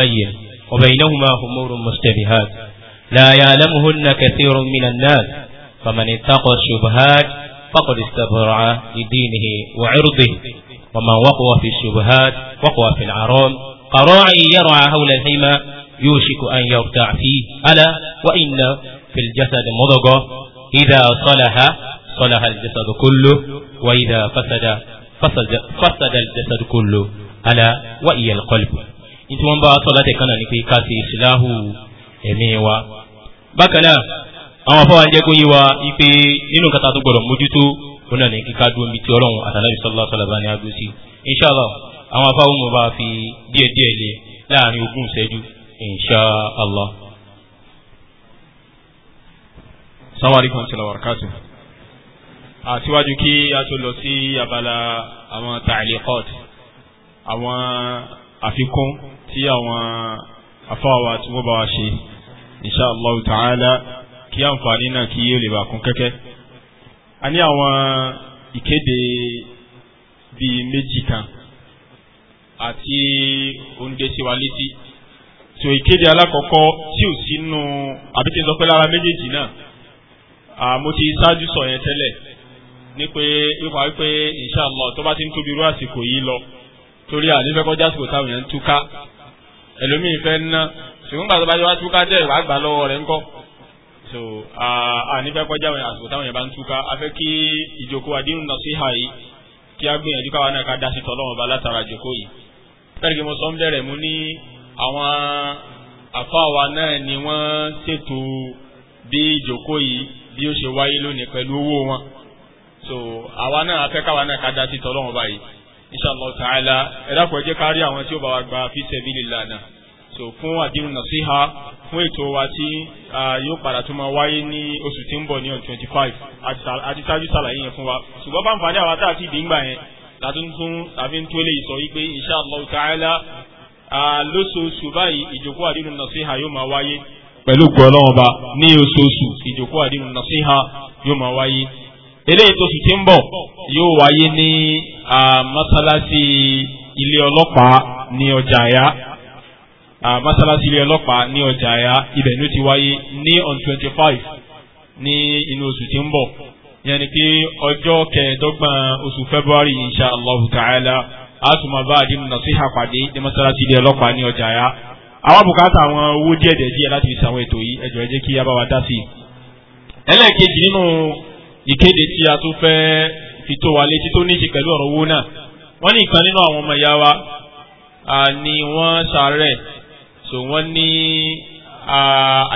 bayyin wa baynahuma umurun mustabihat la ya'lamuhunna kathirun min nas faman ittaqa ash فقد استبرع لدينه وعرضه ومن وقوى في الشبهات وقوى في العرام قراعي يرعى هول الهيمة يوشك أن يرتع فيه ألا وإن في الجسد مضغة إذا صلح صلح الجسد كله وإذا فسد فسد, فسد الجسد كله ألا وإي القلب إنتم بقى صلاة كان لكي كاسي سلاه يميوا بكنا àwọn afọwọ́n jẹ́ kóyé wa ipe nínú kata tó gbọ́dọ̀ mójútó òun náà ní kíká dúró ibi tí ọlọ́run àtàlẹ́bí sọ́lá sọ́lá bá ní adó sí inṣàlá àwọn afọwọ́n mo bá fi díẹ̀ díẹ̀ lé láàrin ogún ìṣẹ́jú inṣàlá. sáwọn àríkùn sílẹ̀ wàrkátù àtiwájú kí a tó lọ sí abala àwọn ta'liqat àwọn àfikún tí àwọn afọwọ́ wa tí wọ́n bá wa ṣe inṣàlá kí àǹfààní náà kí ó lè bà kún kẹ́kẹ́. a ní àwọn ìkéde bíi méjì kan àti oúnjẹ sí wa létí so ìkéde alákọ̀ọ́kọ́ tí ò sínú àbí tí n sọ pé lára méjèèjì náà mo ti ṣáájú sọ yẹn tẹ́lẹ̀ ní pé nípa wípé inshallah tó bá ti ń tóbi irú àsìkò yìí lọ torí àdéfẹ́ kọjá àsìkò táwọn yẹn ń túká ẹlòmíín fẹ́ ná ṣùgbọ́n gbàtọ́ bá túká dẹ̀ wàá gbà lọ́wọ́ rẹ̀ ńkọ́ so a nífẹ̀ kọjá àwọn àsìkò táwọn yẹn bá ń túká a fẹ́ kí ìjókòó àdínú nà sí ha yìí kí a gbìyànjú káwa náà ká dá sí tọ́lọ́wọ́n bá látara ìjókòó yìí pẹ́ẹ́rì kí mo sọ ń bẹ̀rẹ̀ mu ní àwọn àfáàwa náà ni wọ́n ṣètò bí ìjókòó yìí bí ó ṣe wáyé lónìí pẹ̀lú owó wọn so àwa náà a fẹ́ káwa náà ká dá sí tọ́lọ́wọ́n báyìí inshallah ta'ala ẹ̀dá pọ̀ jẹ́ kárí àwọn tí ó bá wa gba fi sabilillah náà so fún àdínú nà sí ha fún ètò wa tí yóò padà tún máa wáyé ní oṣù tí ń bọ̀ ní on 25 àti sàlàyé yẹn fún wa ṣùgbọ́n bá ń fa ní àwọn àti a ti yẹn tàtúntún tàbí ń tó lè sọ pé insha Allah báyìí ìjókòó àdínú yóò máa wáyé pẹ̀lú ní oṣooṣù ìjókòó àdínú yóò máa wáyé eléyìí masalasi ilé ọlọ́pàá ní ọjà àyà ibẹ̀ ló ti wáyé ní on twenty five ní inú oṣù tí ń bọ̀ yẹn ni pé ọjọ́ kẹẹ̀ẹ́dọ́gbọ̀n oṣù february insha allah ta'ala a tún máa bá àdínú nasiha pàdé ní masalasi ilé ọlọ́pàá ní ọjà àyà àwọn bùkátà àwọn owó díẹ̀ díẹ̀ díẹ̀ láti fi ṣàwọn ètò yìí ẹjọ́ ẹ jẹ́ kí a bá wa dá sí i. ẹlẹ́ẹ̀kejì nínú ìkéde tí a tún fẹ́ fi tó wa létí tó ní í ṣe pẹ̀lú ọ̀rọ̀ owó náà wọ́n ní ìkan nínú àwọn ọmọ ìyá wa ni wọ́n ṣàárẹ̀ so wọ́n ní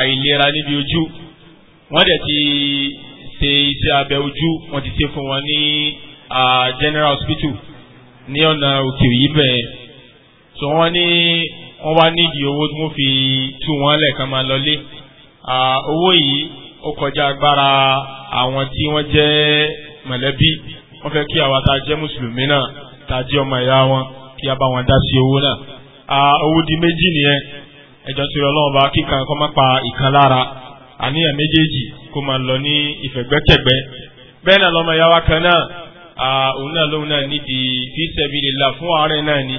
àìlera níbi ojú wọ́n dẹ̀ ti ṣe iṣẹ́ abẹ ojú wọ́n ti ṣe fún wọn ní general hospital ní ọ̀nà òkè yìí bẹ́ẹ̀ so wọ́n ní wọ́n wá nídìí owó tí wọ́n fi tú wọn lẹ́ẹ̀kan máa lọlé owó yìí ó kọjá agbára àwọn tí wọ́n jẹ́ mọ̀lẹ́bí wọ́n fẹ́ kí àwa tá a jẹ́ mùsùlùmí náà tá a jẹ́ ọmọ ìyá wọn kí a bá wọn dá sí owó náà owó di méjì nìyẹn ẹjọ́ tí ọlọ́run bá kíkan kọ́ má pa ìkan lára àníyàn méjèèjì kó máa lọ ní ìfẹ̀gbẹ́kẹ̀gbẹ́ bẹ́ẹ̀ náà lọ́mọ ìyáwá kan náà òun náà lóun náà níbi fi sabilillah fún ààrẹ náà ni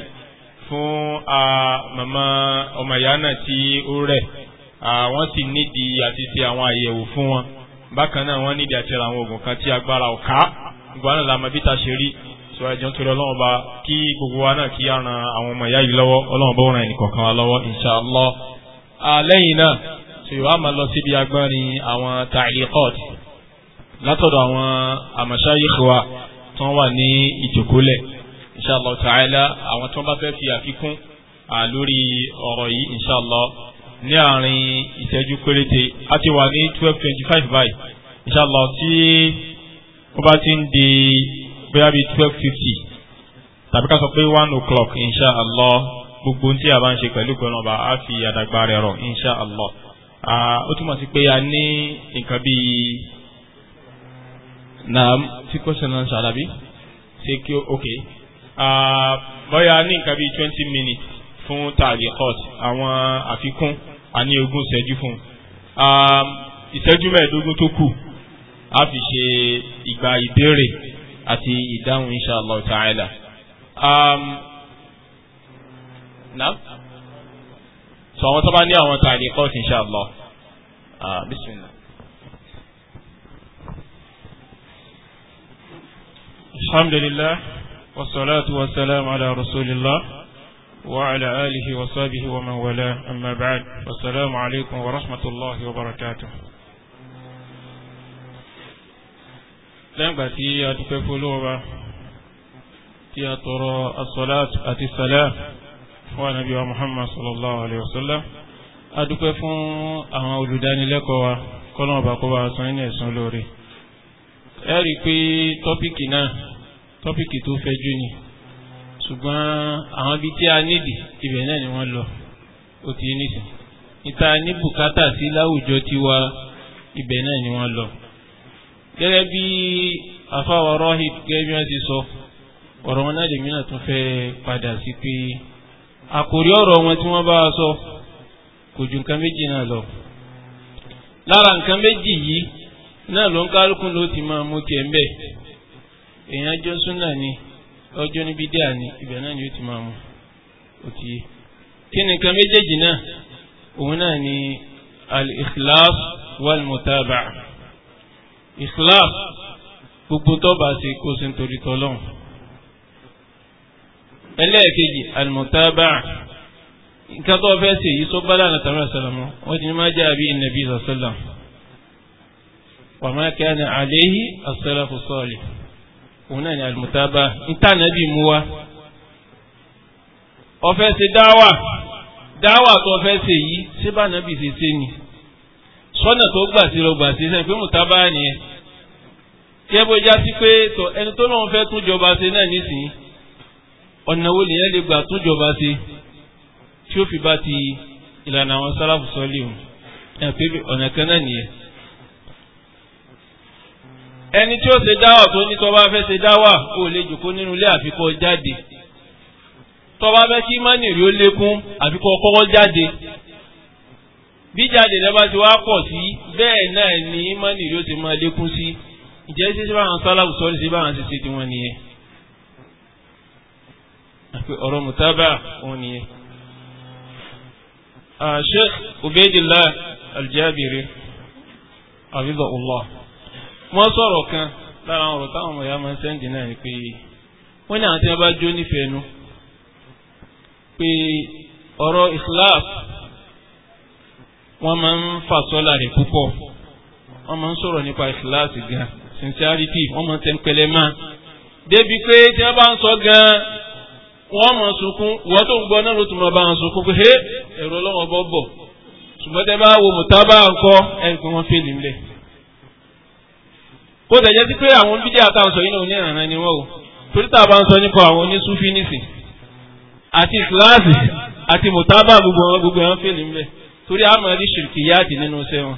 fún màmá ọmọ ìyá náà tí ó rẹ̀ wọ́n sì nídìí àti ṣe àwọn àyẹ̀wò fún wọn bákan náà wọ́n nídìí àti àwọn oògùn kan tí agbára ọ̀ká gbọ́n náà bí ta ṣe rí so ẹjọ́ torí ọlọ́run ọba kí gbogbo wa náà kí á ran àwọn ọmọ ìyá yìí lọ́wọ́ ọlọ́run ọba ó ran wa lọ́wọ́ inṣàlọ́ lẹ́yìn náà so yóò máa lọ síbi agbọ́nrin àwọn ta'liqat látọ̀dọ̀ àwọn àmàṣáyíkh wa tó wà ní ìjòkólẹ̀ inṣàlọ́ ta'ala àwọn tó bá fẹ́ fi àfikún lórí ọ̀rọ̀ yìí inṣàlọ́ ní àárín ìṣẹ́jú péréte a ti wà ní twelve twenty five báyìí inṣàlọ́ tí ó bá ti ń di bóyá bíi twelve fifty tàbí ká sọ pé one o'clock insha allah gbogbo tí a bá ń ṣe pẹ̀lú gbọ́nàba á fi àdàgbà rẹ̀ rọ̀ insha allah ó túmọ̀ sí pé a ní nǹkan bíi naam tí question náà ṣàlàbí ṣe kí ok bóyá a ní nǹkan bíi twenty minutes fún tàlíkọ́t àwọn àfikún a ní ogún ìṣẹ́jú fún ìṣẹ́jú mẹ́ẹ̀ẹ́dógún tó kù a fi ṣe ìgbà ìbéèrè. àti ìdáhùn insha Allah ta'ala náà sọ àwọn tó bá ní àwọn tààlì kọ́ọ̀tì insha Allah bismillah alhamdulillah wassalatu wassalamu ala rasulillah وعلى آله وصحبه ومن والاه أما بعد والسلام عليكم ورحمة الله وبركاته lẹ́yìn ìgbà tí a dúpẹ́ fún olóòwà tí a tọrọ asọ́láàtù àti sàlẹ́ fún ànábì wa Muhammad sallallahu alayhi wa sallam a dúpẹ́ fún àwọn olùdánilẹ́kọ̀ọ́ wa kọ́lọ́mọ̀ bá kó wa san ní ẹ̀sùn lórí ẹ rí i pé tọ́pìkì náà tọ́pìkì tó fẹ̀jú ni ṣùgbọ́n àwọn ibi tí a nídìí ibẹ̀ náà ni wọ́n lọ ó ti nísìn níta ní bùkátà sí láwùjọ tiwa ibẹ̀ náà ni wọ́n lọ gẹ́gẹ́ bí àfáwọ̀ rọ́hìd gẹ́gẹ́ bí wọ́n ti sọ ọ̀rọ̀ wọn náà lèmi náà tún fẹ́ padà sí pé àkòrí ọ̀rọ̀ wọn tí wọ́n bá sọ kò ju nǹkan méjì náà lọ lára nǹkan méjì yìí náà ló ń kálukún ló ti máa mú tiẹ̀ ń bẹ̀ èèyàn jọ súnà ni ọjọ́ níbi díà ni ibẹ̀ náà ni ó ti máa mú ó kí ni méjèèjì náà òun náà ni al-ikhlas wal-mutaba'a. Islam gbogbo tó bá ṣe kó sí nítorí tọ́lọ́n ẹlẹ́ẹ̀kejì alimọ̀tábà nǹkan tó fẹ́ ṣe yìí sọ bálá àlàtà rẹ̀ sàlámù wọ́n ti ní má jẹ́ àbí ìnàbí sàlám wàmá kana àléhi as-salafu salih òun náà ni alimọ̀tábà níta nàbí mú wa ọfẹ́ ṣe dáwà dáwà tó fẹ́ ṣe yìí ṣé bá nàbí ṣe ṣe ni sọ́nà tó gbà sí lọ gbà sí sẹ́yìn pé mùtábà nìyẹn yẹ bó já sí pé tọ ẹni tó náà fẹ́ tún jọba ṣe náà nísìnyí ọ̀nà wo lèyẹn lè gbà tún jọba ṣe tí ó fi bá ti ìlànà àwọn sálàfù sọ́lé o ẹ̀ pé ọ̀nà kan náà nìyẹn ẹni tí ó ṣe dáwà tó ní tó bá fẹ́ ṣe dáwà ó lè jòkó nínú ilé àfikọ́ jáde tó fẹ́ kí mánì rí ó lékún àfikọ́ kọ́kọ́ jáde bí jáde lẹ́bàá ti wá pọ̀ sí bẹ́ẹ̀ náà ni mánì rí ó ti máa lékún sí ìjẹ́ ṣe ṣe báwọn sálàbù sọ́ọ́ ní ṣe báwọn ṣe ṣe tí wọ́n nìyẹn àpè ọ̀rọ̀ mùtábà òun nìyẹn. sheikh ubaydillah aljabiri abidullah wọ́n sọ̀rọ̀ kan lára àwọn ọ̀rọ̀ táwọn ọmọ ìyá máa ń sẹ́ǹdì náà ni pé wọ́n ní àwọn tí wọ́n bá jó nífẹ̀ẹ́ nu pé ọ̀rọ̀ ikhlas wọ́n máa ń fà sọ́là rẹ̀ púpọ̀ wọ́n máa ń sọ̀rọ̀ nípa ikhlas gan-an sincerity wọ́n mọ̀ tẹ́ńpẹ́lẹ́ máa débi pé tí wọ́n bá ń sọ gan-an wọ́n mọ̀ sunkún wọ́n tó ń gbọ́ náà ló tún mọ̀ bá ń sunkún pé ẹ̀rọ ọlọ́wọ́ bọ́ bọ̀ ṣùgbọ́n tẹ́ bá wo mùtábà ńkọ́ ẹ̀rí pé wọ́n fèlè ńlẹ̀. kó tẹ̀jẹ́ sí pé àwọn bídíà táwọn sọ yìí náà oníranran ni wọ́n o torí tá a bá ń sọ nípa àwọn onísúfí nísìn àti kíláàsì àti mùtábà gbogbo wọn gbogbo wọn fèlè ńlẹ̀ torí àmọ́ rí ṣìrìkìyáàtì nínú iṣẹ́ wọn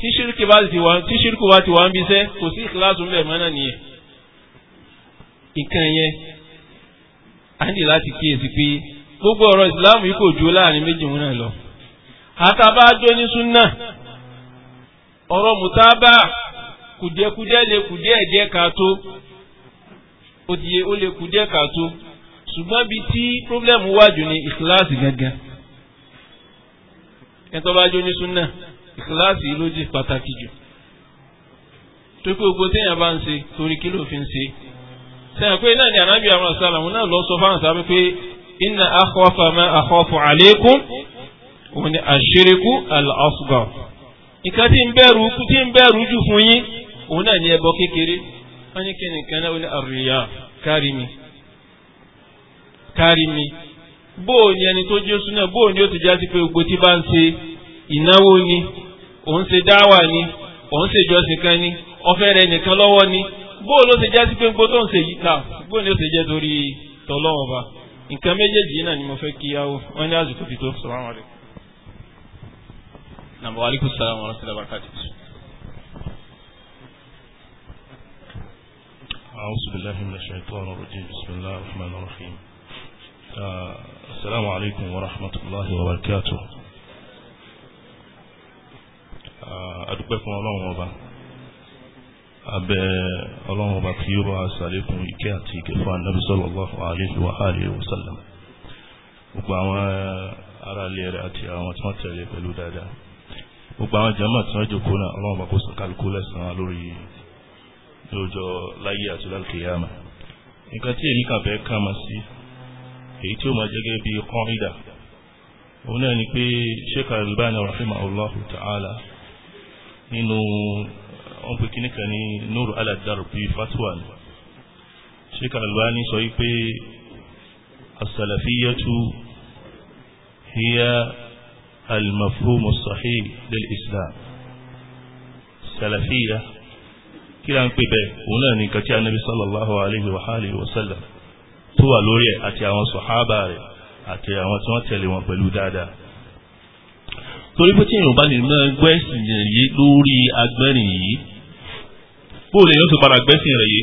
tí ṣírkì bá ti wà tí ṣírkì bá ti wà ń bíṣẹ́ kò sí ìkíláàsù ńlẹ̀ mọ́nà nìyẹn nǹkan yẹn a ní láti kíyèsí pé gbogbo ọ̀rọ̀ ìsìláàmù yìí kò ju láàrin méjì wọn náà lọ àtàbá jó ní súnà ọ̀rọ̀ mùtábà kùdẹ́kùdẹ́ lè kùdẹ́ ẹ̀jẹ̀ kàtó òdìye ó lè kùdẹ́ kàtó ṣùgbọ́n bíi tí pírọ́blẹ́mù wájú ní ìkíláàsì gángan ẹ̀tọ́ bá jó ní súnà. ìkíláàsì ló jẹ́ pàtàkì jù tó pé ogbó téèyàn bá ń ṣe torí kí ló fi ń ṣe sẹ́yìn pé náà ni ànábì àwọn àṣàlàmù náà lọ sọ fáwọn sábẹ́ pé inna akhwafa ma akhafu alaykum òun ni àṣíríkú al-asghar tí ń bẹ̀rù tí ń bẹ̀rù jù fún yín òun náà ni kékeré wọ́n ní kíni kan náà ní kárí mi kárí mi bóò ni ẹni tó bóò ni ó ti já sí pé tí bá ń ṣe ìnáwó òun ṣe dáwà ni òun ṣe ìjọsìn kan ni ọ̀fẹ́ rẹ̀ nìkan lọ́wọ́ ni bóò ló ṣe jẹ́ sí pé gbogbo tó ń ṣe yìí ta bóò ni ó ṣe jẹ́ torí tọ́lọ́wọ́ ba nǹkan méjèèjì náà ni mo fẹ́ kí yáwó wọ́n ní àsìkò tó sọ̀rọ̀ àwọn rẹ̀. Nàbọ̀ alaikum salaam wa rahmatullahi wa barakatuh. أعوذ بالله من الشيطان الرجيم بسم الله الرحمن الرحيم السلام عليكم ورحمة الله وبركاته adúpẹ́ fún ọlọ́run ọba abẹ́ ọlọ́run ọba tí ó bá ṣàlékún ìkẹ́ àti ìkẹfà nàbí sallallahu alaihi wa alihi wa sallam gbogbo àwọn ará ilé rẹ̀ àti àwọn tí wọ́n tẹ̀lé pẹ̀lú dáadáa gbogbo àwọn jàmáà tí wọ́n jòkó náà ọlọ́run ọba kó san kálukú lẹ́san lórí lójọ láyé àti lálùkìyàmà nǹkan tí èmi kàbẹ́ ká máa sí èyí tí ó máa jẹ́gẹ́ bí kọ́ńdà òun náà ni pé Sheikh Al-Albani rahimahullahu ta'ala nínú wọn pe kíní kan ní nuru aladar bíi fatwa sheikh albani sọ wípé asalafiyatu hiya almafhumu sahih lil islam salafiya kí la ń pè bẹ́ẹ̀ òun náà ní nǹkan tí anabi sallallahu alayhi wa alihi wa sallam tó wà lórí àti àwọn sọ̀hábà rẹ̀ àti àwọn tí wọ́n tẹ̀lé wọn pẹ̀lú dáadáa torí pé tí èèyàn bá lè mọ gbẹ́sìn yẹn yé lórí agbẹ́rìn yìí bó lè yóò tó padà gbẹ́sìn rẹ̀ yé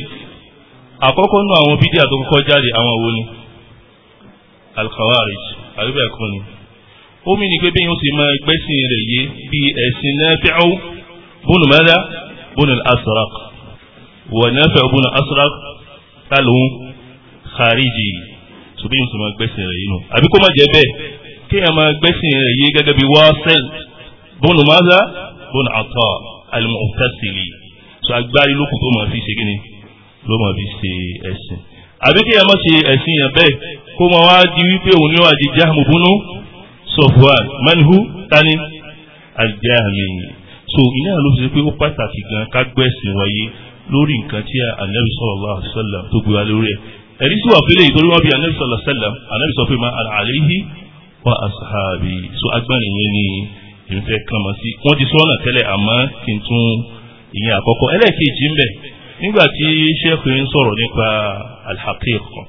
àkọ́kọ́ nú àwọn bídíà tó kọ́kọ́ jáde àwọn wo ni alkhawarij àríwá ẹ̀kọ́ ni ó mì ní pé bí yóò ti mọ gbẹ́sìn rẹ̀ yé bí ẹ̀sìn Nafi'u bónú mẹ́lá bónú al-Asraq wọ̀ Nafi'u bónú al-Asraq tálóhun khariji tùbí yóò ti mọ gbẹ́sìn rẹ̀ yé nù àbí kó má jẹ́ bẹ́ẹ̀ kéèyàn máa gbẹ́sìn rẹ̀ yé gẹ́gẹ́ bí Wasil bọ́nù maza bọ́nù Ata al-Mu'tasili so agbárí lókù tó máa fi ṣe kí ni ló máa fi ṣe ẹ̀sìn àbí kéèyàn máa ṣe ẹ̀sìn yẹn bẹ́ẹ̀ kó máa wá di wípé òun ni wàá di Jahmu bunu Sofwan manhu tani al-Jahmi so iná ló fi ṣe pé ó pàtàkì gan ká gbẹ́sìn wáyé lórí nǹkan tí anabi sallallahu alaihi wasallam tó gbé wa lórí ẹ̀ ẹ̀rí sí wà fẹ́lẹ̀ ìtorí wọn bí anabi sallallahu alaihi wasallam sọ pé ma àlàyé wa asahabi so agbárin yẹn ni ìfẹ́ kan mọ̀ sí wọ́n ti sọ ọ̀nà tẹ́lẹ̀ àmọ́ kí n tún ìyẹn àkọ́kọ́ ẹlẹ́ẹ̀kejì ń bẹ̀ nígbà tí sẹ́ẹ̀kì ń sọ̀rọ̀ nípa alhakíkọ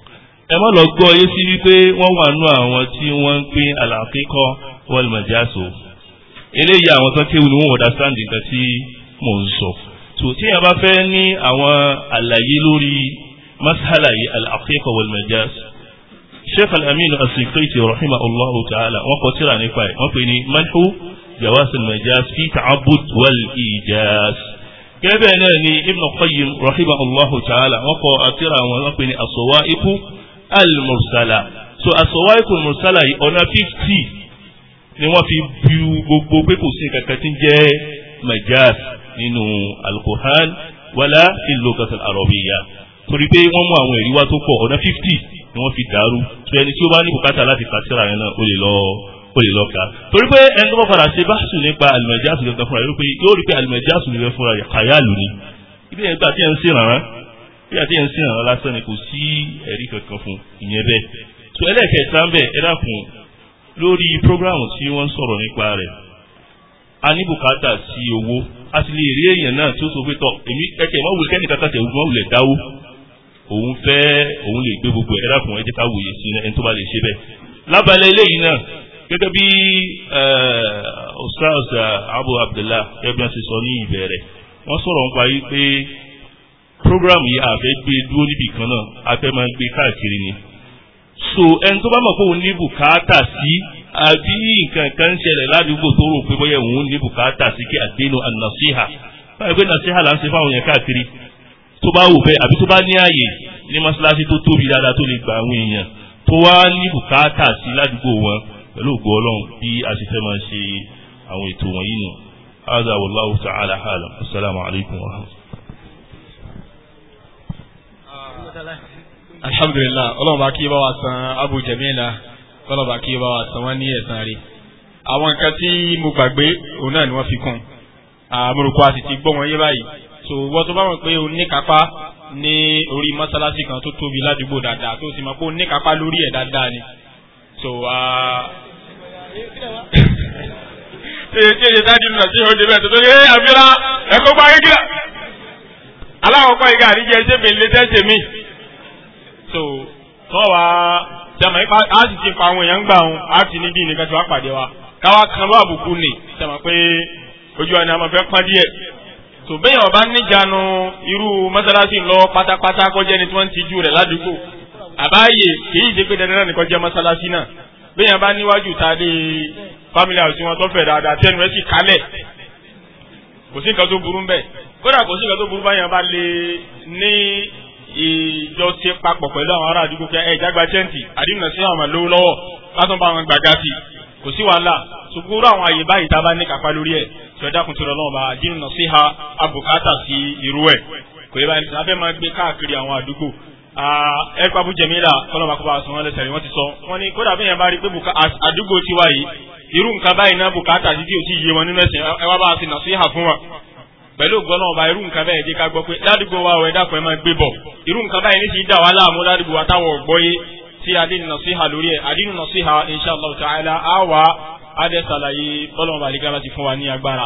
ẹ má lọ gbọ́ yé sí wípé wọ́n wà nú àwọn tí wọ́n ń pín alhakíkọ wal majaso eléyìí àwọn tó kéwù ni wọ́n understand nǹkan tí mò ń sọ tó tí yẹn bá fẹ́ ní àwọn àlàyé lórí masala yìí alhakíkọ wal majaso sheikh al-amin as-sikiti rahimahullah ta'ala wọ́n kọ tírà nípa ẹ̀ wọ́n pè ní manhu jawas al-majaz fi ta'abbud wal ijaz. gẹ́gẹ́ náà ni ibn qayyim rahimahullah ta'ala wọ́n kọ àtìrà wọn wọ́n pè ní asọ̀wáìkú al-mursala. so asọ̀wáìkú al-mursala yìí ọ̀nà fifty ni wọ́n fi bu gbogbo pé kò sí kankan tí ń jẹ́ majaz nínú al-Qur'an wala fil lughati al torí pé wọ́n mú àwọn ẹ̀rí wá tó pọ̀ ọ̀nà fifty ni wọ́n fi dàrú tó ẹni tí ó bá ní bùkátà láti ka síra yẹn náà ó lè lọ ó lè lọ kà torí pé ẹni tó bá padà ṣe báṣù nípa àlùmọ̀jáàsù gẹ́gẹ́ fúnra yóò pé yóò rí pé àlùmọ̀jáàsù gẹ́gẹ́ fúnra kàyáàlù ni ibi yẹn gbà tí ẹ ń sìn rárá bí àti ẹ ń sìn rárá lásán ni kò sí ẹ̀rí kankan fún ìyẹn bẹ́ẹ̀ so ẹlẹ́ẹ̀kẹta ń bẹ̀ ẹ dákun lórí prógráàmù tí wọ́n sọ̀rọ̀ nípa rẹ̀ a ní bùkátà sí owó a sì lè rí èèyàn náà tí ó pé tọ èmi ẹ̀kẹ́ òun fẹ́ òun lè gbé gbogbo ẹ̀ dákun ẹ jẹ́ ká wòye sí ẹni tó bá lè ṣe bẹ́ẹ̀. lábàlẹ̀ eléyìí náà gẹ́gẹ́ bí eh, Ustaz Abu Abdullah gẹ́gẹ́ bí wọ́n ṣe sọ ní ìbẹ̀rẹ̀ wọ́n sọ̀rọ̀ ń parí pé program yìí àfẹ́ gbé dúró níbì kan náà afẹ́ máa ń gbé káàkiri ni. so ẹni tó bá mọ̀ pé òun ní bùkátà sí àbí nǹkan kan ń ṣẹlẹ̀ ládùúgbò tó rò pé bóyá òun ní bùkátà sí kí àdénú ànàṣíhà báyìí pé nàṣíhà là ń ṣe fáwọn yẹn káàkiri tó bá wù bẹ́ẹ̀ àbí tó bá ní ààyè ní mọ́ṣáláṣí tó tóbi dáadáa tó lè gba àwọn èèyàn tó wá ní bùkátà sí ládùúgbò wọn pẹ̀lú ògbó ọlọ́run bí a ṣe fẹ́ máa ṣe àwọn ètò wọ̀nyí nù. هذا والله تعالى أعلم السلام عليكم ورحمة الله alhamdulilah ọlọ́mọba kí bá wa san abu jamila ọlọ́mọba kí bá wa san wọ́n ní ẹ̀san rí àwọn nǹkan tí mo gbàgbé òun náà ni wọ́n fi kún àmúrùkọ àti ti gbọ́ wọn yé báyìí so wọ́n tó bá mọ̀ pé o ní kápá ní orí mọ́sálásí kan tó tóbi ládùúgbò dáadáa tó sì mọ̀ pé o ní kápá lórí ẹ̀ dáadáa ni so ṣe ṣe ṣe dájú nínú àti ìhòòdì bẹ́ẹ̀ tó tó yé àfihàn ẹ̀kọ́ pa kékeré aláwọ̀kọ́ ìgbà àríjẹ ṣé mi lè tẹ́sẹ̀ mi so tọ́ wa jama ipa a sì ti pa àwọn èèyàn gbà wọn a ti níbi ìnìkan tí wàá pàdé wa káwa kan ló àbùkù nì sẹ́mọ̀ pé ojú ọ̀nà àmọ́ fẹ́ pọ́n díẹ̀ so bẹ́ẹ̀ ọba níjànú irú mọ́sálásí ńlọ pátápátá kọjá ẹni tí wọ́n ti ju rẹ̀ ládùúgbò àbáyé kì í ṣe pé dandan nìkan jẹ́ mọ́sálásí náà bẹ́ẹ̀ ọba níwájú ta lé family house wọn tó fẹ̀ dáadáa tẹnu rẹ̀ sì kálẹ̀ kò sí nǹkan tó burú bẹ́ẹ̀ kódà kò sí nǹkan tó burú báyọ̀ bá lè ní ìjọsìn papọ̀ pẹ̀lú àwọn ará àdúgbò kí ẹ jágba tẹ́ǹtì àdínà sí àwọn àmàlówó lọ́wọ́ látọ̀ kò sí wàhálà ṣùgbọ́n àwọn àyè báyìí tá a bá ní kápá lórí ẹ̀ tí ọjà kùn ti rọ̀ lọ́wọ́ bá nà sí ha abùkátà sí irú ẹ̀ kò yẹ báyìí láfẹ́ máa gbé káàkiri àwọn àdúgbò kọ́lọ́mà kọ́ba lẹ́sẹ̀ ti sọ wọ́n ní kódà bí yẹn bá rí pé àdúgbò ti wá yìí irú nǹkan báyìí náà bùkátà tí a pẹ̀lú ọba irú nǹkan bẹ́ẹ̀ dé ká gbọ́ pé ládùúgbò wa tí adínú nasiha lórí ẹ̀ adínú nasiha insha Allah ta'ala àwa adẹ́sàlàyé bọ́lọ̀mọ̀ àlíkà láti fún wa ní agbára.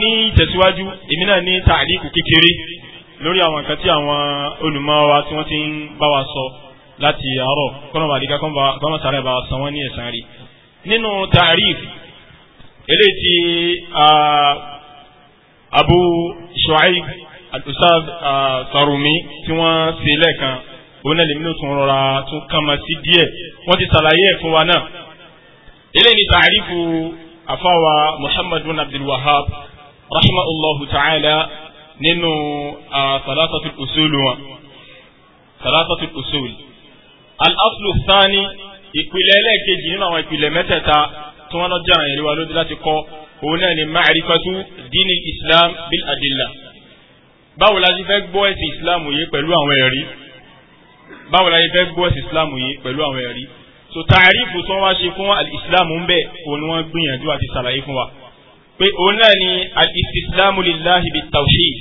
ní ìtẹ̀síwájú èmi náà ní tàlíkù kékeré lórí àwọn nǹkan tí àwọn olùmọ̀ wa tí wọ́n ti ń bá wa sọ láti àárọ̀ kọ́nà àlíkà kọ́nà sàrẹ̀ bá wa san wọ́n ní ẹ̀san rí. nínú tàríf eléyìí tí Abu Shu'aib al Sarumi tí wọ́n ṣe lẹ́ẹ̀kan òun náà lèmi náà tún rọra tún kàmá sí díẹ̀ wọ́n ti ṣàlàyé ẹ̀ fún wa náà eléyìí ni tàrífù àfáwà Muhammad bin Abdul Wahhab rahimahullahu ta'ala nínú salatatul usul wọn salatatul usul al-aslu thani ìpìlẹ̀ ẹlẹ́ẹ̀kejì nínú àwọn ìpìlẹ̀ mẹ́tẹ̀ẹ̀ta tí wọ́n lọ jẹ́ àwọn ìrìwá lójú láti kọ́ òun náà ni ma'rifatu dini islam bil adilla báwo la ti fẹ́ gbọ́ ẹ̀sìn islam yìí pẹ̀lú àwọn ẹ̀rí báwo la yẹ fẹ́ gbọ́ sí islam yìí pẹ̀lú àwọn ẹ̀rí so tààrífù tí wọ́n wá ṣe fún al-islam ń bẹ̀ òun ni wọ́n gbìyànjú àti ṣàlàyé fún wa pé òun náà ni al-istislamu lillahi bit-tawhid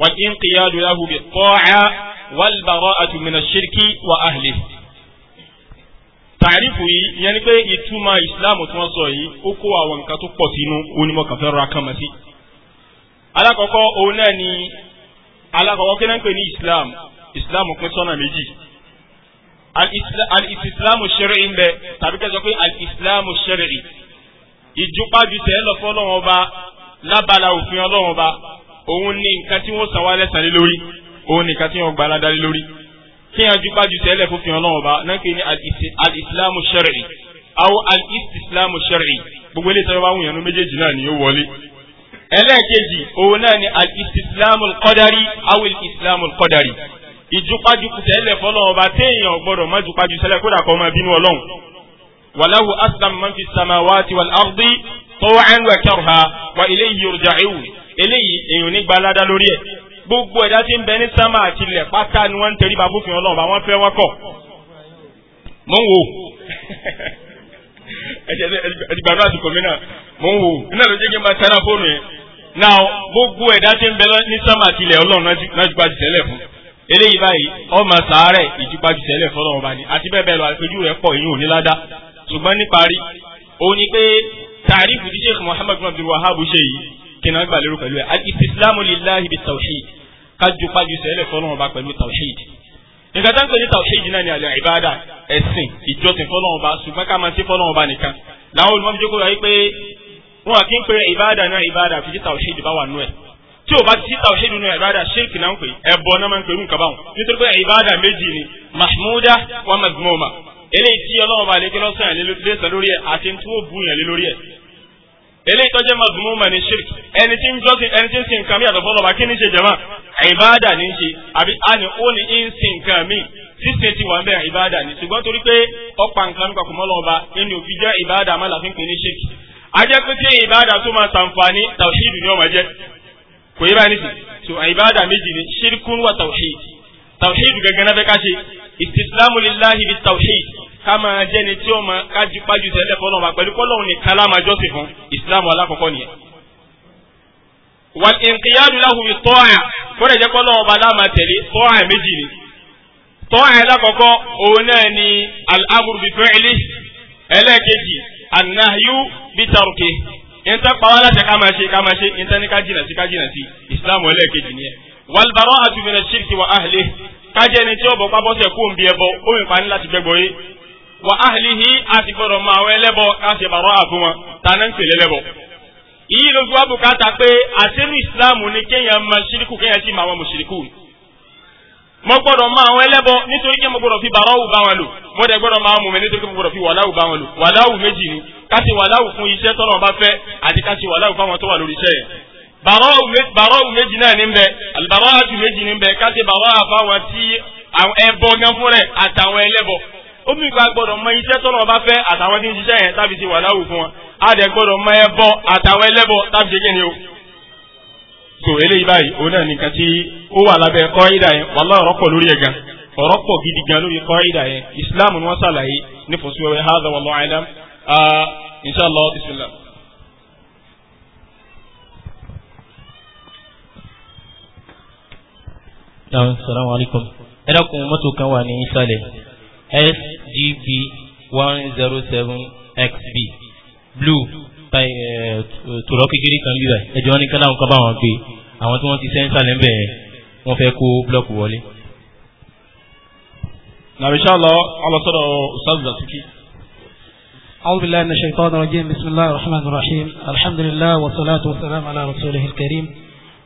wal-inqiyadu lahu bit-ta'a wal-bara'atu min ash-shirki wa ahlihi tààrífù yìí yẹn ni pé ìtumọ̀ islam tí wọ́n sọ yìí ó kó àwọn nǹkan tó pọ̀ sínú onímọ̀kànfẹ́ ra kàmá sí alákọ̀ọ́kọ́ òun náà ni alákọ̀ọ́kọ́ kí islam pín sọ́nà méjì alìsìsìlámù ṣẹ̀rẹ̀ ń bẹ tàbí kẹ́ sọ pé alìsìsìlámù ṣẹ̀rẹ̀ ìjùpájú tẹ̀ ẹ́ lọ fọ́lọ́wọ́n ọba lábala òfin ọlọ́wọ́n ọba òun ní nǹkan tí wọ́n san wá lẹ́sàn lé lórí òun ní nǹkan tí wọ́n gba aládá lé lórí kí yẹn jùpájú tẹ̀ ẹ́ lẹ̀ fòfin ọlọ́wọ́n ọba náà pé ní alìsìsìlámù ṣẹ̀rẹ̀ awo alìsìsìlámù ṣẹ̀rẹ̀ gbogbo ilé ìtọ́jú wa wùyàn ní méjèèjì náà ni ó wọlé ẹlẹ́ẹ̀kejì òun náà ni alìsìsìlámù kọ́dárì awo alìsìsìlámù kọ́dárì ìjùpájùkù tẹ́lẹ̀ fọlọ́run ọba téèyàn gbọ́dọ̀ má jùpájù sẹ́lẹ̀ kódà kọ́ máa bínú ọlọ́run. wàláhu aslam man fi samawati wal ardi taw'an wa karha wa ilayhi yurja'un eléyìí èèyàn ní gbalada lórí ẹ̀ gbogbo ẹ̀dá tí ń bẹ ní sámà àti ilẹ̀ pátá ni wọ́n ń tẹríba fúnfin ọlọ́run bá wọ́n fẹ́ wọ́n kọ̀. mò ń wò ẹ̀dìgbàdo àsìkò mi náà ń wò iná ló jẹ́ kí n bá tẹ́lá fóònù yẹn. náà gbogbo ẹ̀dá tí ń bẹ ní sámà àti ilẹ̀ ọlọ́run náà jùpájù eléyìí báyìí ọmọ sàárẹ̀ ìjúgbájú tẹ́lẹ̀ fọlọ́ ọba ni àti bẹ́ẹ̀ bẹ́ẹ̀ lọ àpéjú rẹ̀ pọ̀ yín ò ní ládá ṣùgbọ́n níparí òun ni pé tàrífù tí sheikh muhammad bin abdul wahab ṣe yìí kí náà gbà lérò pẹ̀lú ẹ̀ al-istislamu lillahi bi tawhid kájúpájú tẹ́lẹ̀ fọlọ́ ọba pẹ̀lú tawhid nǹkan tá ń pè ní tawhid náà ni àlẹ́ ìbáadà ẹ̀sìn ìjọsìn fọlọ́ ọba ṣùgbọ́n ká máa sí fọlọ́ ọba nìkan làwọn olùmọ̀ jókòó yọ wípé wọn kì pe ìbáadà náà ìbáadà fi tí tawhid bá wà nú ẹ̀ tí o bá ti tawhidu nínú ìbáda ṣírkì náà ń pè ẹ̀bọ náà máa ń pèrú nǹkan báwọn nítorí pé ìbáda méjì ni mahmuda wa mazmuma eléyìí tí ọlọ́run bá lékè lọ́sàn yẹn lẹ́sẹ̀ lórí ẹ̀ àti tí ni ṣírkì ẹni tí ń jọ́sìn ẹni tí ń sin nǹkan mi àtọ̀fọ́ lọ́ba kí ni ṣe jẹ̀mọ́ ìbáda ní ṣe àbí àni ó ní ń sin nǹkan mi sísè ti wà ń bẹ ìbáda ní ṣùgbọ́n torí pé ọ̀pá nǹkan nípa kò mọ́ lọ́ba ẹni òfin jẹ́ ìbáda má láfi ń pè ní ṣírkì ajẹ́ pé tí ìbáda tó máa ṣàǹfààní tàwíìdù ni ó máa kò yẹ báyìí nìsín so àyíbáàdà méjì ni ṣírkún wa tawhid tawhid gangan náà fẹ́ ká ṣe istislamu lillahi bi tawhid ká máa jẹ́ni tí ó máa kájú pájú tẹ́lẹ̀ fọlọ́wọ́n wa pẹ̀lú kọ́lọ́wọ́n ní kálámà jọ́sìn fún islam alákọ̀ọ́kọ́ nìyẹn. wal inqiyadu lahu bi tọ́ọ̀yà kódà jẹ́ kọ́lọ́wọ́n ọba láàmà tẹ̀lé tọ́ọ̀yà méjì ni tọ́ọ̀yà lákọ̀ọ́kọ́ òun náà ni al-amru bi fi'lihi ẹlẹ́ẹ̀kejì an-nahyu bi tarkihi nta pa wala ta kama shi kama shi nta ni ka jìnà sí ka jìnà sí islam wala ke jini wal bara'atu min ash wa ahlihi ka je ni tí ó bo pa bo se ku nbi ẹbọ o mi pa ni láti gbegbo yi wa ahlihi àti gboro ma wa ẹlẹ́bọ ka se bara'a fún wọn ta nan se lelebo iyi lo gwa bùkátà pé asenu islam ni kenya ma shiriku kenya ti ma wa mushriku mo gbọ́dọ̀ máa àwọn ẹlẹ́bọ nítorí pé mo gbọ́dọ̀ fi bàrọ wù bá wọn lò mo dẹ̀ gbọ́dọ̀ máa mùmí nítorí pé mo gbọ́dọ̀ fi wàláwù bá wọn lò wàláwù méjì ni ká ṣe wàláwù fún iṣẹ́ tọrọ bá fẹ́ àti ká ṣe wàláwù fáwọn tó wà lórí iṣẹ́ yẹn bàrọ wù méjì náà ní bẹ àlùbàrọ àti méjì ní bẹ ká bàrọ àfáwọn tí ẹbọ gan fún rẹ àtàwọn ẹlẹ́bọ omi ìgbà gbọ́dọ̀ mọ iṣẹ́ tọrọ bá fẹ́ àtàwọn tí ń ṣiṣẹ́ yẹn tàbí so eléyìí báyìí òun náà nìkan tí ó wà lábẹ́ kọ́ídà yẹn wàhálà ọ̀rọ̀ pọ̀ lórí ẹ̀ gan ọ̀rọ̀ pọ̀ gidi gan lórí kọ́ídà yẹn islam ni wọ́n ṣàlàyé ní fòsíwẹ́wẹ́ hadha wallahu a'lam inshallah bismillah. Naam, salamu alaikum. Ẹ dákun mọ́tò kan wà ní ìsàlẹ̀ SGB one zero seven XB blue. Eh, tòrọ́ kékeré kan líra ẹjọ́ ní kálá nǹkan bá wọn gbé àwọn tí wọ́n ti sẹ́ńsà lẹ́bẹ̀ wọ́n fẹ́ kó blọ́ọ̀kù wọlé. nàbíṣà lọ alọ́sọ́dọ̀ ustaz zatuki. أعوذ بالله من الشيطان الرجيم بسم الله الرحمن الرحيم الحمد لله والصلاة والسلام على رسوله الكريم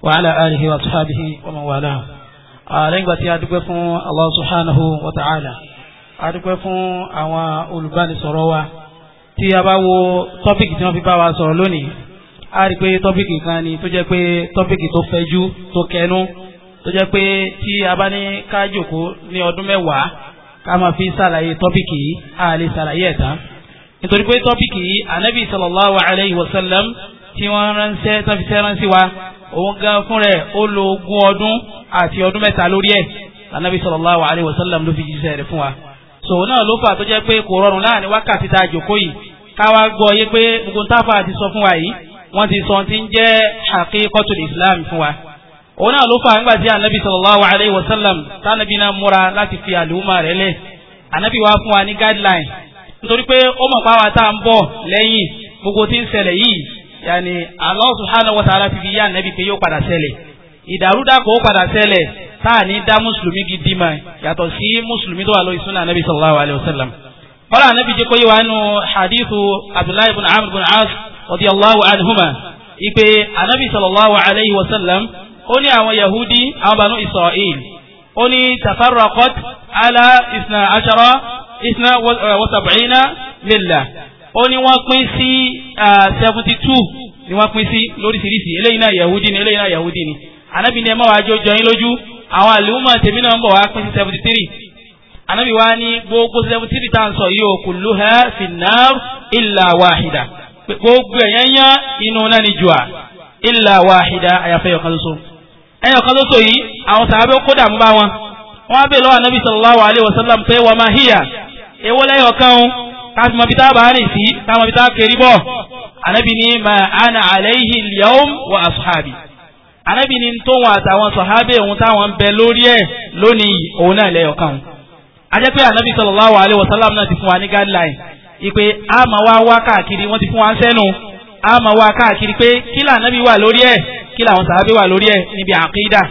وعلى آله وأصحابه ومن والاه lẹ́yìn gbà tí a dúpẹ́ fún Allah subhanahu wa ta'ala a fún àwọn olùbánisọ̀rọ̀ wa tí a bá wo tọ́pìkì tí wọ́n fi bá wa sọ̀rọ̀ lónìí a rí pé tọ́pìkì kan ni tó jẹ́ pé tọ́pìkì tó fẹ̀jú tó kẹnu tó jẹ́ pé tí a bá ní ká jókòó ní ọdún mẹ́wàá ká máa fi ṣàlàyé tọ́pìkì yìí a lè ṣàlàyé ẹ̀ nítorí pé tọ́pìkì anabi sallallahu alayhi wa sallam tí wọ́n ránṣẹ́ tán fi sẹ́rán sí wa òun gan fún rẹ̀ ó lo ogún ọdún àti ọdún mẹ́ta lórí ẹ̀ anabi sallallahu alayhi wa sallam ló fi jíṣẹ́ rẹ̀ fún wa. so náà ló fà tó jẹ́ pé kò rọrùn láàrin wákàtí tá a jòkó yìí káwá gbọ́ yé pé gbogbo táfà ti sọ fún wa yìí wọ́n ti sọ ti ń jẹ́ haqiqatul islam fún wa òun náà ló fà anabi sallallahu alayhi wa sallam tánàbí náà múra láti fi àlùmọ́ rẹ̀ lẹ̀ anabi wa fún wa ní guideline nítorí pé ó mọ̀ páwa tá à ń bọ̀ lẹ́yìn gbogbo tí ń anabi pé yóò padà ìdàrúdàpọ̀ padà táà ní dá mùsùlùmí gidi mà yàtọ̀ sí mùsùlùmí tó wà lórí sunna anabi sallallahu alayhi wa sallam kọ́lá anabi jẹ́ kó yé wa nù hadithu abdullahi ibn amr ibn as radiyallahu anhuma ipe anabi sallallahu alayhi wa sallam ó ní àwọn yahudi àwọn banu israel ó ní tafarraqat ala isna ashara isna wa sab'ina lillah ó ní wọ́n pín sí seventy two ni wọ́n pín sí lóríṣiríṣi eléyìí náà yahudi ni eléyìí náà yahudi ni anabi ní ẹ má wàá jọ jọyín lójú àwọn àlùmọ̀ tèmi náà ń bọ̀ wá pín sí seventy three anabi wa ní gbogbo seventy three tá à ń sọ yìí o kulluha finnar illa wahida gbogbo ẹ̀yẹ́ yán inú náà ni jù à illa wahida àyàfẹ́ ẹyọ kan ṣoṣo ẹyọ kan ṣoṣo yìí àwọn sàábẹ́ kó dààmú bá wọn wọn á bè lọ́wọ́ anabi sallallahu alayhi wa sallam pé wọ́n máa híyà èwo lẹ́yọ̀ kan káfí mọ̀ bí tá a bá rìn sí káfí mọ̀ bí tá a kéré bọ̀ anabi ní ma ana alayhi al-yawm wa ashabi anábì ní tóun àtàwọn sọ̀hábẹ́ òun táwọn ń bẹ lórí ẹ̀ lónìí òun náà lẹ́yọ̀kan òun ajẹ́ pé anábì sallallahu alaihi wasallam náà ti fún wa ní guideline ìpè a máa wá wá káàkiri wọ́n ti fún wa ń sẹ́nu a máa wá káàkiri pé kí lànàbì wà lórí ẹ̀ kí làwọn sọ̀hábẹ́ wà lórí ẹ̀ níbi àkídà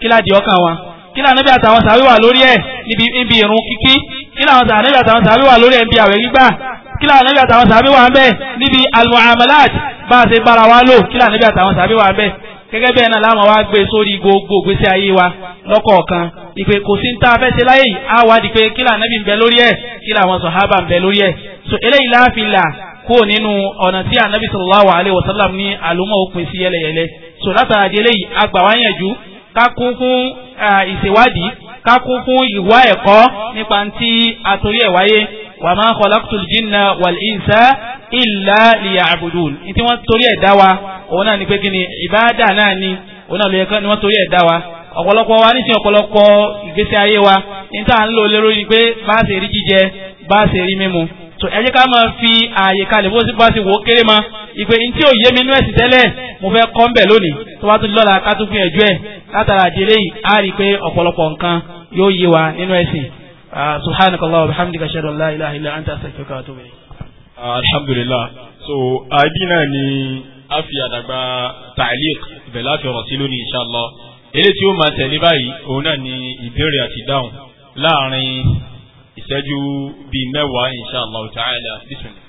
kí làdí ọkàn wa kí lànàbì àtàwọn sọ̀hábẹ́ wà lórí ẹ̀ níbi ìrun kíkí kí lànàbì àtàwọn sọ̀hábẹ́ wà lórí ẹ̀ níbi àwẹ̀ gbígbà kí lànàbì àtàwọn sọ̀hábẹ́ wà ń bẹ níbi al-muamalat bá a ṣe bára wa lò kí lànàbì àtàwọn sọ̀hábẹ́ wà ń bẹ gẹ́gẹ́ bẹ́ẹ̀ náà láwọn wá gbé sórí gbogbo gbèsè ayé wa lọ́kọ̀ọ̀kan ìpè kò sí ní tá a fẹ́ ṣe láyé yìí á wá di pé kí lànà ń bẹ lórí ẹ̀ kí làwọn sọ̀hábà ń bẹ lórí ẹ̀ so eléyìí láàfin là kúrò nínú ọ̀nà tí ànábì sallallahu alaihi wasallam ní àlùmọ́ òpin sí yẹlẹyẹlẹ so látara di eléyìí agbà wá yànjú ká kún fún ìṣèwádìí ká kún fún ìwá ẹ̀kọ́ nípa ti àtòrí ẹ̀wáyé wa ma khalaqtul jinna wal insa illa liya'budun ní tí wọ́n torí ẹ̀ dá wa òun náà ni pé kí ni ìbáàdà náà ni òun náà ló yẹ kí wọ́n torí ẹ̀ dá wa ọ̀pọ̀lọpọ̀ wa ní sí ọ̀pọ̀lọpọ̀ ìgbésí ayé wa ní à ń lò lérò ni pé bá a ṣe rí jíjẹ bá a ṣe rí mímu so ẹ jẹ́ ká máa fi ààyè kalẹ̀ bó bá ti wò ó kéré ma ìpè ntí ò yé mi nú ẹ̀sìn tẹ́lẹ̀ mo fẹ́ kọ́ ń bẹ̀ lónìí tó bá tún lọ́la ká tún gbìyànjú ẹ̀ látara àdìrẹ́yìn á rí i pé ọ̀pọ̀lọpọ̀ nǹkan yóò yé wa nínú ẹ̀sìn سبحانك الله وبحمدك bihamdika ashhadu an la ilaha illa anta astaghfiruka wa atubu ilayk. so àbí náà ni a fi àdàgbà ta'liq ibẹ̀ láti ọ̀rọ̀ sí lónìí inshallah èyí tí ó máa tẹ̀lé báyìí òun náà ni ìbéèrè àti ìdáhùn láàrin ìṣẹ́jú bíi mẹ́wàá inshallah ta'ala bismillah.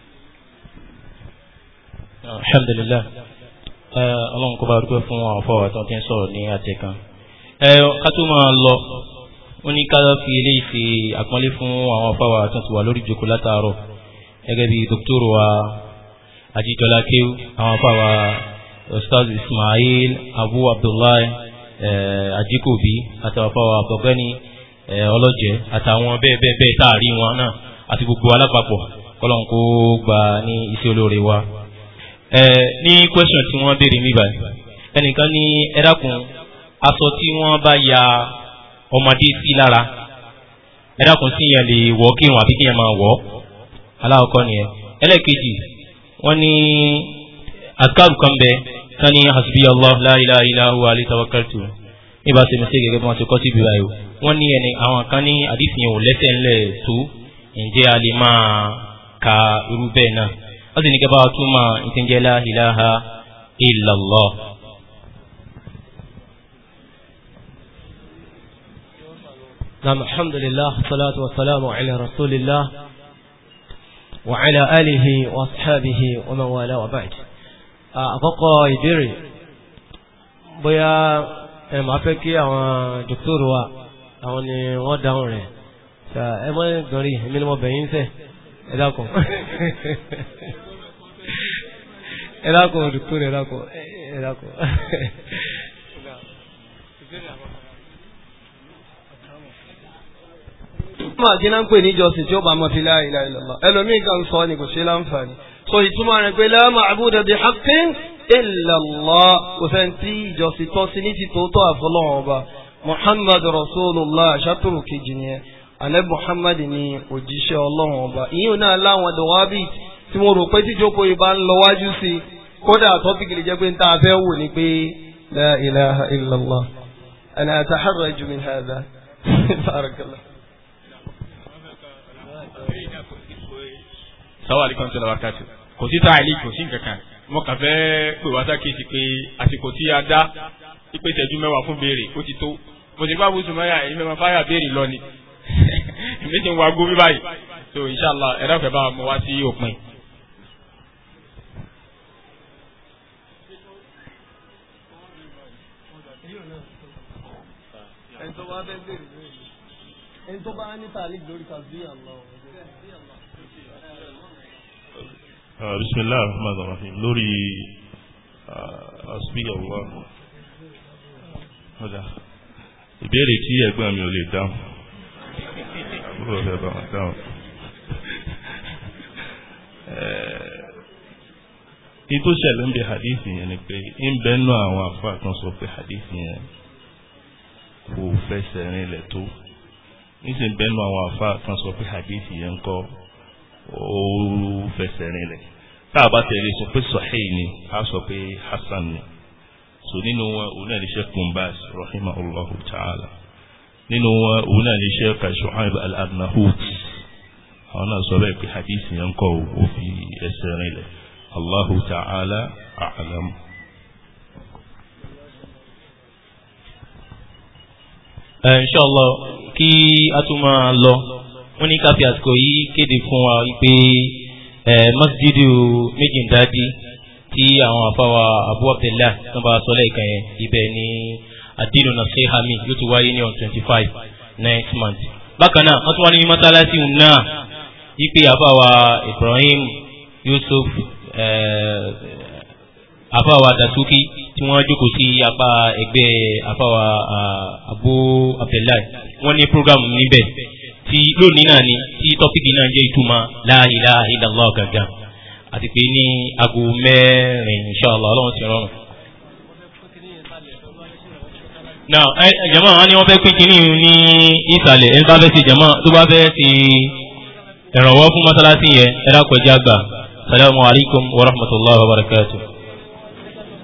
alhamdulillah ọlọ́run kó bá dúpẹ́ fún àwọn afọwọ́tán tí ń sọ̀rọ̀ ní àtẹ̀kan. ká tó máa lọ ó ní ká fi eléyìí ṣe àpọ́nlé fún àwọn afáwà tó wà lórí ìjókòó látàárọ̀ gẹ́gẹ́ bí dókítọ́rù wa Ajíjọlá Kéwú àwọn afáwà Ustaz Ismail Abu Abdullahi Ajíkòbí eh, àtàwọn afáwà Abdulgani eh, Ọlọ́jẹ àtàwọn bẹ́ẹ̀ bẹ́ẹ̀ bẹ́ẹ̀ táàrí wọn náà àti gbogbo alápapọ̀ kọ́lọ́n gba ní iṣẹ́ olóore wa. Eh, ní question tí wọ́n béèrè mi báyìí ẹnìkan ní ẹ aṣọ tí wọ́n bá ya ọmọdé sí lára ẹ̀dàkùn sí yẹn lè wọ́ kírun àbí kí yẹn máa wọ́ aláwọ̀kọ́ nìyẹn ẹlẹ́ẹ̀kejì wọ́n ní àkàrù kan bẹ tán ní hasbi allah la ilaha illa huwa alayhi tawakkaltu nígbà tí mo ṣe gẹ́gẹ́ bí wọ́n ti kọ́ sí ibìrà yìí ní ẹni àwọn kan ní àdìsíyàn ò lẹ́sẹ̀ ńlẹ̀ tó ǹjẹ́ a lè máa ka irú bẹ́ẹ̀ náà wọ́n sì ní kẹ́ bá wa túmọ̀ ìtẹ́jẹ́ la ilaha illa allah نعم الحمد لله والصلاة والسلام على رسول الله وعلى آله وأصحابه ومن والاه وبعد أبقى يدري بيا مافكي أو دكتور وا أو ني وداون ري فأما غري من ما بين سه إلاكم إلاكم دكتور إلاكم إلاكم mà kí náà ń pè níjọsìn tí ó bá mọ̀ fi la ilaha illallah ẹlòmíì kan sọ ni kò ṣe láǹfààní so ìtumọ̀ rẹ̀ pé la ma'buda bi haqqin illa Allah kò sẹ́ni tí ìjọsìn tọ́ sí ní ti tòótọ́ àfọlọ́wọ́n ọba Muhammad Rasulullah aṣátòrò kejì yẹn alẹ́ Muhammad ni òjíṣẹ́ ọlọ́run ọba ìyẹn náà láwọn dọ̀wábì tí mo rò pé tíjókòó yìí bá ń lọ wájú sí kódà tọ́pìkì lè jẹ́ pé ń fẹ́ wò ni pé la ilaha illallah ana ataharraju min hadha *laughs* barakallah. sáwà àlíkọ́ ní tẹ́lẹ̀ wákàtí kò sí tá àìlí kò sí nǹkankan mo kàn fẹ́ pè wá sákèsì pé àsìkò tí a dá ipe ìṣẹ́jú mẹ́wàá fún béèrè ó ti tó mo sì bá bùsùn mọ́yà èyí mẹ́wàá fáyà béèrè lọ ni *laughs* èmi ti ń wa gómi báyìí so inshallah ẹ̀rọ fẹ́ bá mo wá sí òpin. ẹni tó bá ní tàlík lórí kàdúyà lọ. Uh, bisimilahi rahman rahim lórí asbíyà wà ọ̀dà ìbéèrè tí ẹ̀gbọ́n mi ò lè dáhùn àbúrò rẹ̀ bá wọn dáhùn. Ètò eh, ṣẹlẹ̀ ń bẹ hadithi yẹn ni pé ń bẹ nù àwọn afa kan sọ pé hadithi yẹn kò fẹsẹ̀ rinlẹ̀ tó. Ń sì ń bẹ nù àwọn afa kan sọ pé hadithi yẹn ń kọ́ ó fẹsẹ̀ rinlẹ̀ tá a bá tẹ̀lé sọ pé sọ̀hẹ́ ni a sọ pé hasan ni so nínú wọn òun náà lè ṣe kumbas rahimahullahu ta'ala nínú wọn òun náà lè ṣe kashuhaib al-arnahut àwọn náà sọ bẹ́ẹ̀ pé hadith yẹn kọ́ ò fi ẹsẹ̀ ta'ala a'lam. inshallah kí a tún máa lọ wọ́n ní káfí àsìkò yìí kéde fún wa pé mọ́sídìdì méjìdádì tí àwọn àfáwà Abu Abdullah tó bá sọ lẹ́ẹ̀kan yẹn ibẹ̀ ni àdínù nasiha mi yóò ti wáyé ní on twenty five next month. bákan náà wọ́n tún wá ní mọ́sálásí náà ipe àfáwà Ibrahim Yusuf àfáwà Dasuki tí wọ́n jókòó sí apá ẹgbẹ́ àfáwà Abu Abdullah wọ́n ní program níbẹ̀ tí lónìí náà ni tí tọ́pìkì náà jẹ́ ìtumọ̀ la ilaha illallah gàgà àti pé ní aago mẹ́rin inshallah ọlọ́run ti rọrùn. na jama wọn ni wọn fẹ́ pín kínní ní ìsàlẹ̀ ẹni bá fẹ́ ṣe jama tó bá fẹ́ ṣe ìrànwọ́ fún mọ́sálásí yẹn ẹ dákọjá gbà salamu alaykum wa rahmatullahi wa barakatuh.